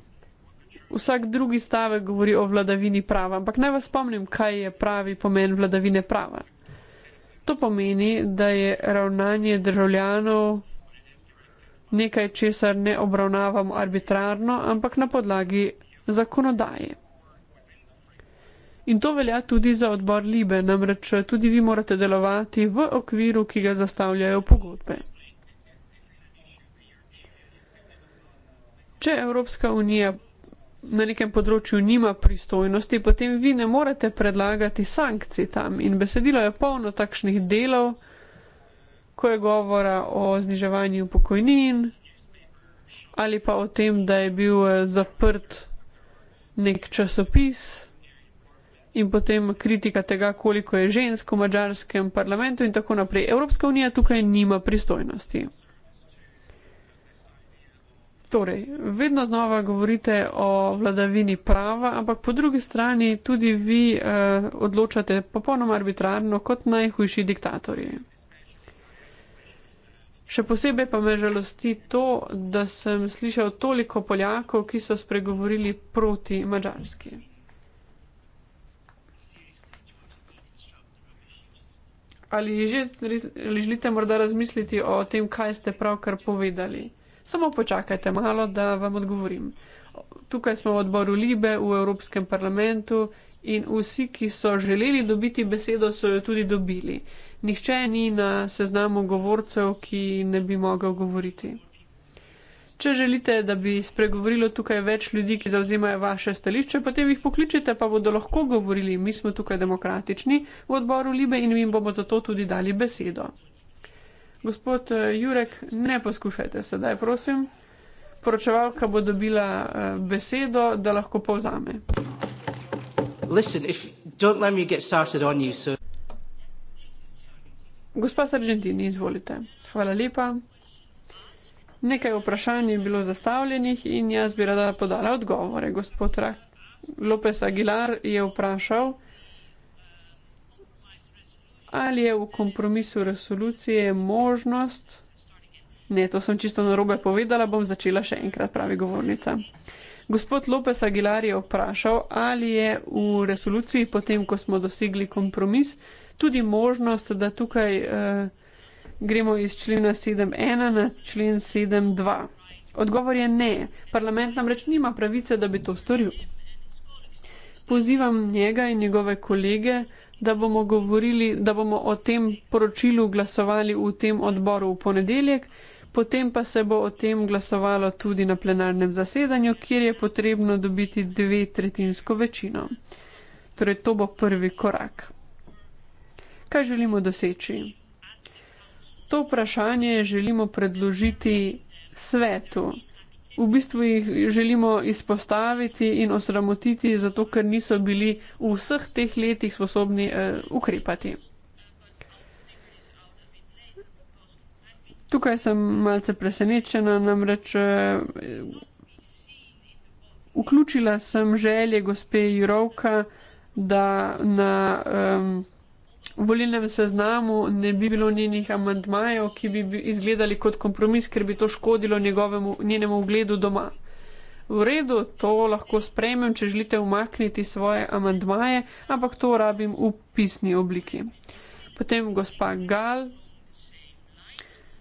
Vsak drugi stavek govori o vladavini prava, ampak naj vas spomnim, kaj je pravi pomen vladavine prava. To pomeni, da je ravnanje državljanov nekaj, česar ne obravnavamo arbitrarno, ampak na podlagi zakonodaje. In to velja tudi za odbor Libe, namreč tudi vi morate delovati v okviru, ki ga zastavljajo pogodbe. Če Evropska unija na nekem področju nima pristojnosti, potem vi ne morete predlagati sankcij tam. In besedilo je polno takšnih delov, ko je govora o zniževanju pokojnin ali pa o tem, da je bil eh, zaprt nek časopis in potem kritika tega, koliko je žensk v mađarskem parlamentu in tako naprej. Evropska unija tukaj nima pristojnosti. Torej, vedno znova govorite o vladavini prava, ampak po drugi strani tudi vi eh, odločate popolnoma arbitrarno kot najhujši diktatorji. Še posebej pa me žalosti to, da sem slišal toliko Poljakov, ki so spregovorili proti Mačarski. Ali, že, ali želite morda razmisliti o tem, kaj ste pravkar povedali? Samo počakajte malo, da vam odgovorim. Tukaj smo v odboru Libe v Evropskem parlamentu in vsi, ki so želeli dobiti besedo, so jo tudi dobili. Nihče ni na seznamu govorcev, ki ne bi mogel govoriti. Če želite, da bi spregovorilo tukaj več ljudi, ki zauzemajo vaše stališče, potem jih pokličite, pa bodo lahko govorili. Mi smo tukaj demokratični v odboru Libe in mi jim bomo zato tudi dali besedo. Gospod eh, Jurek, ne poskušajte sedaj, prosim. Poročevalka bo dobila eh, besedo, da lahko povzame. Listen, you, so... Gospa Sargentini, izvolite. Hvala lepa. Nekaj vprašanj je bilo zastavljenih in jaz bi rada podala odgovore. Gospod Ra Lopes Aguilar je vprašal, ali je v kompromisu resolucije možnost. Ne, to sem čisto narobe povedala, bom začela še enkrat, pravi govornica. Gospod Lopes Aguilar je vprašal, ali je v resoluciji, potem ko smo dosegli kompromis, tudi možnost, da tukaj eh, gremo iz člena 7.1 na člen 7.2. Odgovor je ne. Parlament namreč nima pravice, da bi to storil. Pozivam njega in njegove kolege, da bomo, govorili, da bomo o tem poročilu glasovali v tem odboru v ponedeljek, potem pa se bo o tem glasovalo tudi na plenarnem zasedanju, kjer je potrebno dobiti dve tretjinsko večino. Torej, to bo prvi korak. Kaj želimo doseči? To vprašanje želimo predložiti svetu v bistvu jih želimo izpostaviti in osramotiti, zato ker niso bili v vseh teh letih sposobni eh, ukrepati. Tukaj sem malce presenečena, namreč eh, vključila sem želje gospe Jurovka, da na. Eh, V volilnem seznamu ne bi bilo njenih amantmajev, ki bi izgledali kot kompromis, ker bi to škodilo njegovemu, njenemu ugledu doma. V redu, to lahko sprejmem, če želite umakniti svoje amantmaje, ampak to rabim v pisni obliki. Potem gospa Gal,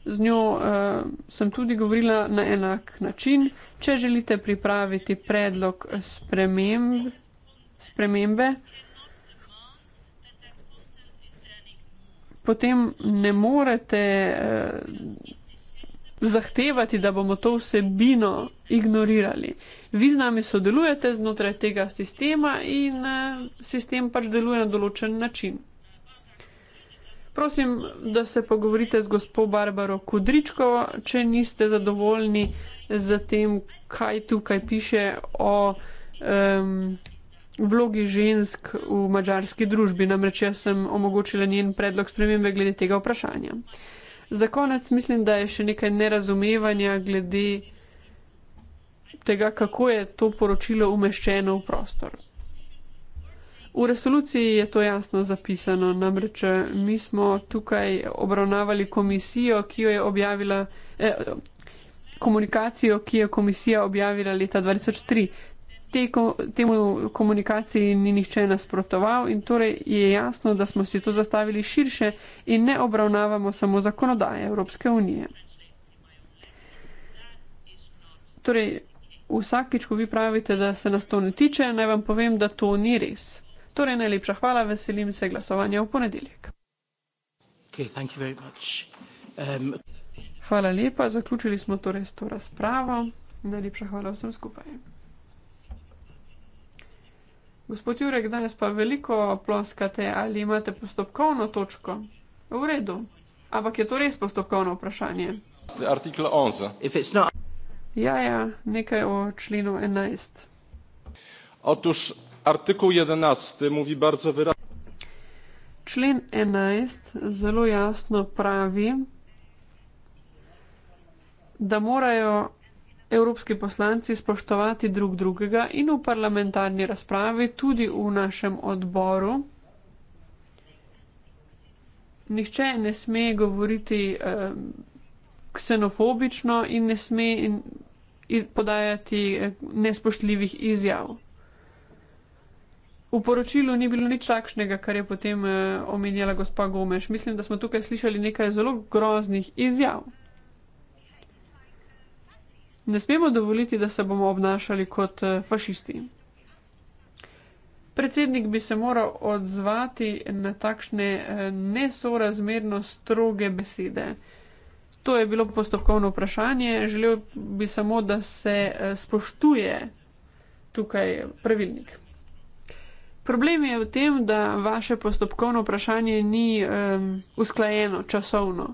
z njo uh, sem tudi govorila na enak način. Če želite pripraviti predlog sprememb, spremembe, potem ne morete eh, zahtevati, da bomo to vsebino ignorirali. Vi z nami sodelujete znotraj tega sistema in eh, sistem pač deluje na določen način. Prosim, da se pogovorite z gospod Barbaro Kudričko, če niste zadovoljni z tem, kaj tukaj piše o. Um, vlogi žensk v mačarski družbi, namreč jaz sem omogočila njen predlog spremembe glede tega vprašanja. Za konec mislim, da je še nekaj nerazumevanja glede tega, kako je to poročilo umeščeno v prostor. V resoluciji je to jasno zapisano, namreč eh, mi smo tukaj obravnavali komisijo, ki jo je objavila. Eh, Komunikacijo, ki je komisija objavila leta 2003, te ko, temu komunikaciji ni nihče nasprotoval in torej je jasno, da smo si to zastavili širše in ne obravnavamo samo zakonodaje Evropske unije. Torej, vsakič, ko vi pravite, da se nas to ne tiče, naj vam povem, da to ni res. Torej, najlepša hvala, veselim se glasovanja v ponedeljek. Okay, um... Hvala lepa, zaključili smo torej s to razpravo. Najlepša hvala vsem skupaj. Gospod Jurek, danes pa veliko ploskate, ali imate postopkovno točko? V redu. Ampak je to res postopkovno vprašanje? Artikel 11. Not... Ja, ja, nekaj o členu 11. Otuž artikel 11 mluvi bardzo verjetno. Člen 11 zelo jasno pravi, da morajo evropski poslanci spoštovati drug drugega in v parlamentarni razpravi, tudi v našem odboru. Nihče ne sme govoriti eh, ksenofobično in ne sme podajati eh, nespoštljivih izjav. V poročilu ni bilo nič takšnega, kar je potem eh, omenjala gospa Gomeš. Mislim, da smo tukaj slišali nekaj zelo groznih izjav. Ne smemo dovoliti, da se bomo obnašali kot eh, fašisti. Predsednik bi se moral odzvati na takšne eh, nesorazmerno stroge besede. To je bilo postopkovno vprašanje, želel bi samo, da se eh, spoštuje tukaj pravilnik. Problem je v tem, da vaše postopkovno vprašanje ni um, usklajeno časovno.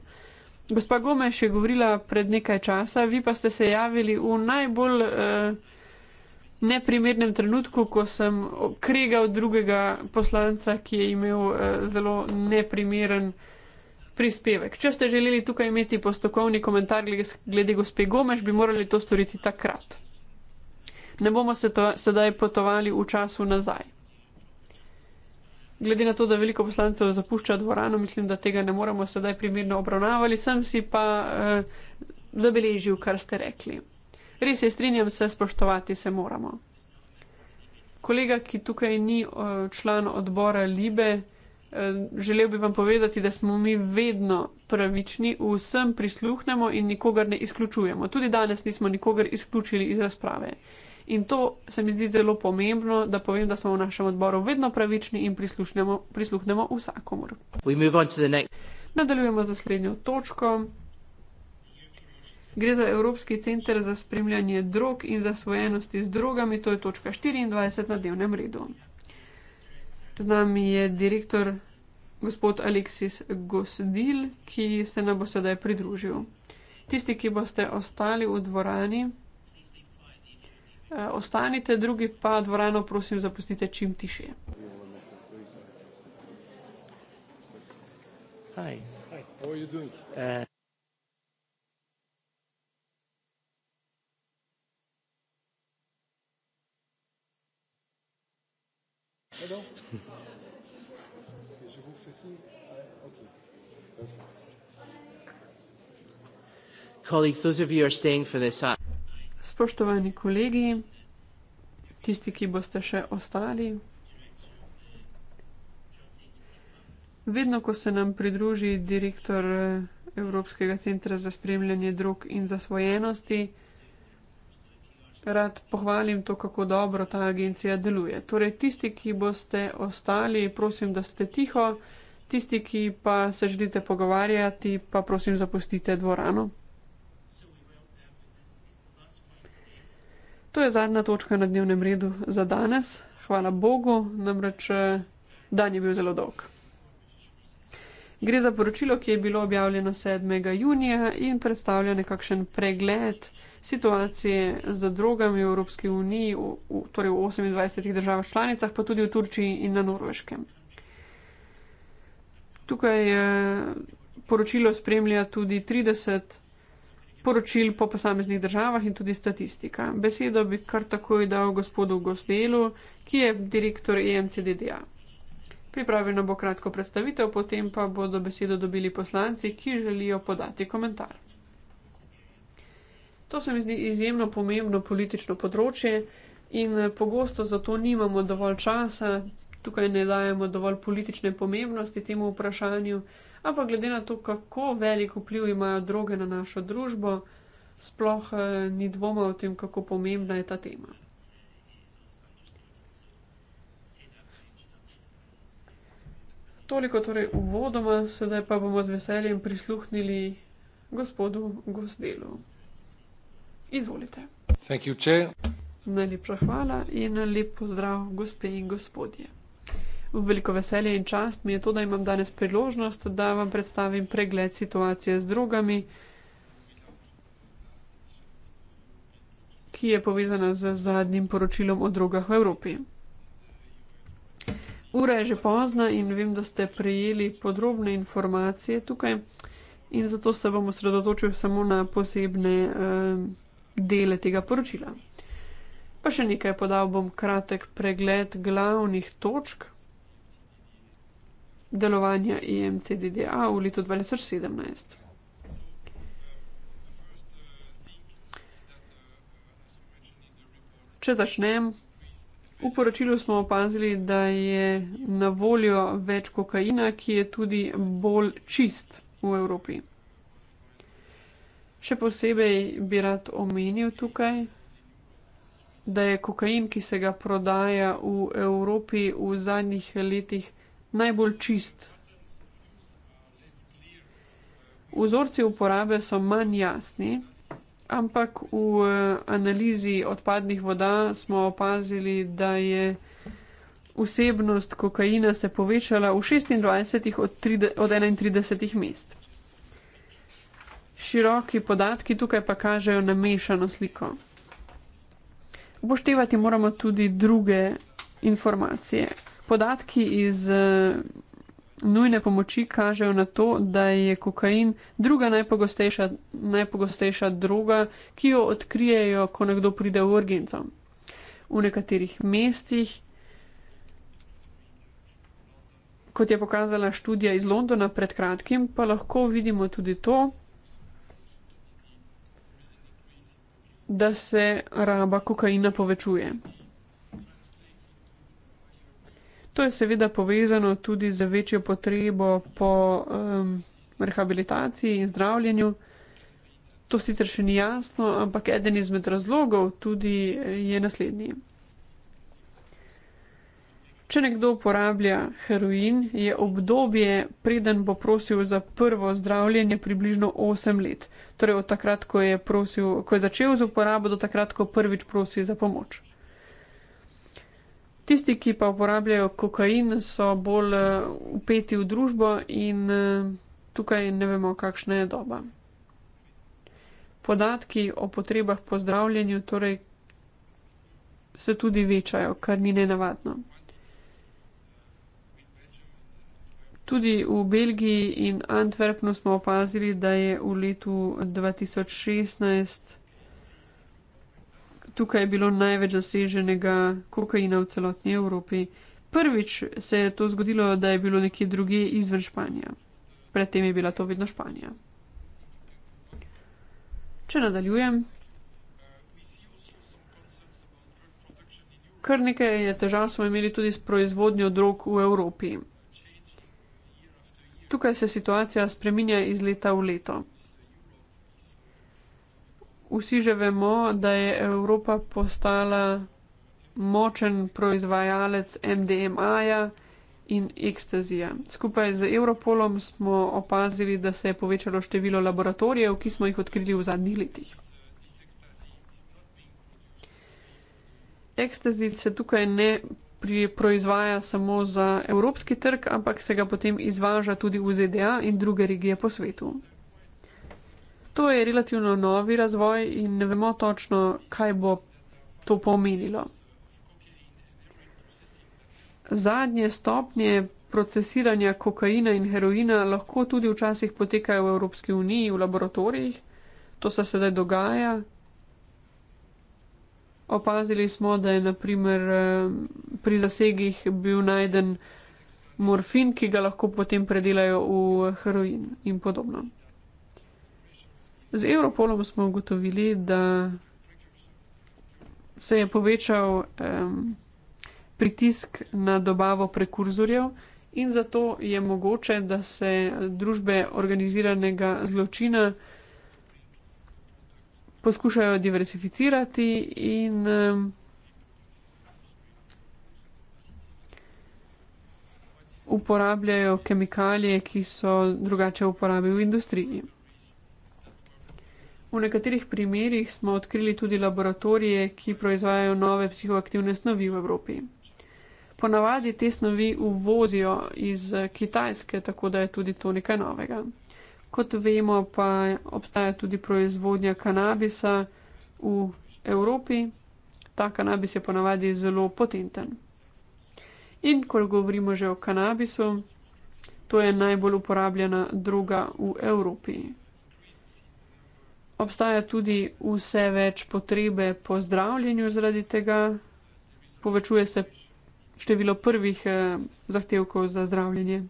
Gospa Gomeš je govorila pred nekaj časa, vi pa ste se javili v najbolj eh, neprimernem trenutku, ko sem kregal drugega poslanca, ki je imel eh, zelo neprimeren prispevek. Če ste želeli tukaj imeti postokovni komentar glede gospe Gomeš, bi morali to storiti takrat. Ne bomo se to, sedaj potovali v času nazaj. Glede na to, da veliko poslancev zapušča dvorano, mislim, da tega ne moremo sedaj primerno obravnavali, sem si pa eh, zabeležil, kar ste rekli. Res je, strinjam se, spoštovati se moramo. Kolega, ki tukaj ni eh, član odbora Libe, eh, želel bi vam povedati, da smo mi vedno pravični, vsem prisluhnemo in nikogar ne izključujemo. Tudi danes nismo nikogar izključili iz razprave. In to se mi zdi zelo pomembno, da povem, da smo v našem odboru vedno pravični in prisluhnemo vsakomur. Nadaljujemo z naslednjo točko. Gre za Evropski center za spremljanje drog in zasvojenosti z drogami, to je točka 24 na dnevnem redu. Z nami je direktor gospod Aleksis Gosdil, ki se nam bo sedaj pridružil. Tisti, ki boste ostali v dvorani, Eh, ostanite, drugi pa dvorano, prosim, zapustite čim tišje. Eh. Colleagues, those of you who are staying for this, I uh, spoštovani kolegi, tisti, ki boste še ostali. Vedno, ko se nam pridruži direktor eh, Evropskega centra za spremljanje drog in zasvojenosti, rad pohvalim to, kako dobro ta agencija deluje. Torej, tisti, ki boste ostali, prosim, da ste tiho, tisti, ki pa se želite pogovarjati, pa prosim, zapustite dvorano. To je zadnja točka na dnevnem redu za danes. Hvala Bogu, namreč eh, dan je bil zelo dolg. Gre za poročilo, ki je bilo objavljeno 7. junija in predstavlja nekakšen pregled situacije z drogami v Evropski uniji, v, v, torej v 28 državah članicah, pa tudi v Turčiji in na Norveškem. Tukaj eh, poročilo spremlja tudi 30 poročil po posameznih državah in tudi statistika. Besedo bi kar takoj dal gospodu Gostelu, ki je direktor EMCDDA. Pripravljena bo kratko predstavitev, potem pa bodo besedo dobili poslanci, ki želijo podati komentar. To se mi zdi izjemno pomembno politično področje in eh, pogosto zato nimamo dovolj časa, tukaj ne dajemo dovolj politične pomembnosti temu vprašanju. Ampak glede na to, kako velik vpliv imajo droge na našo družbo, sploh eh, ni dvoma o tem, kako pomembna je ta tema. Toliko torej uvodoma, sedaj pa bomo z veseljem prisluhnili gospodu Gosdelu. Izvolite. Najlepša hvala in lep pozdrav, gospe in gospodje. V veliko veselje in čast mi je to, da imam danes priložnost, da vam predstavim pregled situacije z drogami, ki je povezana z zadnjim poročilom o drogah v Evropi. Ura je že pozna in vem, da ste prejeli podrobne informacije tukaj. In zato se bom osredotočil samo na posebne eh, dele tega poročila. Pa še nekaj podal bom kratek pregled glavnih točk delovanja IMCDDA e v letu 2017. Če začnem, v poročilu smo opazili, da je na voljo več kokaina, ki je tudi bolj čist v Evropi. Še posebej bi rad omenil tukaj, da je kokain, ki se ga prodaja v Evropi v zadnjih letih, najbolj čist. Vzorci uporabe so manj jasni, ampak v eh, analizi odpadnih voda smo opazili, da je vsebnost kokaina se povečala v 26 od, 30, od 31 mest. Široki podatki tukaj pa kažejo namešano sliko. Upoštevati moramo tudi druge informacije, Podatki iz eh, nujne pomoči kažejo na to, da je kokain druga najpogostejša, najpogostejša droga, ki jo odkrijejo, ko nekdo pride v urgenco. V nekaterih mestih, kot je pokazala študija iz Londona pred kratkim, pa lahko vidimo tudi to, da se raba kokaina povečuje. To je seveda povezano tudi z večjo potrebo po um, rehabilitaciji in zdravljenju. To sicer še ni jasno, ampak eden izmed razlogov tudi eh, je naslednji. Če nekdo uporablja heroin, je obdobje, preden bo prosil za prvo zdravljenje, približno 8 let. Torej, od takrat, ko je, prosil, ko je začel z uporabo, do takrat, ko prvič prosi za pomoč. Tisti, ki pa uporabljajo kokain, so bolj upeti eh, v družbo in eh, tukaj ne vemo, kakšna je doba. Podatki o potrebah po zdravljenju torej se tudi večajo, kar ni nenavadno. Tudi v Belgiji in Antwerpnu smo opazili, da je v letu 2016 tukaj je bilo največ zaseženega kokaina v celotni Evropi. Prvič se je to zgodilo, da je bilo nekje druge izven Španije. Predtem je bila to vedno Španija. Če nadaljujem. Kar nekaj je težav smo imeli tudi s proizvodnjo drog v Evropi. Tukaj se situacija spreminja iz leta v leto vsi že vemo, da je Evropa postala močen proizvajalec MDMA-ja in ekstazija. Skupaj z Europolom smo opazili, da se je povečalo število laboratorijev, ki smo jih odkrili v zadnjih letih. Ekstazij se tukaj ne pri, proizvaja samo za evropski trg, ampak se ga potem izvaža tudi v ZDA in druge regije po svetu. To je relativno novi razvoj in ne vemo točno, kaj bo to pomenilo. Zadnje stopnje procesiranja kokaina in heroina lahko tudi včasih potekajo v Evropski uniji v laboratorijih. To se sedaj dogaja. Opazili smo, da je naprimer eh, pri zasegih bil najden morfin, ki ga lahko potem predelajo v heroin in podobno. Z Europolom smo ugotovili, da se je povečal um, pritisk na dobavo prekurzorjev in zato je mogoče, da se družbe organiziranega zločina poskušajo diversificirati in um, uporabljajo kemikalije, ki so drugače uporabljajo v industriji. V nekaterih primerjih smo odkrili tudi laboratorije, ki proizvajajo nove psihoaktivne snovi v Evropi. Ponavadi te snovi uvozijo iz Kitajske, tako da je tudi to nekaj novega. Kot vemo, pa obstaja tudi proizvodnja kanabisa v Evropi. Ta kanabis je ponavadi zelo potenten. In ko govorimo že o kanabisu, to je najbolj uporabljena druga v Evropi obstaja tudi vse več potrebe po zdravljenju zaradi tega. Povečuje se število prvih eh, zahtevkov za zdravljenje.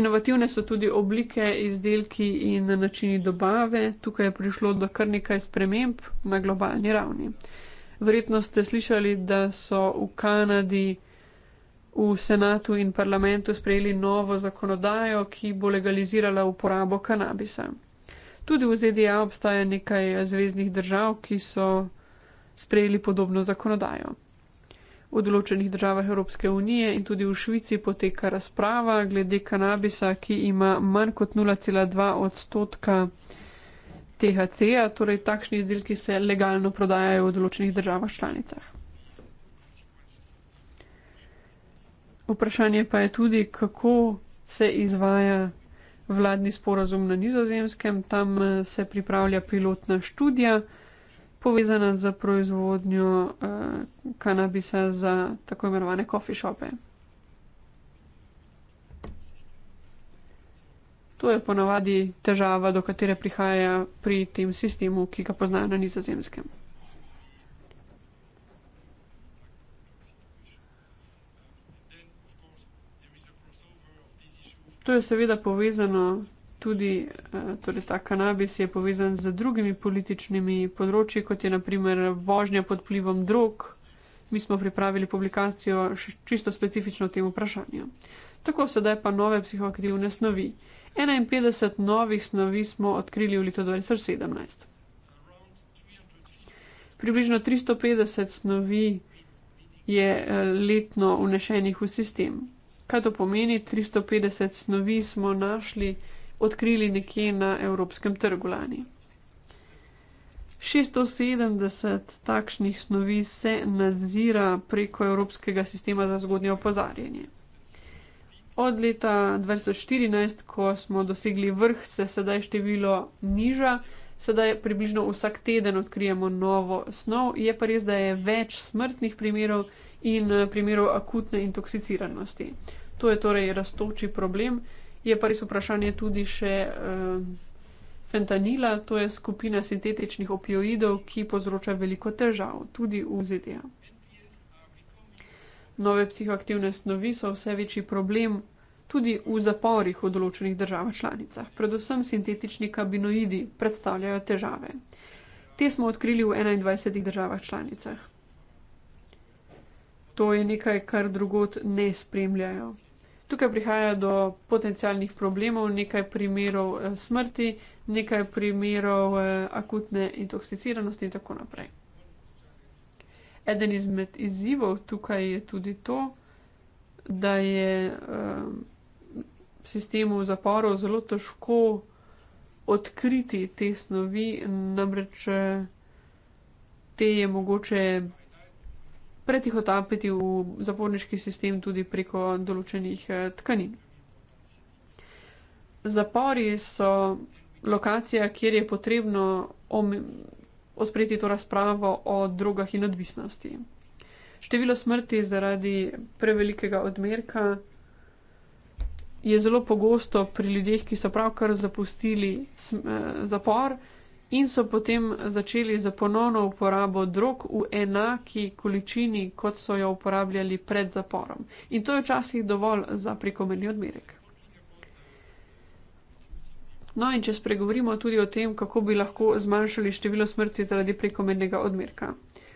Inovativne so tudi oblike, izdelki in načini dobave. Tukaj je prišlo do kar nekaj sprememb na globalni ravni. Verjetno ste slišali, da so v Kanadi v senatu in parlamentu sprejeli novo zakonodajo, ki bo legalizirala uporabo kanabisa. Tudi v ZDA obstaja nekaj zvezdnih držav, ki so sprejeli podobno zakonodajo. V določenih državah Evropske unije in tudi v Švici poteka razprava glede kanabisa, ki ima manj kot 0,2 odstotka THC-ja, torej takšni izdelki se legalno prodajajo v določenih državah članicah. Vprašanje pa je tudi, kako se izvaja vladni sporazum na nizozemskem, tam eh, se pripravlja pilotna študija povezana z proizvodnjo eh, kanabisa za tako imenovane coffee shope. To je ponavadi težava, do katere prihaja pri tem sistemu, ki ga poznajo na nizozemskem. To je seveda povezano tudi, eh, torej ta kanabis je povezan z drugimi političnimi področji, kot je naprimer vožnja pod plivom drog. Mi smo pripravili publikacijo čisto specifično temu vprašanju. Tako sedaj pa nove psihoaktivne snovi. 51 novih snovi smo odkrili v letu 2017. Približno 350 snovi je eh, letno unešenih v sistem kaj to pomeni, 350 snovi smo našli, odkrili nekje na evropskem trgu lani. 670 takšnih snovi se nadzira preko Evropskega sistema za zgodnje opozarjanje. Od leta 2014, ko smo dosegli vrh, se sedaj število niža, sedaj približno vsak teden odkrijemo novo snov, je pa res, da je več smrtnih primerov in eh, primeru akutne intoksiciranosti. To je torej rastoči problem. Je pa res vprašanje tudi še uh, fentanila, to je skupina sintetičnih opioidov, ki povzroča veliko težav, tudi v ZDA. Nove psihoaktivne snovi so vse večji problem tudi v zaporih v določenih državah članicah. Predvsem sintetični kabinoidi predstavljajo težave. Te smo odkrili v 21 državah članicah to je nekaj, kar drugot ne spremljajo. Tukaj prihaja do potencialnih problemov, nekaj primerov eh, smrti, nekaj primerov eh, akutne intoksiciranosti in tako naprej. Eden izmed izzivov tukaj je tudi to, da je um, sistemu zaporov zelo težko odkriti te snovi, namreč te je mogoče pretihotapiti v zaporniški sistem tudi preko določenih eh, tkanin. Zapori so lokacija, kjer je potrebno odpreti to razpravo o drogah in odvisnosti. Število smrti zaradi prevelikega odmerka je zelo pogosto pri ljudeh, ki so pravkar zapustili eh, zapor in so potem začeli z ponovno uporabo drog v enaki količini, kot so jo uporabljali pred zaporom. In to je včasih dovolj za prekomerni odmerek. No, in če spregovorimo tudi o tem, kako bi lahko zmanjšali število smrti zaradi prekomernega odmerka.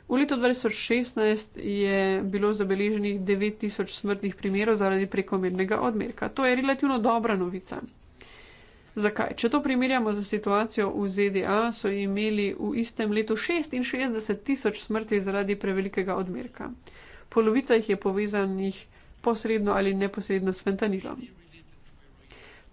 V letu 2016 je bilo zabeleženih 9000 smrtnih primerov zaradi prekomernega odmerka. To je relativno dobra novica. Zakaj? Če to primerjamo z situacijo v ZDA, so imeli v istem letu 66 tisoč smrti zaradi prevelikega odmerka. Polovica jih je povezanih posredno ali neposredno s fentanilom.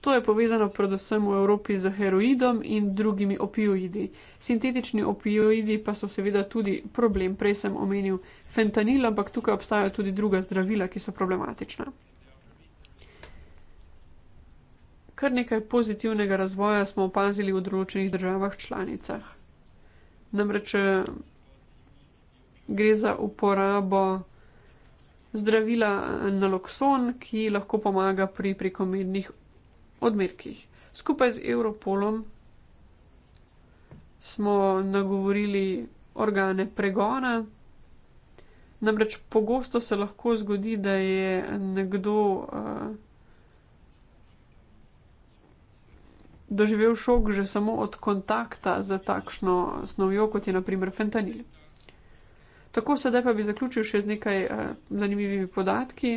To je povezano predvsem v Evropi z heroidom in drugimi opioidi. Sintetični opioidi pa so seveda tudi problem. Prej sem omenil fentanil, ampak tukaj obstajajo tudi druga zdravila, ki so problematična kar nekaj pozitivnega razvoja smo opazili v določenih državah članicah. Namreč eh, gre za uporabo zdravila eh, Naloxon, ki lahko pomaga pri prekomernih odmerkih. Skupaj z Europolom smo nagovorili organe pregona. Namreč pogosto se lahko zgodi, da je nekdo uh, doživel šok že samo od kontakta z takšno snovjo, kot je naprimer fentanil. Tako sedaj pa bi zaključil še z nekaj eh, zanimivimi podatki.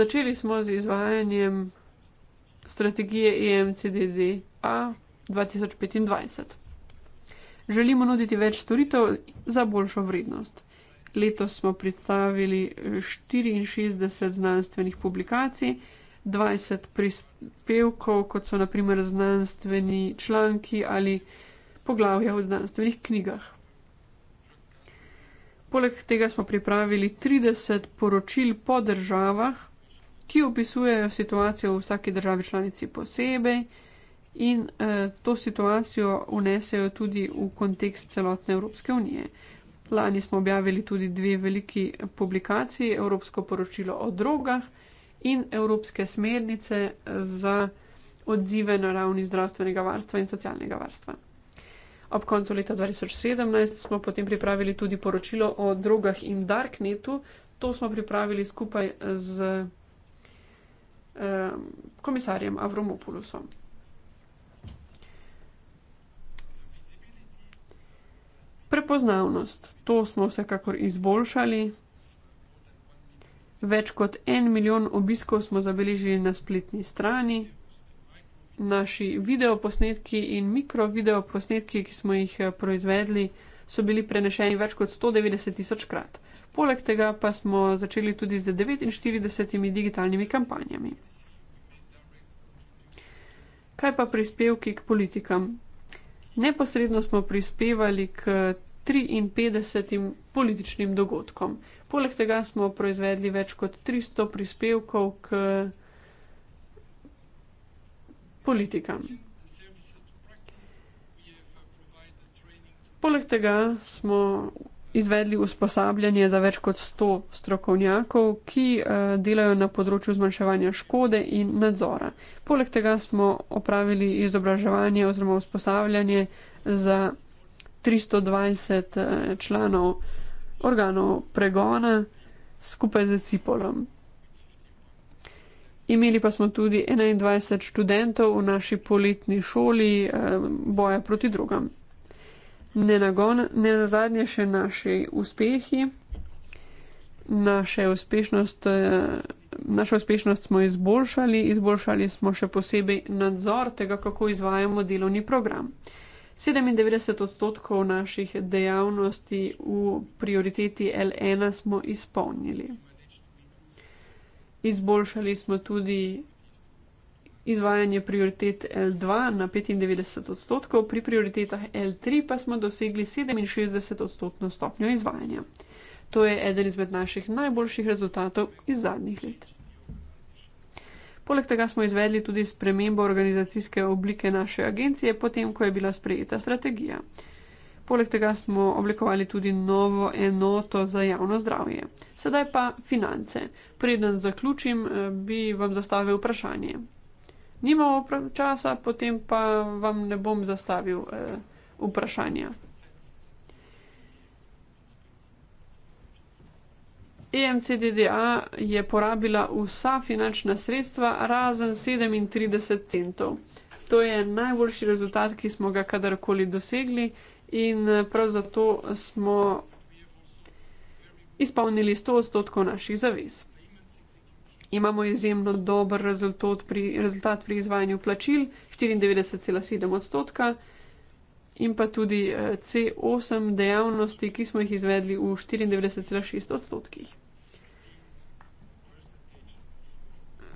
Začeli smo z izvajanjem strategije EMCDDA 2025. Želimo nuditi več storitev za boljšo vrednost. Letos smo predstavili 64 eh, znanstvenih publikacij, 20 prispevkov, kot so naprimer znanstveni članki ali poglavja v znanstvenih knjigah. Poleg tega smo pripravili 30 poročil po državah, ki opisujejo situacijo v vsaki državi članici posebej in eh, to situacijo unesejo tudi v kontekst celotne Evropske unije. Lani smo objavili tudi dve veliki publikaciji, Evropsko poročilo o drogah in Evropske smernice za odzive na ravni zdravstvenega varstva in socialnega varstva. Ob koncu leta 2017 smo potem pripravili tudi poročilo o drogah in darknetu. To smo pripravili skupaj z um, komisarjem Avromopulusom. prepoznavnost. To smo vsekakor izboljšali. Več kot en milijon obiskov smo zabeležili na spletni strani. Naši videoposnetki in mikrovideoposnetki, ki smo jih eh, proizvedli, so bili prenešeni več kot 190 tisoč krat. Poleg tega pa smo začeli tudi z 49 digitalnimi kampanjami. Kaj pa prispevki k politikam? neposredno smo prispevali k 53 političnim dogodkom. Poleg tega smo proizvedli več kot 300 prispevkov k politikam. Poleg tega smo izvedli usposabljanje za več kot 100 strokovnjakov, ki eh, delajo na področju zmanjševanja škode in nadzora. Poleg tega smo opravili izobraževanje oziroma usposabljanje za 320 eh, članov organov pregona skupaj z Cipolom. Imeli pa smo tudi 21 študentov v naši poletni šoli eh, boja proti drugam ne na zadnje še naši uspehi. Naše uspešnost, eh, našo uspešnost smo izboljšali, izboljšali smo še posebej nadzor tega, kako izvajamo delovni program. 97 odstotkov naših dejavnosti v prioriteti L1 smo izpolnili. Izboljšali smo tudi Izvajanje prioritet L2 na 95 odstotkov, pri prioritetah L3 pa smo dosegli 67 odstotno stopnjo izvajanja. To je eden izmed naših najboljših rezultatov iz zadnjih let. Poleg tega smo izvedli tudi spremembo organizacijske oblike naše agencije, potem ko je bila sprejeta strategija. Poleg tega smo oblikovali tudi novo enoto za javno zdravje. Sedaj pa finance. Preden zaključim, eh, bi vam zastavil vprašanje nimamo časa, potem pa vam ne bom zastavil eh, vprašanja. EMCDDA je porabila vsa finančna sredstva, razen 37 centov. To je najboljši rezultat, ki smo ga kadarkoli dosegli, in eh, prav zato smo izpolnili 100 odstotkov naših zavez imamo izjemno dober rezultat pri, rezultat pri izvajanju plačil, 94,7 odstotka, in pa tudi eh, C8 dejavnosti, ki smo jih izvedli v 94,6 odstotkih.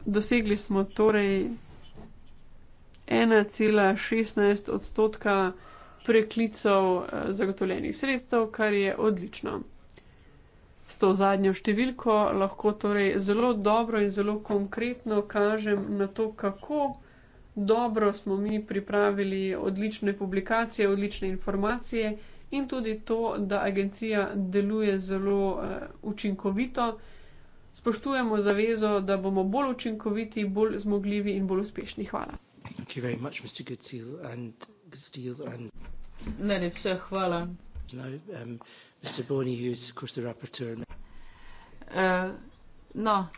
Dosegli smo torej 1,16 odstotka preklicov eh, zagotovljenih sredstev, kar je odlično s to zadnjo številko lahko torej zelo dobro in zelo konkretno kažem na to, kako dobro smo mi pripravili odlične publikacije, odlične informacije in tudi to, da agencija deluje zelo eh, učinkovito. Spoštujemo zavezo, da bomo bolj učinkoviti, bolj zmogljivi in bolj uspešni. Hvala. Much, and and... Najlepša hvala. No, um... Mr. Boney, who is, of course, the rapporteur. Uh, no.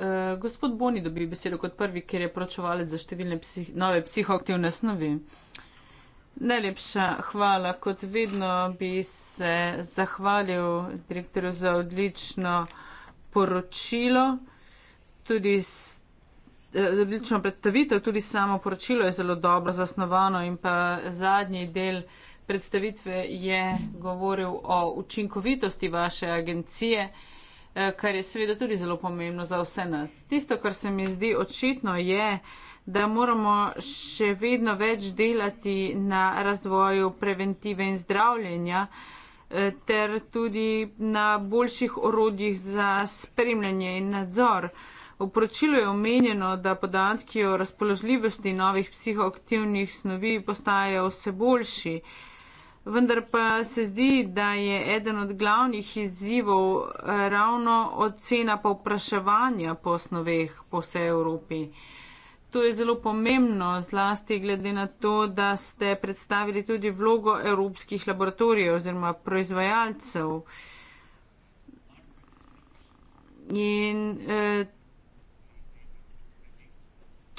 Uh, gospod Boni dobi besedo kot prvi, ker je pročevalec za številne psih nove psihoaktivne snovi. Najlepša hvala. Kot vedno bi se zahvalil direktorju za odlično poročilo, tudi z, eh, odlično predstavitev, tudi samo poročilo je zelo dobro zasnovano in pa zadnji del predstavitve je govoril o učinkovitosti vaše agencije, eh, kar je seveda tudi zelo pomembno za vse nas. Tisto, kar se mi zdi očitno, je, da moramo še vedno več delati na razvoju preventive in zdravljenja eh, ter tudi na boljših orodjih za spremljanje in nadzor. V poročilu je omenjeno, da podatki o razpoložljivosti novih psihoaktivnih snovi postajajo vse boljši vendar pa se zdi, da je eden od glavnih izzivov eh, ravno ocena povpraševanja po snoveh po vse Evropi. To je zelo pomembno, zlasti glede na to, da ste predstavili tudi vlogo evropskih laboratorijev oziroma proizvajalcev. In eh,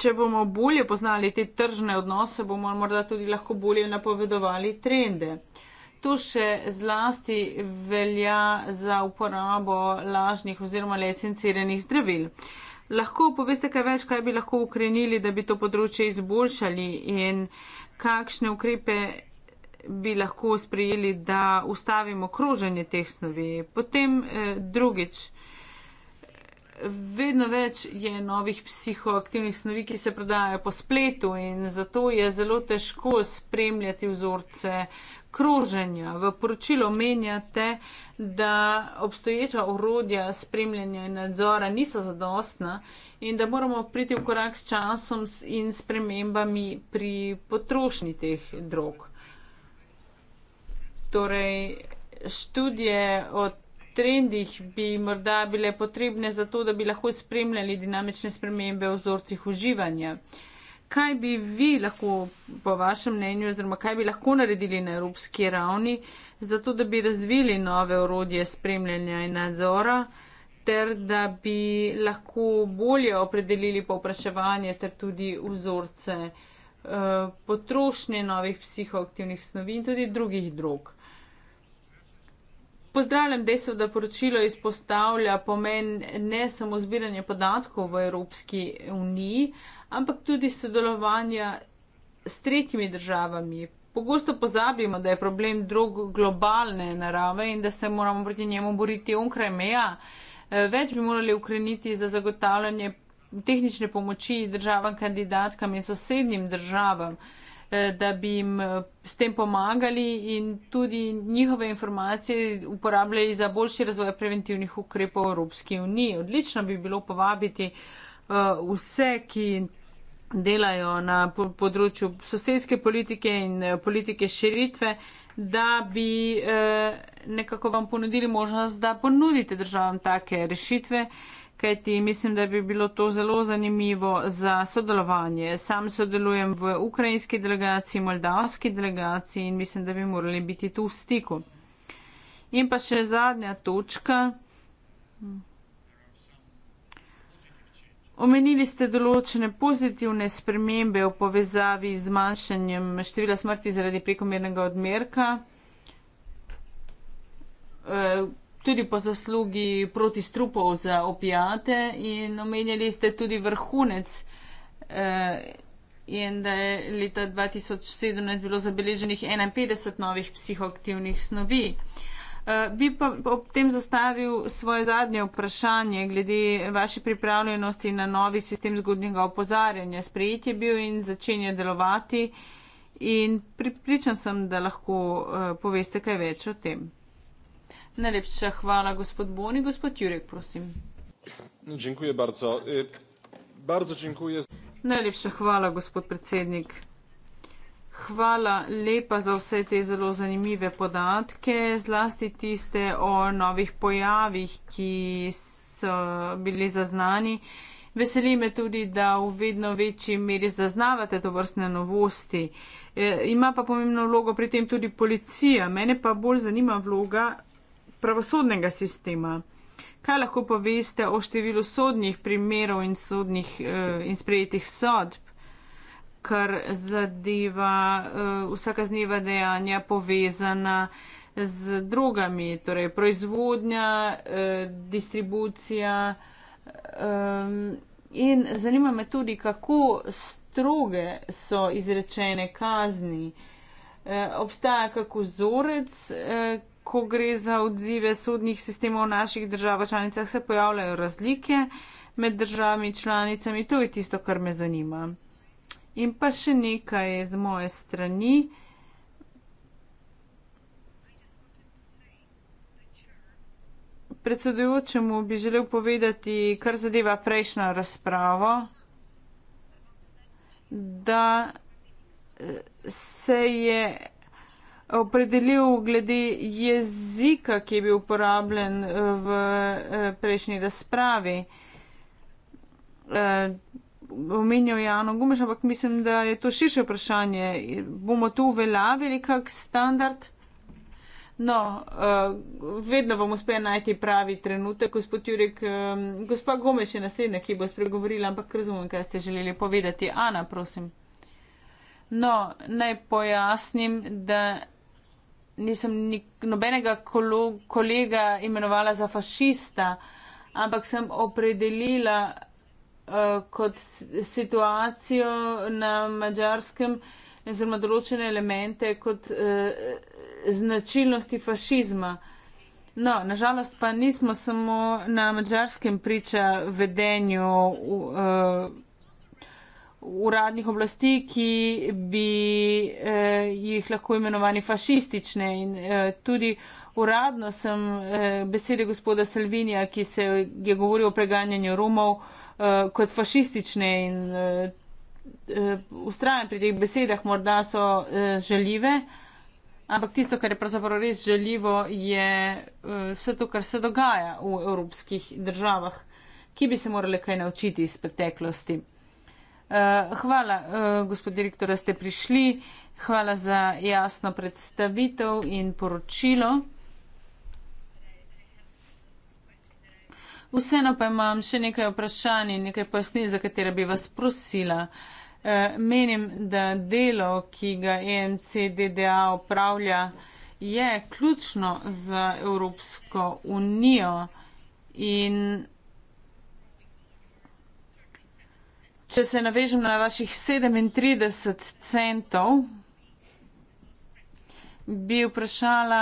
če bomo bolje poznali te tržne odnose, bomo morda tudi lahko bolje napovedovali trende. To še zlasti velja za uporabo lažnih oziroma licenciranih zdravil. Lahko poveste kaj več, kaj bi lahko ukrenili, da bi to področje izboljšali in kakšne ukrepe bi lahko sprejeli, da ustavimo kroženje teh snovi. Potem eh, drugič. Eh, vedno več je novih psihoaktivnih snovi, ki se prodajajo po spletu in zato je zelo težko spremljati vzorce kroženja. V poročilu menjate, da obstoječa orodja spremljanja in nadzora niso zadostna in da moramo priti v korak s časom in spremembami pri potrošnji teh drog. Torej, študije od trendih bi morda bile potrebne za to, da bi lahko spremljali dinamične spremembe v vzorcih uživanja. Kaj bi vi lahko, po vašem mnenju, oziroma kaj bi lahko naredili na evropski ravni, zato da bi razvili nove urodje spremljanja in nadzora, ter da bi lahko bolje opredelili povpraševanje ter tudi vzorce eh, potrošnje novih psihoaktivnih snovi in tudi drugih drog? Pozdravljam dejstvo, da poročilo izpostavlja pomen ne samo zbiranja podatkov v Evropski uniji, ampak tudi sodelovanja s tretjimi državami. Pogosto pozabimo, da je problem drog globalne narave in da se moramo proti njemu boriti onkraj meja. E, več bi morali ukreniti za zagotavljanje tehnične pomoči državam kandidatkam in sosednjim državam. Eh, da bi jim eh, s tem pomagali in tudi njihove informacije uporabljali za boljši razvoj preventivnih ukrepov v Evropski uniji. Odlično bi bilo povabiti eh, vse, ki delajo na področju sosedske politike in politike širitve, da bi nekako vam ponudili možnost, da ponudite državam take rešitve kajti mislim, da bi bilo to zelo zanimivo za sodelovanje. Sam sodelujem v ukrajinski delegaciji, moldavski delegaciji in mislim, da bi morali biti tu v stiku. In pa še zadnja točka. Omenili ste določene pozitivne spremembe v povezavi z manjšanjem števila smrti zaradi prekomernega odmerka. E, tudi po zaslugi proti strupov za opijate in omenjali ste tudi vrhunec eh, in da je leta 2017 bilo zabeleženih 51 novih psihoaktivnih snovi. Uh, bi pa ob tem zastavil svoje zadnje vprašanje glede vaše pripravljenosti na novi sistem zgodnjega opozarjanja. Sprejet je bil in začenja delovati in pripričan sem, da lahko uh, poveste kaj več o tem. Najlepša hvala, gospod Boni. Gospod Jurek, prosim. No, dziękuję bardzo. Bardzo dziękuję. Najlepša hvala, gospod predsednik. Hvala lepa za vse te zelo zanimive podatke, zlasti tiste o novih pojavih, ki so bili zaznani. Veseli me tudi, da v vedno večji meri zaznavate to vrstne novosti. E, ima pa pomembno vlogo pri tem tudi policija. Mene pa bolj zanima vloga pravosodnega sistema. Kaj lahko poveste o številu sodnih primerov in, sodnih, uh, in sprejetih sodb, kar zadeva uh, vsa kazniva dejanja povezana z drogami, torej proizvodnja, uh, distribucija. Um, in zanima me tudi, kako stroge so izrečene kazni. Uh, obstaja kak vzorec, uh, ko gre za odzive sodnih sistemov v naših državah članicah, se pojavljajo razlike med državami članicami. To je tisto, kar me zanima. In pa še nekaj z moje strani. Predsedujočemu bi želel povedati, kar zadeva prejšnjo razpravo, da se je opredelil glede jezika, ki je bil uporabljen eh, v eh, prejšnji razpravi. Eh, omenjal je Jano Gumeš, ampak mislim, da je to širše vprašanje. Bomo tu uveljavili kak standard? No, uh, vedno vam uspe najti pravi trenutek, gospod Jurek. Um, gospa Gomeš je naslednja, ki bo spregovorila, ampak razumem, kaj ste želeli povedati. Ana, prosim. No, naj pojasnim, da nisem nobenega kolega imenovala za fašista, ampak sem opredelila eh, kot situacijo na mađarskem oziroma določene elemente kot eh, značilnosti fašizma. No, nažalost pa nismo samo na mađarskem priča vedenju eh, uradnih oblasti, ki bi eh, jih lahko imenovali fašistične. In eh, tudi uradno sem eh, besede gospoda Salvinija, ki se je govoril o preganjanju Romov eh, kot fašistične in eh, ustrajam eh, pri teh besedah, morda so eh, žaljive. Ampak tisto, kar je pravzaprav res želivo, je eh, vse to, kar se dogaja v evropskih državah, ki bi se morali kaj naučiti iz preteklosti. Eh, hvala, uh, gospod direktor, da ste prišli. Hvala za jasno predstavitev in poročilo. Vseeno pa imam še nekaj vprašanj in nekaj pojasnil, za katere bi vas prosila. E, menim, da delo, ki ga EMCDDA upravlja, je ključno za Evropsko unijo in Če se navežem na vaših 37 centov, bi vprašala,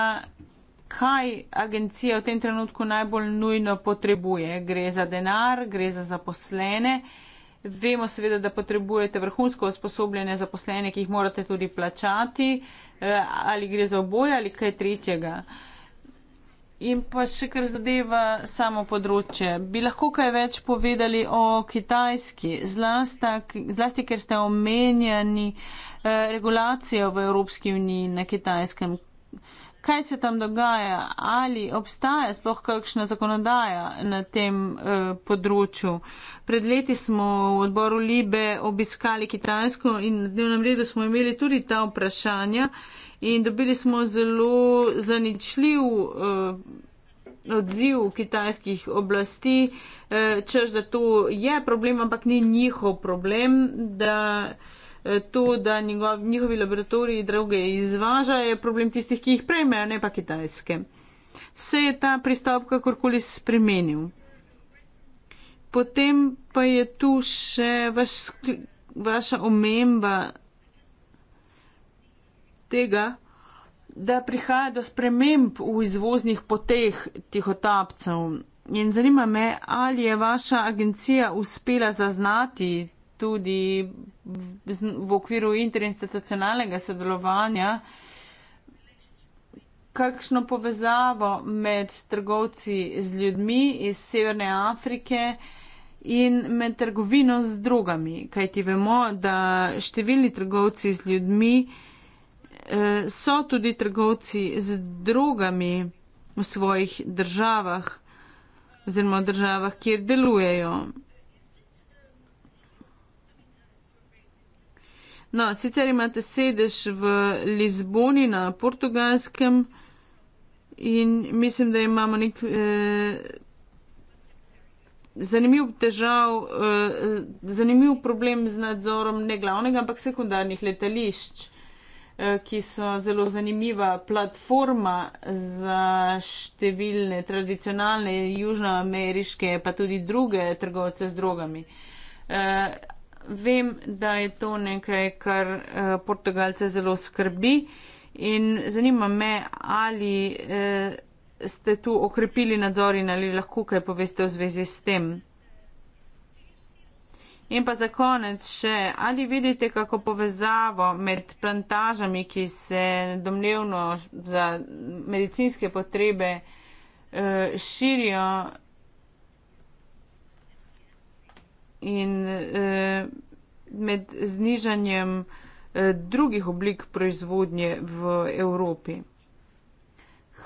kaj agencija v tem trenutku najbolj nujno potrebuje. Gre za denar, gre za zaposlene. Vemo seveda, da potrebujete vrhunsko usposobljene zaposlene, ki jih morate tudi plačati. Eh, ali gre za oboje ali kaj tretjega? Uh, In pa še kar zadeva samo področje. Bi lahko kaj več povedali o Kitajski, zlasta, zlasti ker ste omenjeni eh, regulacijo v Evropski uniji na Kitajskem. Kaj se tam dogaja? Ali obstaja sploh kakšna zakonodaja na tem eh, področju? Pred leti smo v odboru Libe obiskali Kitajsko in na dnevnem redu smo imeli tudi ta vprašanja. Eh, In dobili smo zelo zaničljiv uh, odziv kitajskih oblasti, uh, eh, čež da to je problem, ampak ni njihov problem, da uh, to, da njegov, njihovi laboratoriji droge izvažajo, je problem tistih, ki jih prejmejo, ne pa kitajske. Se je ta pristop kakorkoli spremenil. Potem pa je tu še vaš, vaša omemba tega, da prihaja do sprememb v izvoznih poteh tihotapcev. In zanima me, ali je vaša agencija uspela zaznati tudi v, v okviru interinstitucionalnega sodelovanja, kakšno povezavo med trgovci z ljudmi iz Severne Afrike in med trgovino z drugami. Kajti vemo, da številni trgovci z ljudmi Eh, so tudi trgovci z drogami v svojih državah oziroma v državah, kjer delujejo. No, sicer imate sedež v Lizboni na portugalskem in mislim, da imamo nek eh, zanimiv težav, eh, zanimiv problem z nadzorom ne glavnega, ampak sekundarnih letališč. Eh, ki so zelo zanimiva platforma za številne tradicionalne južnoameriške, pa tudi druge trgovce z drogami. Eh, vem, da je to nekaj, kar eh, Portugalce zelo skrbi in zanima me, ali ste tu okrepili nadzor in ali lahko kaj poveste v zvezi s tem. In pa za konec še, ali vidite kako povezavo med plantažami, ki se domnevno za medicinske potrebe eh, širijo in eh, med znižanjem eh, drugih oblik proizvodnje v Evropi?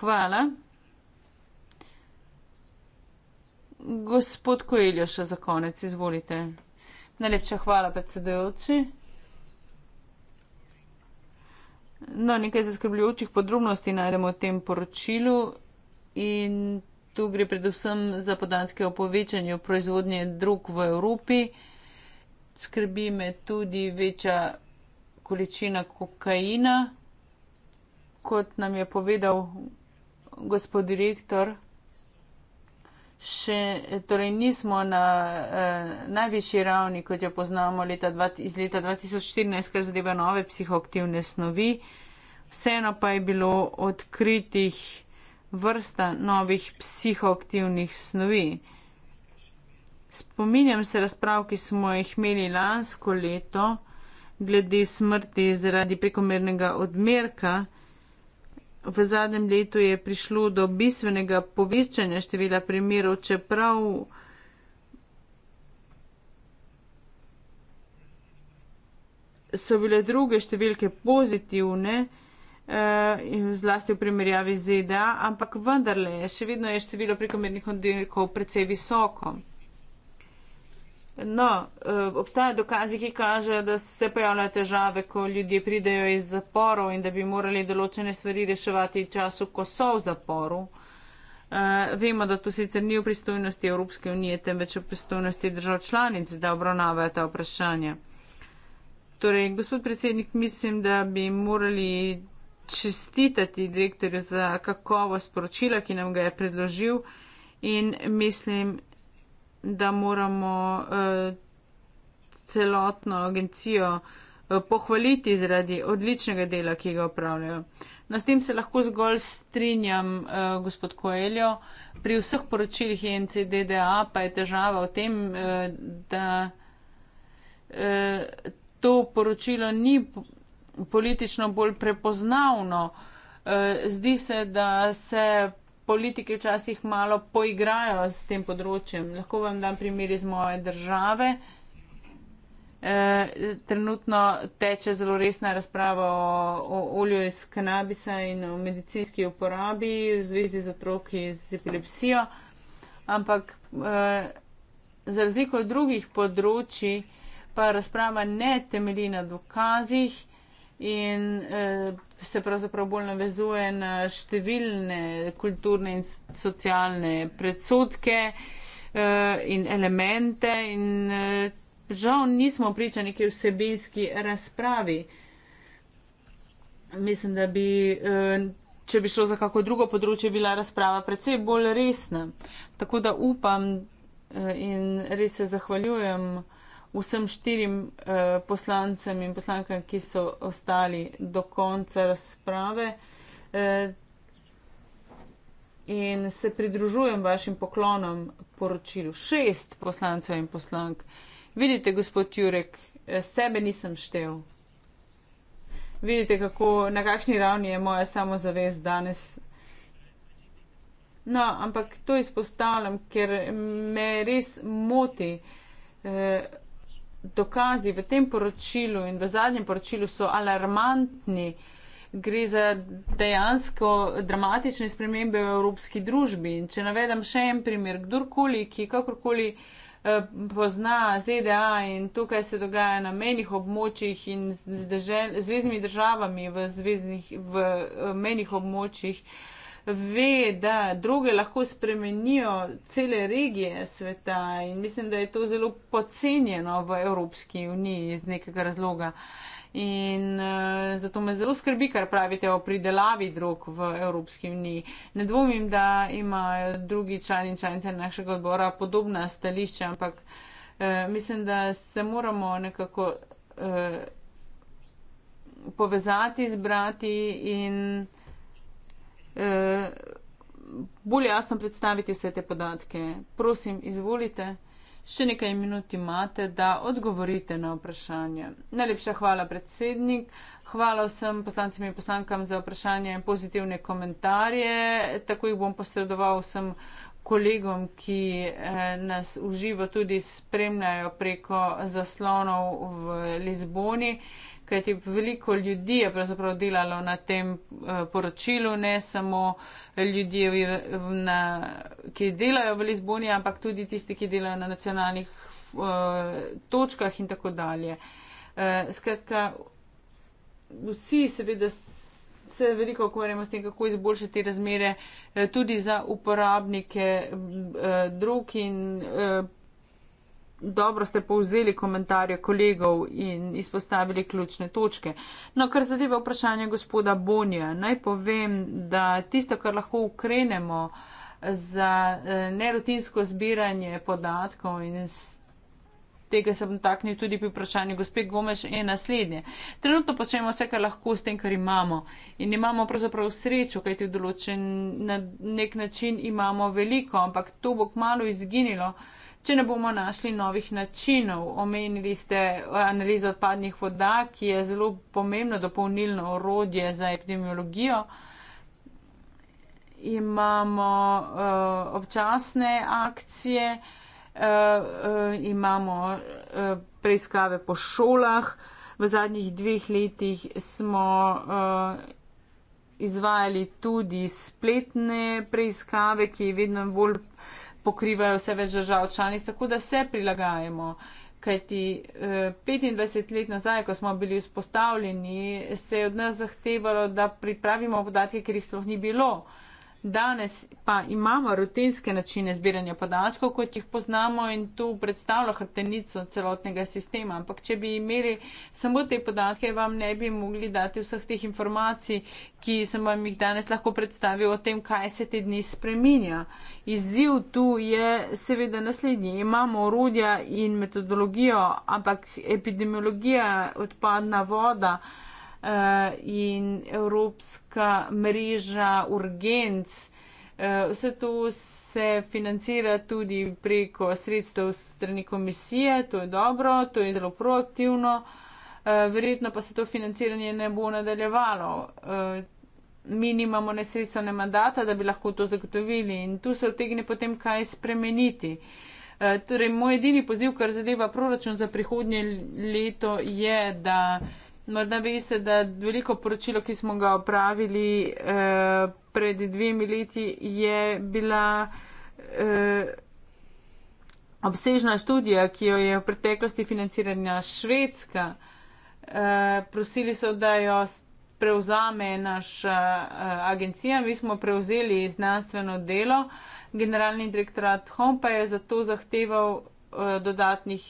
Hvala. Gospod Koeljo, še za konec, izvolite. Najlepša hvala, predsedujoči. No, nekaj zaskrbljujočih podrobnosti najdemo v tem poročilu in tu gre predvsem za podatke o povečanju proizvodnje drog v Evropi. Skrbi me tudi večja količina kokaina, kot nam je povedal gospod direktor še, torej nismo na eh, najvišji ravni, kot jo poznamo leta, iz leta 2014, kar zadeva nove psihoaktivne snovi. Vseeno pa je bilo odkritih vrsta novih psihoaktivnih snovi. Spominjam se razprav, ki smo jih imeli lansko leto glede smrti zaradi prekomernega odmerka. V zadnjem letu je prišlo do bistvenega povečanja števila primerov, čeprav so bile druge številke pozitivne, eh, zlasti v primerjavi z ZDA, ampak vendarle je še vedno je število prekomernih oddelkov precej visoko. No, eh, obstaja dokazi, ki kaže, da se pojavljajo težave, ko ljudje pridejo iz zaporov in da bi morali določene stvari reševati v času, ko so v zaporu. Eh, vemo, da to sicer ni v pristojnosti Evropske unije, temveč v pristojnosti držav članic, da obravnavajo ta vprašanja. Torej, gospod predsednik, mislim, da bi morali čestitati direktorju za kakovost poročila, ki nam ga je predložil in mislim, da moramo uh, celotno agencijo uh, pohvaliti zaradi odličnega dela, ki ga upravljajo. No, s tem se lahko zgolj strinjam, uh, gospod Koeljo. Pri vseh poročilih INCDDA pa je težava v tem, uh, da uh, to poročilo ni politično bolj prepoznavno. Uh, zdi se, da se politiki včasih malo poigrajo s tem področjem. Lahko vam dam primer iz moje države. E, trenutno teče zelo resna razprava o, o olju iz kanabisa in o medicinski uporabi v zvezi z otroki z epilepsijo. Ampak e, za razliko od drugih področji, pa razprava ne temelji na dokazih, in eh, se pravzaprav bolj navezuje na številne kulturne in socialne predsotke eh, in elemente in eh, žal nismo priča neke vsebinski razpravi. Mislim, da bi, če bi šlo za kako drugo področje, bila razprava predvsej bolj resna. Tako da upam in res se zahvaljujem vsem štirim eh, poslancem in poslankam, ki so ostali do konca razprave. Eh, in se pridružujem vašim poklonom poročilu. Šest poslancev in poslank. Vidite, gospod Jurek, eh, sebe nisem štel. Vidite, kako, na kakšni ravni je moja samozavest danes. No, ampak to izpostavljam, ker me res moti. Eh, dokazi v tem poročilu in v zadnjem poročilu so alarmantni. Gre za dejansko dramatične spremembe v evropski družbi. In če navedem še en primer, kdorkoli, ki kakorkoli eh, pozna ZDA in to, kaj se dogaja na menih območjih in z zvezdnimi državami v, zvezdnih, v eh, menih območjih, ve, da druge lahko spremenijo cele regije sveta in mislim, da je to zelo pocenjeno v Evropski uniji iz nekega razloga. In uh, zato me zelo skrbi, kar pravite o pridelavi drog v Evropski uniji. Ne dvomim, da imajo drugi člani in članice našega odbora podobna stališča, ampak uh, mislim, da se moramo nekako uh, povezati, zbrati in. Eh, bolje jasno predstaviti vse te podatke. Prosim, izvolite. Še nekaj minut imate, da odgovorite na vprašanje. Najlepša hvala, predsednik. Hvala vsem poslancem in poslankam za vprašanje in pozitivne komentarje. Tako jih bom posredoval vsem kolegom, ki eh, nas uživo tudi spremljajo preko zaslonov v Lizboni. Kaj ti veliko ljudi je pravzaprav delalo na tem eh, poročilu, ne samo ljudje, na, ki delajo v Lizboni, ampak tudi tisti, ki delajo na nacionalnih eh, točkah in tako dalje. Eh, skratka, vsi seveda se veliko ukvarjamo s tem, kako izboljšati te razmere tudi za uporabnike drug in dobro ste povzeli komentarje kolegov in izpostavili ključne točke. No, kar zadeva vprašanje gospoda Bonija, naj povem, da tisto, kar lahko ukrenemo za eh, nerutinsko zbiranje podatkov in Tega se bom taknil tudi pri vprašanju gospe Gomeš in naslednje. Trenutno počnemo vse, kar lahko s tem, kar imamo. In imamo pravzaprav srečo, kajti v določen na nek način imamo veliko, ampak to bo kmalo izginilo če ne bomo našli novih načinov. Omenili ste eh, analizo odpadnih voda, ki je zelo pomembno dopolnilno orodje za epidemiologijo. Imamo uh, občasne akcije, uh, uh, imamo uh, preiskave po šolah. V zadnjih dveh letih smo uh, izvajali tudi spletne preiskave, ki je vedno bolj pokrivajo vse več držav članic, tako da se prilagajamo. Kaj ti 25 let nazaj, ko smo bili vzpostavljeni, se je od nas zahtevalo, da pripravimo podatke, ker jih sploh ni bilo. Uh, Danes pa imamo rutinske načine zbiranja podatkov, kot jih poznamo in to predstavlja hrtenico celotnega sistema. Ampak, če bi imeli samo te podatke, vam ne bi mogli dati vseh teh informacij, ki sem vam jih danes lahko predstavil o tem, kaj se te dni spreminja. Izziv tu je seveda naslednji. Imamo orodja in metodologijo, ampak epidemiologija, odpadna voda. Eh, in Evropska mreža urgenc. Eh, vse to se financira tudi preko sredstev strani komisije, to je dobro, to je zelo proaktivno, eh, verjetno pa se to financiranje ne bo nadaljevalo. Mi nimamo ne sredstva, ne mandata, da bi lahko to zagotovili in tu se vtegne potem kaj spremeniti. Torej, moj edini poziv, kar zadeva proračun za prihodnje leto, je, da Morda bi veste, da veliko poročilo, ki smo ga opravili eh, pred dvemi leti, je bila eh, obsežna študija, ki jo je v preteklosti financirala Švedska. Eh, prosili so, da jo prevzame naša eh, agencija. Mi smo prevzeli znanstveno delo. Generalni direktorat HOM pa je zato zahteval Eh, dodatnih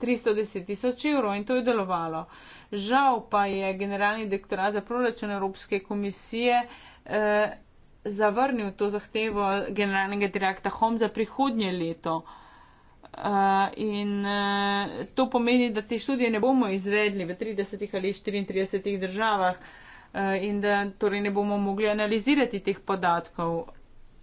310 eh, tisoč evrov in to je delovalo. Žal pa je generalni direktorat za proračun Evropske komisije eh, zavrnil to zahtevo generalnega direktorata HOM za prihodnje leto. Uh, in uh, to pomeni, da te študije ne bomo izvedli v 30 ali 34 državah uh, in da torej ne bomo mogli analizirati teh podatkov.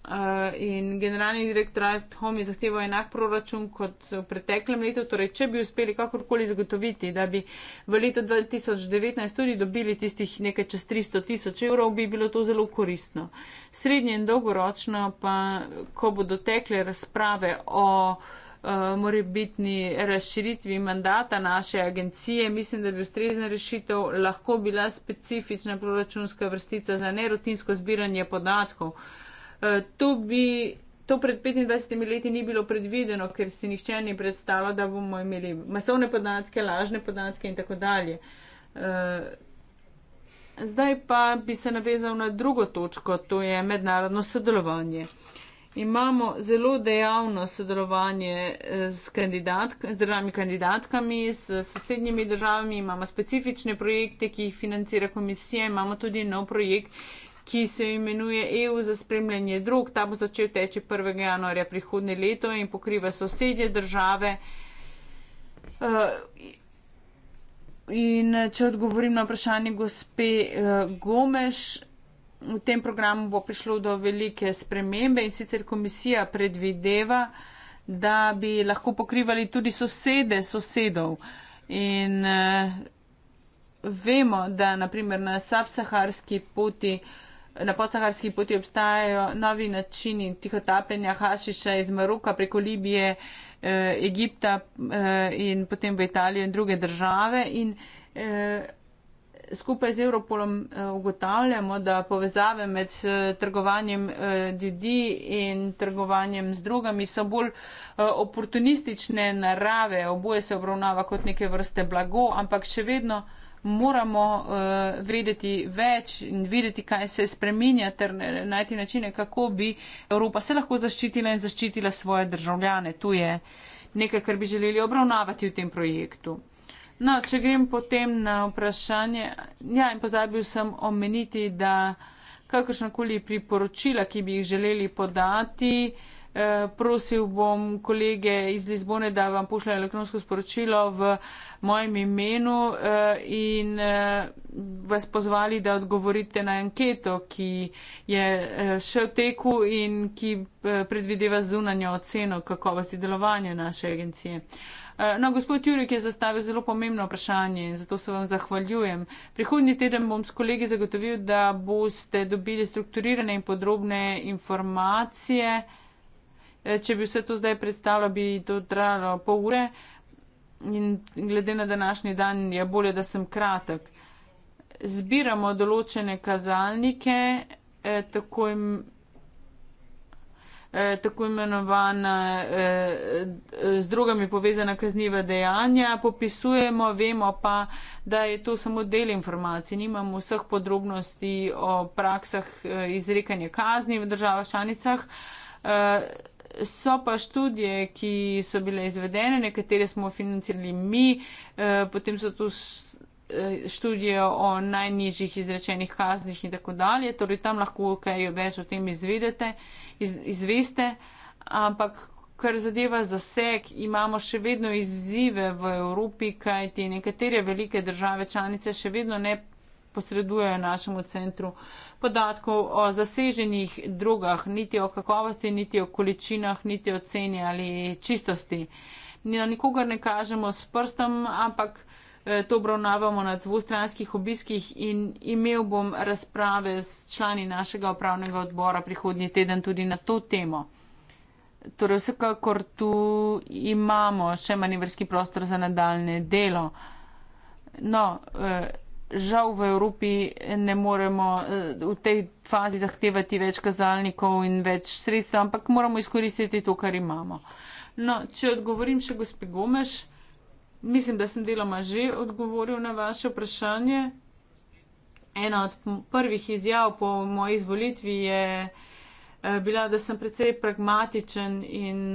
Eh, in generalni direktorat HOM je zahteval enak proračun kot v preteklem letu, torej če bi uspeli kakorkoli zagotoviti, da bi v letu 2019 tudi dobili tistih nekaj čez 300 tisoč evrov, bi bilo to zelo koristno. Srednje in dolgoročno pa, ko bodo tekle razprave o eh, morebitni razširitvi mandata naše agencije. Mislim, da bi ustrezna rešitev lahko bila specifična proračunska vrstica za nerutinsko zbiranje podatkov. Uh, Eh, to, bi, to pred 25 leti ni bilo predvideno, ker si nihče ni predstavljal, da bomo imeli masovne podatke, lažne podatke in tako dalje. Eh, zdaj pa bi se navezal na drugo točko, to je mednarodno sodelovanje. Imamo zelo dejavno sodelovanje z, eh, kandidatk, z državami kandidatkami, s sosednjimi državami, imamo specifične projekte, ki jih financira komisija, imamo tudi nov projekt, ki se imenuje EU za spremljanje drog. Ta bo začel teči 1. januarja prihodne leto in pokriva sosednje države. Eh, in eh, če odgovorim na vprašanje gospe eh, Gomeš, v tem programu bo prišlo do velike spremembe in sicer komisija predvideva, da bi lahko pokrivali tudi sosede sosedov. In vemo, da naprimer na subsaharski poti uh, Na podsaharski poti obstajajo novi načini tihotapljenja Hašiša iz Maroka preko Libije, eh, Egipta eh, in potem v Italijo in druge države. In eh, skupaj z Europolom ugotavljamo, da povezave med trgovanjem ljudi in trgovanjem z drugami so bolj oportunistične narave. Oboje se obravnava kot neke vrste blago, ampak še vedno moramo uh, vedeti več in videti, kaj se spreminja, ter najti načine, kako bi Evropa se lahko zaščitila in zaščitila svoje državljane. To je nekaj, kar bi želeli obravnavati v tem projektu. No, če grem potem na vprašanje, ja, in pozabil sem omeniti, da kakršnakoli priporočila, ki bi jih želeli podati, uh, Eh, prosil bom kolege iz Lizbone, da vam pošljajo elektronsko sporočilo v mojem imenu eh, in eh, vas pozvali, da odgovorite na anketo, ki je še v teku in ki predvideva zunanjo oceno kakovosti delovanja naše agencije. No, gospod Jurek je zastavil zelo pomembno vprašanje in zato se vam zahvaljujem. Prihodnji teden bom s kolegi zagotovil, da boste dobili strukturirane in podrobne informacije. Eh, če bi vse to zdaj predstavila, bi to trajalo pol ure. In glede na današnji dan je bolje, da sem kratek. Zbiramo določene kazalnike, eh, tako eh, imenovana, eh, z drugami povezana kazniva dejanja, popisujemo, vemo pa, da je to samo del informacij, nimamo vseh podrobnosti o praksah eh, izrekanja kazni v državah članicah. Eh, So pa študije, ki so bile izvedene, nekatere smo financirali mi, eh, potem so tu eh, študije o najnižjih izrečenih kaznih in tako dalje, torej tam lahko kaj več o tem izvedete, iz, izveste, ampak kar zadeva zaseg, imamo še vedno izzive v Evropi, kajti nekatere velike države članice še vedno ne posredujejo našemu centru podatkov o zaseženih drogah, niti o kakovosti, niti o količinah, niti o ceni ali čistosti. Nikogar ne kažemo s prstom, ampak eh, to obravnavamo na dvostranskih obiskih in imel bom razprave s člani našega upravnega odbora prihodnji teden tudi na to temo. Torej vsekakor tu imamo še manjverski prostor za nadaljne delo. No, eh, žal v Evropi ne moremo eh, v tej fazi zahtevati več kazalnikov in več sredstev, ampak moramo izkoristiti to, kar imamo. No, če odgovorim še gospe Gomeš, mislim, da sem deloma že odgovoril na vaše vprašanje. Ena od prvih izjav po moji izvolitvi je eh, bila, da sem precej pragmatičen in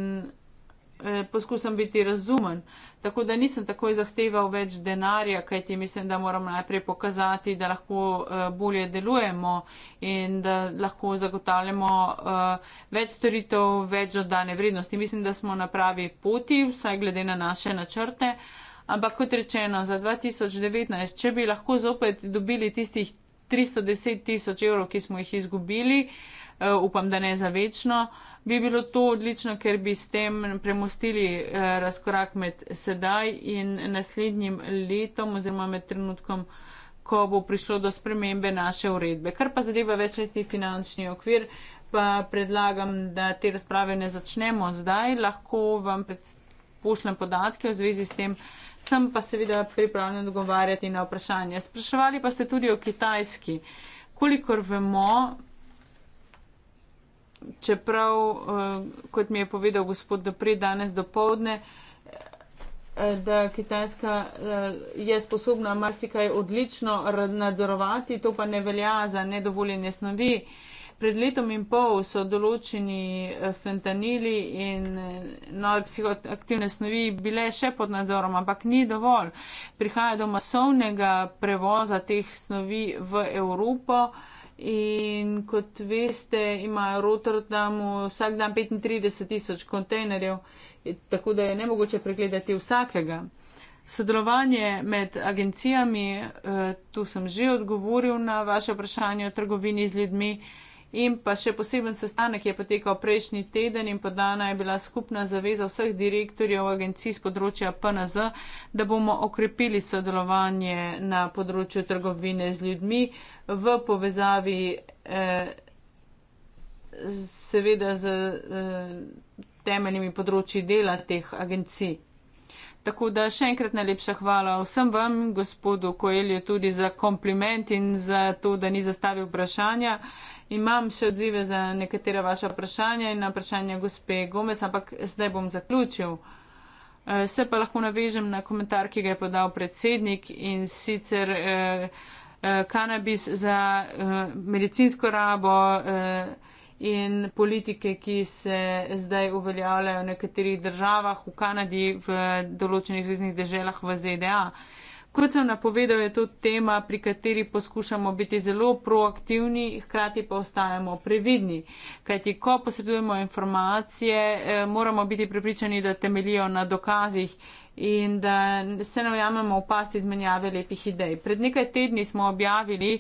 Eh, poskusam biti razumen. Tako da nisem takoj zahteval več denarja, kajti mislim, da moramo najprej pokazati, da lahko eh, bolje delujemo in da lahko zagotavljamo eh, več storitev, več oddane vrednosti. Mislim, da smo na pravi poti, vsaj glede na naše načrte. Ampak kot rečeno, za 2019, če bi lahko zopet dobili tistih 310 tisoč evrov, ki smo jih izgubili, upam, da ne za večno, bi bilo to odlično, ker bi s tem premustili eh, razkorak med sedaj in naslednjim letom oziroma med trenutkom, ko bo prišlo do spremembe naše uredbe. Kar pa zadeva večletni finančni okvir, pa predlagam, da te razprave ne začnemo zdaj. Lahko vam pošljem podatke v zvezi s tem. Sem pa seveda pripravljen odgovarjati na vprašanje. Spraševali pa ste tudi o Kitajski. Kolikor vemo, čeprav, uh, kot mi je povedal gospod Dopri danes do povdne, eh, da Kitajska uh, je sposobna marsikaj odlično nadzorovati, to pa ne velja za nedovoljene snovi. Pred letom in pol so določeni fentanili in nove psihoaktivne snovi bile še pod nadzorom, ampak ni dovolj. Prihaja do masovnega prevoza teh snovi v Evropo. Uh, In kot veste, imajo Rotterdam vsak dan 35 tisoč kontejnerjev, tako da je ne mogoče pregledati vsakega. Sodelovanje med agencijami, eh, tu sem že odgovoril na vaše vprašanje o trgovini z ljudmi, In pa še poseben sestanek je potekal prejšnji teden in podana je bila skupna zaveza vseh direktorjev agencij z področja PNZ, da bomo okrepili sodelovanje na področju trgovine z ljudmi v povezavi eh, seveda z eh, temeljnimi področji dela teh agencij. Tako da še enkrat najlepša hvala vsem vam, gospodu Koelju, tudi za kompliment in za to, da ni zastavil vprašanja. Imam še odzive za nekatera vaša vprašanja in na vprašanje gospe Gomez, ampak zdaj bom zaključil. Eh, se pa lahko navežem na komentar, ki ga je podal predsednik in sicer eh, eh, kanabis za eh, medicinsko rabo. Eh, in politike, ki se zdaj uveljavljajo v nekaterih državah, v Kanadi, v določenih zvezdnih deželah, v ZDA. Kot sem napovedal, je to tema, pri kateri poskušamo biti zelo proaktivni, hkrati pa ostajamo previdni. Kajti, ko posredujemo informacije, eh, moramo biti prepričani, da temelijo na dokazih in da se ne ujamemo v past izmenjave lepih idej. Pred nekaj tedni smo objavili,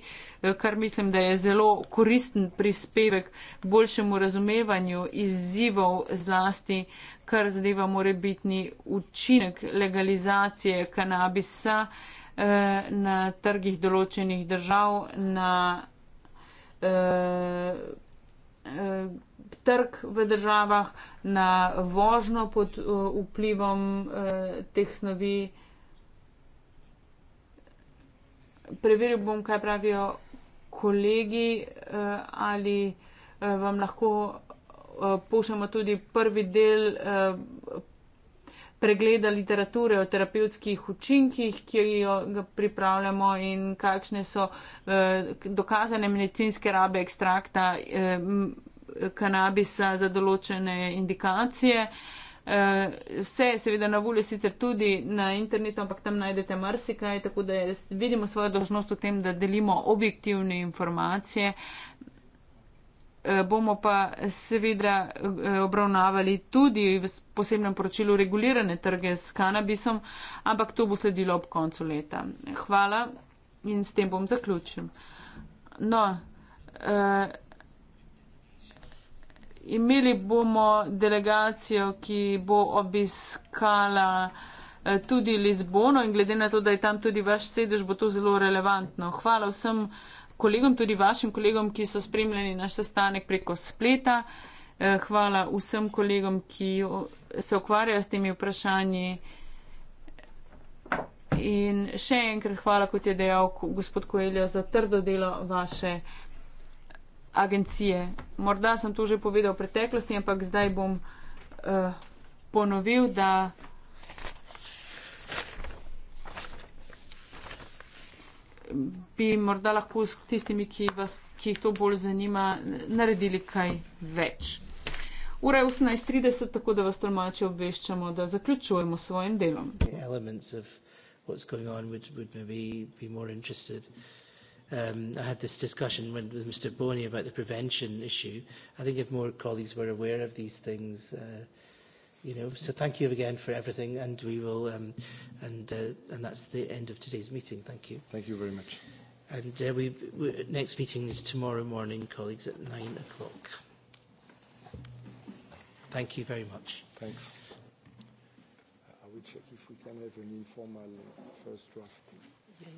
eh, kar mislim, da je zelo koristen prispevek k boljšemu razumevanju izzivov zlasti kar zadeva morebitni učinek legalizacije kanabisa eh, na trgih določenih držav, na eh, eh trg v državah, na vožno pod eh, vplivom eh, teh snovi. Preveril bom, kaj pravijo kolegi, eh, ali eh, vam lahko. Eh, pošljemo tudi prvi del eh, pregleda literature o terapevtskih učinkih, ki jo pripravljamo in kakšne so eh, dokazane medicinske rabe ekstrakta kanabisa za določene indikacije. Vse je seveda na voljo sicer tudi na internetu, ampak tam najdete marsikaj, tako da vidimo svojo dožnost v tem, da delimo objektivne informacije Eh, bomo pa seveda eh, obravnavali tudi v posebnem poročilu regulirane trge s kanabisom, ampak to bo sledilo ob koncu leta. Hvala in s tem bom zaključil. No, eh, imeli bomo delegacijo, ki bo obiskala eh, tudi Lizbono in glede na to, da je tam tudi vaš sedež, bo to zelo relevantno. Hvala vsem. Eh, kolegom, tudi vašim kolegom, ki so spremljali naš sestanek preko spleta. Eh, hvala vsem kolegom, ki se ukvarjajo s temi vprašanji. In še enkrat hvala, kot je dejal gospod Koeljo, za trdo delo vaše agencije. Morda sem to že povedal v preteklosti, ampak zdaj bom uh, ponovil, da. bi morda lahko s tistimi, ki, vas, ki jih to bolj zanima, naredili kaj več. Ura je 18:30, tako da vas tolmače obveščamo, da zaključujemo s svojim delom. Um, I had this discussion with, with Mr. Boney about the prevention issue. I think if more colleagues were aware of these things, uh, you know so thank you again for everything and we will um, and uh, and that's the end of today's meeting thank you thank you very much and uh, we, we next meeting is tomorrow morning colleagues at nine o'clock thank you very much thanks uh, i will check if we can have an informal first draft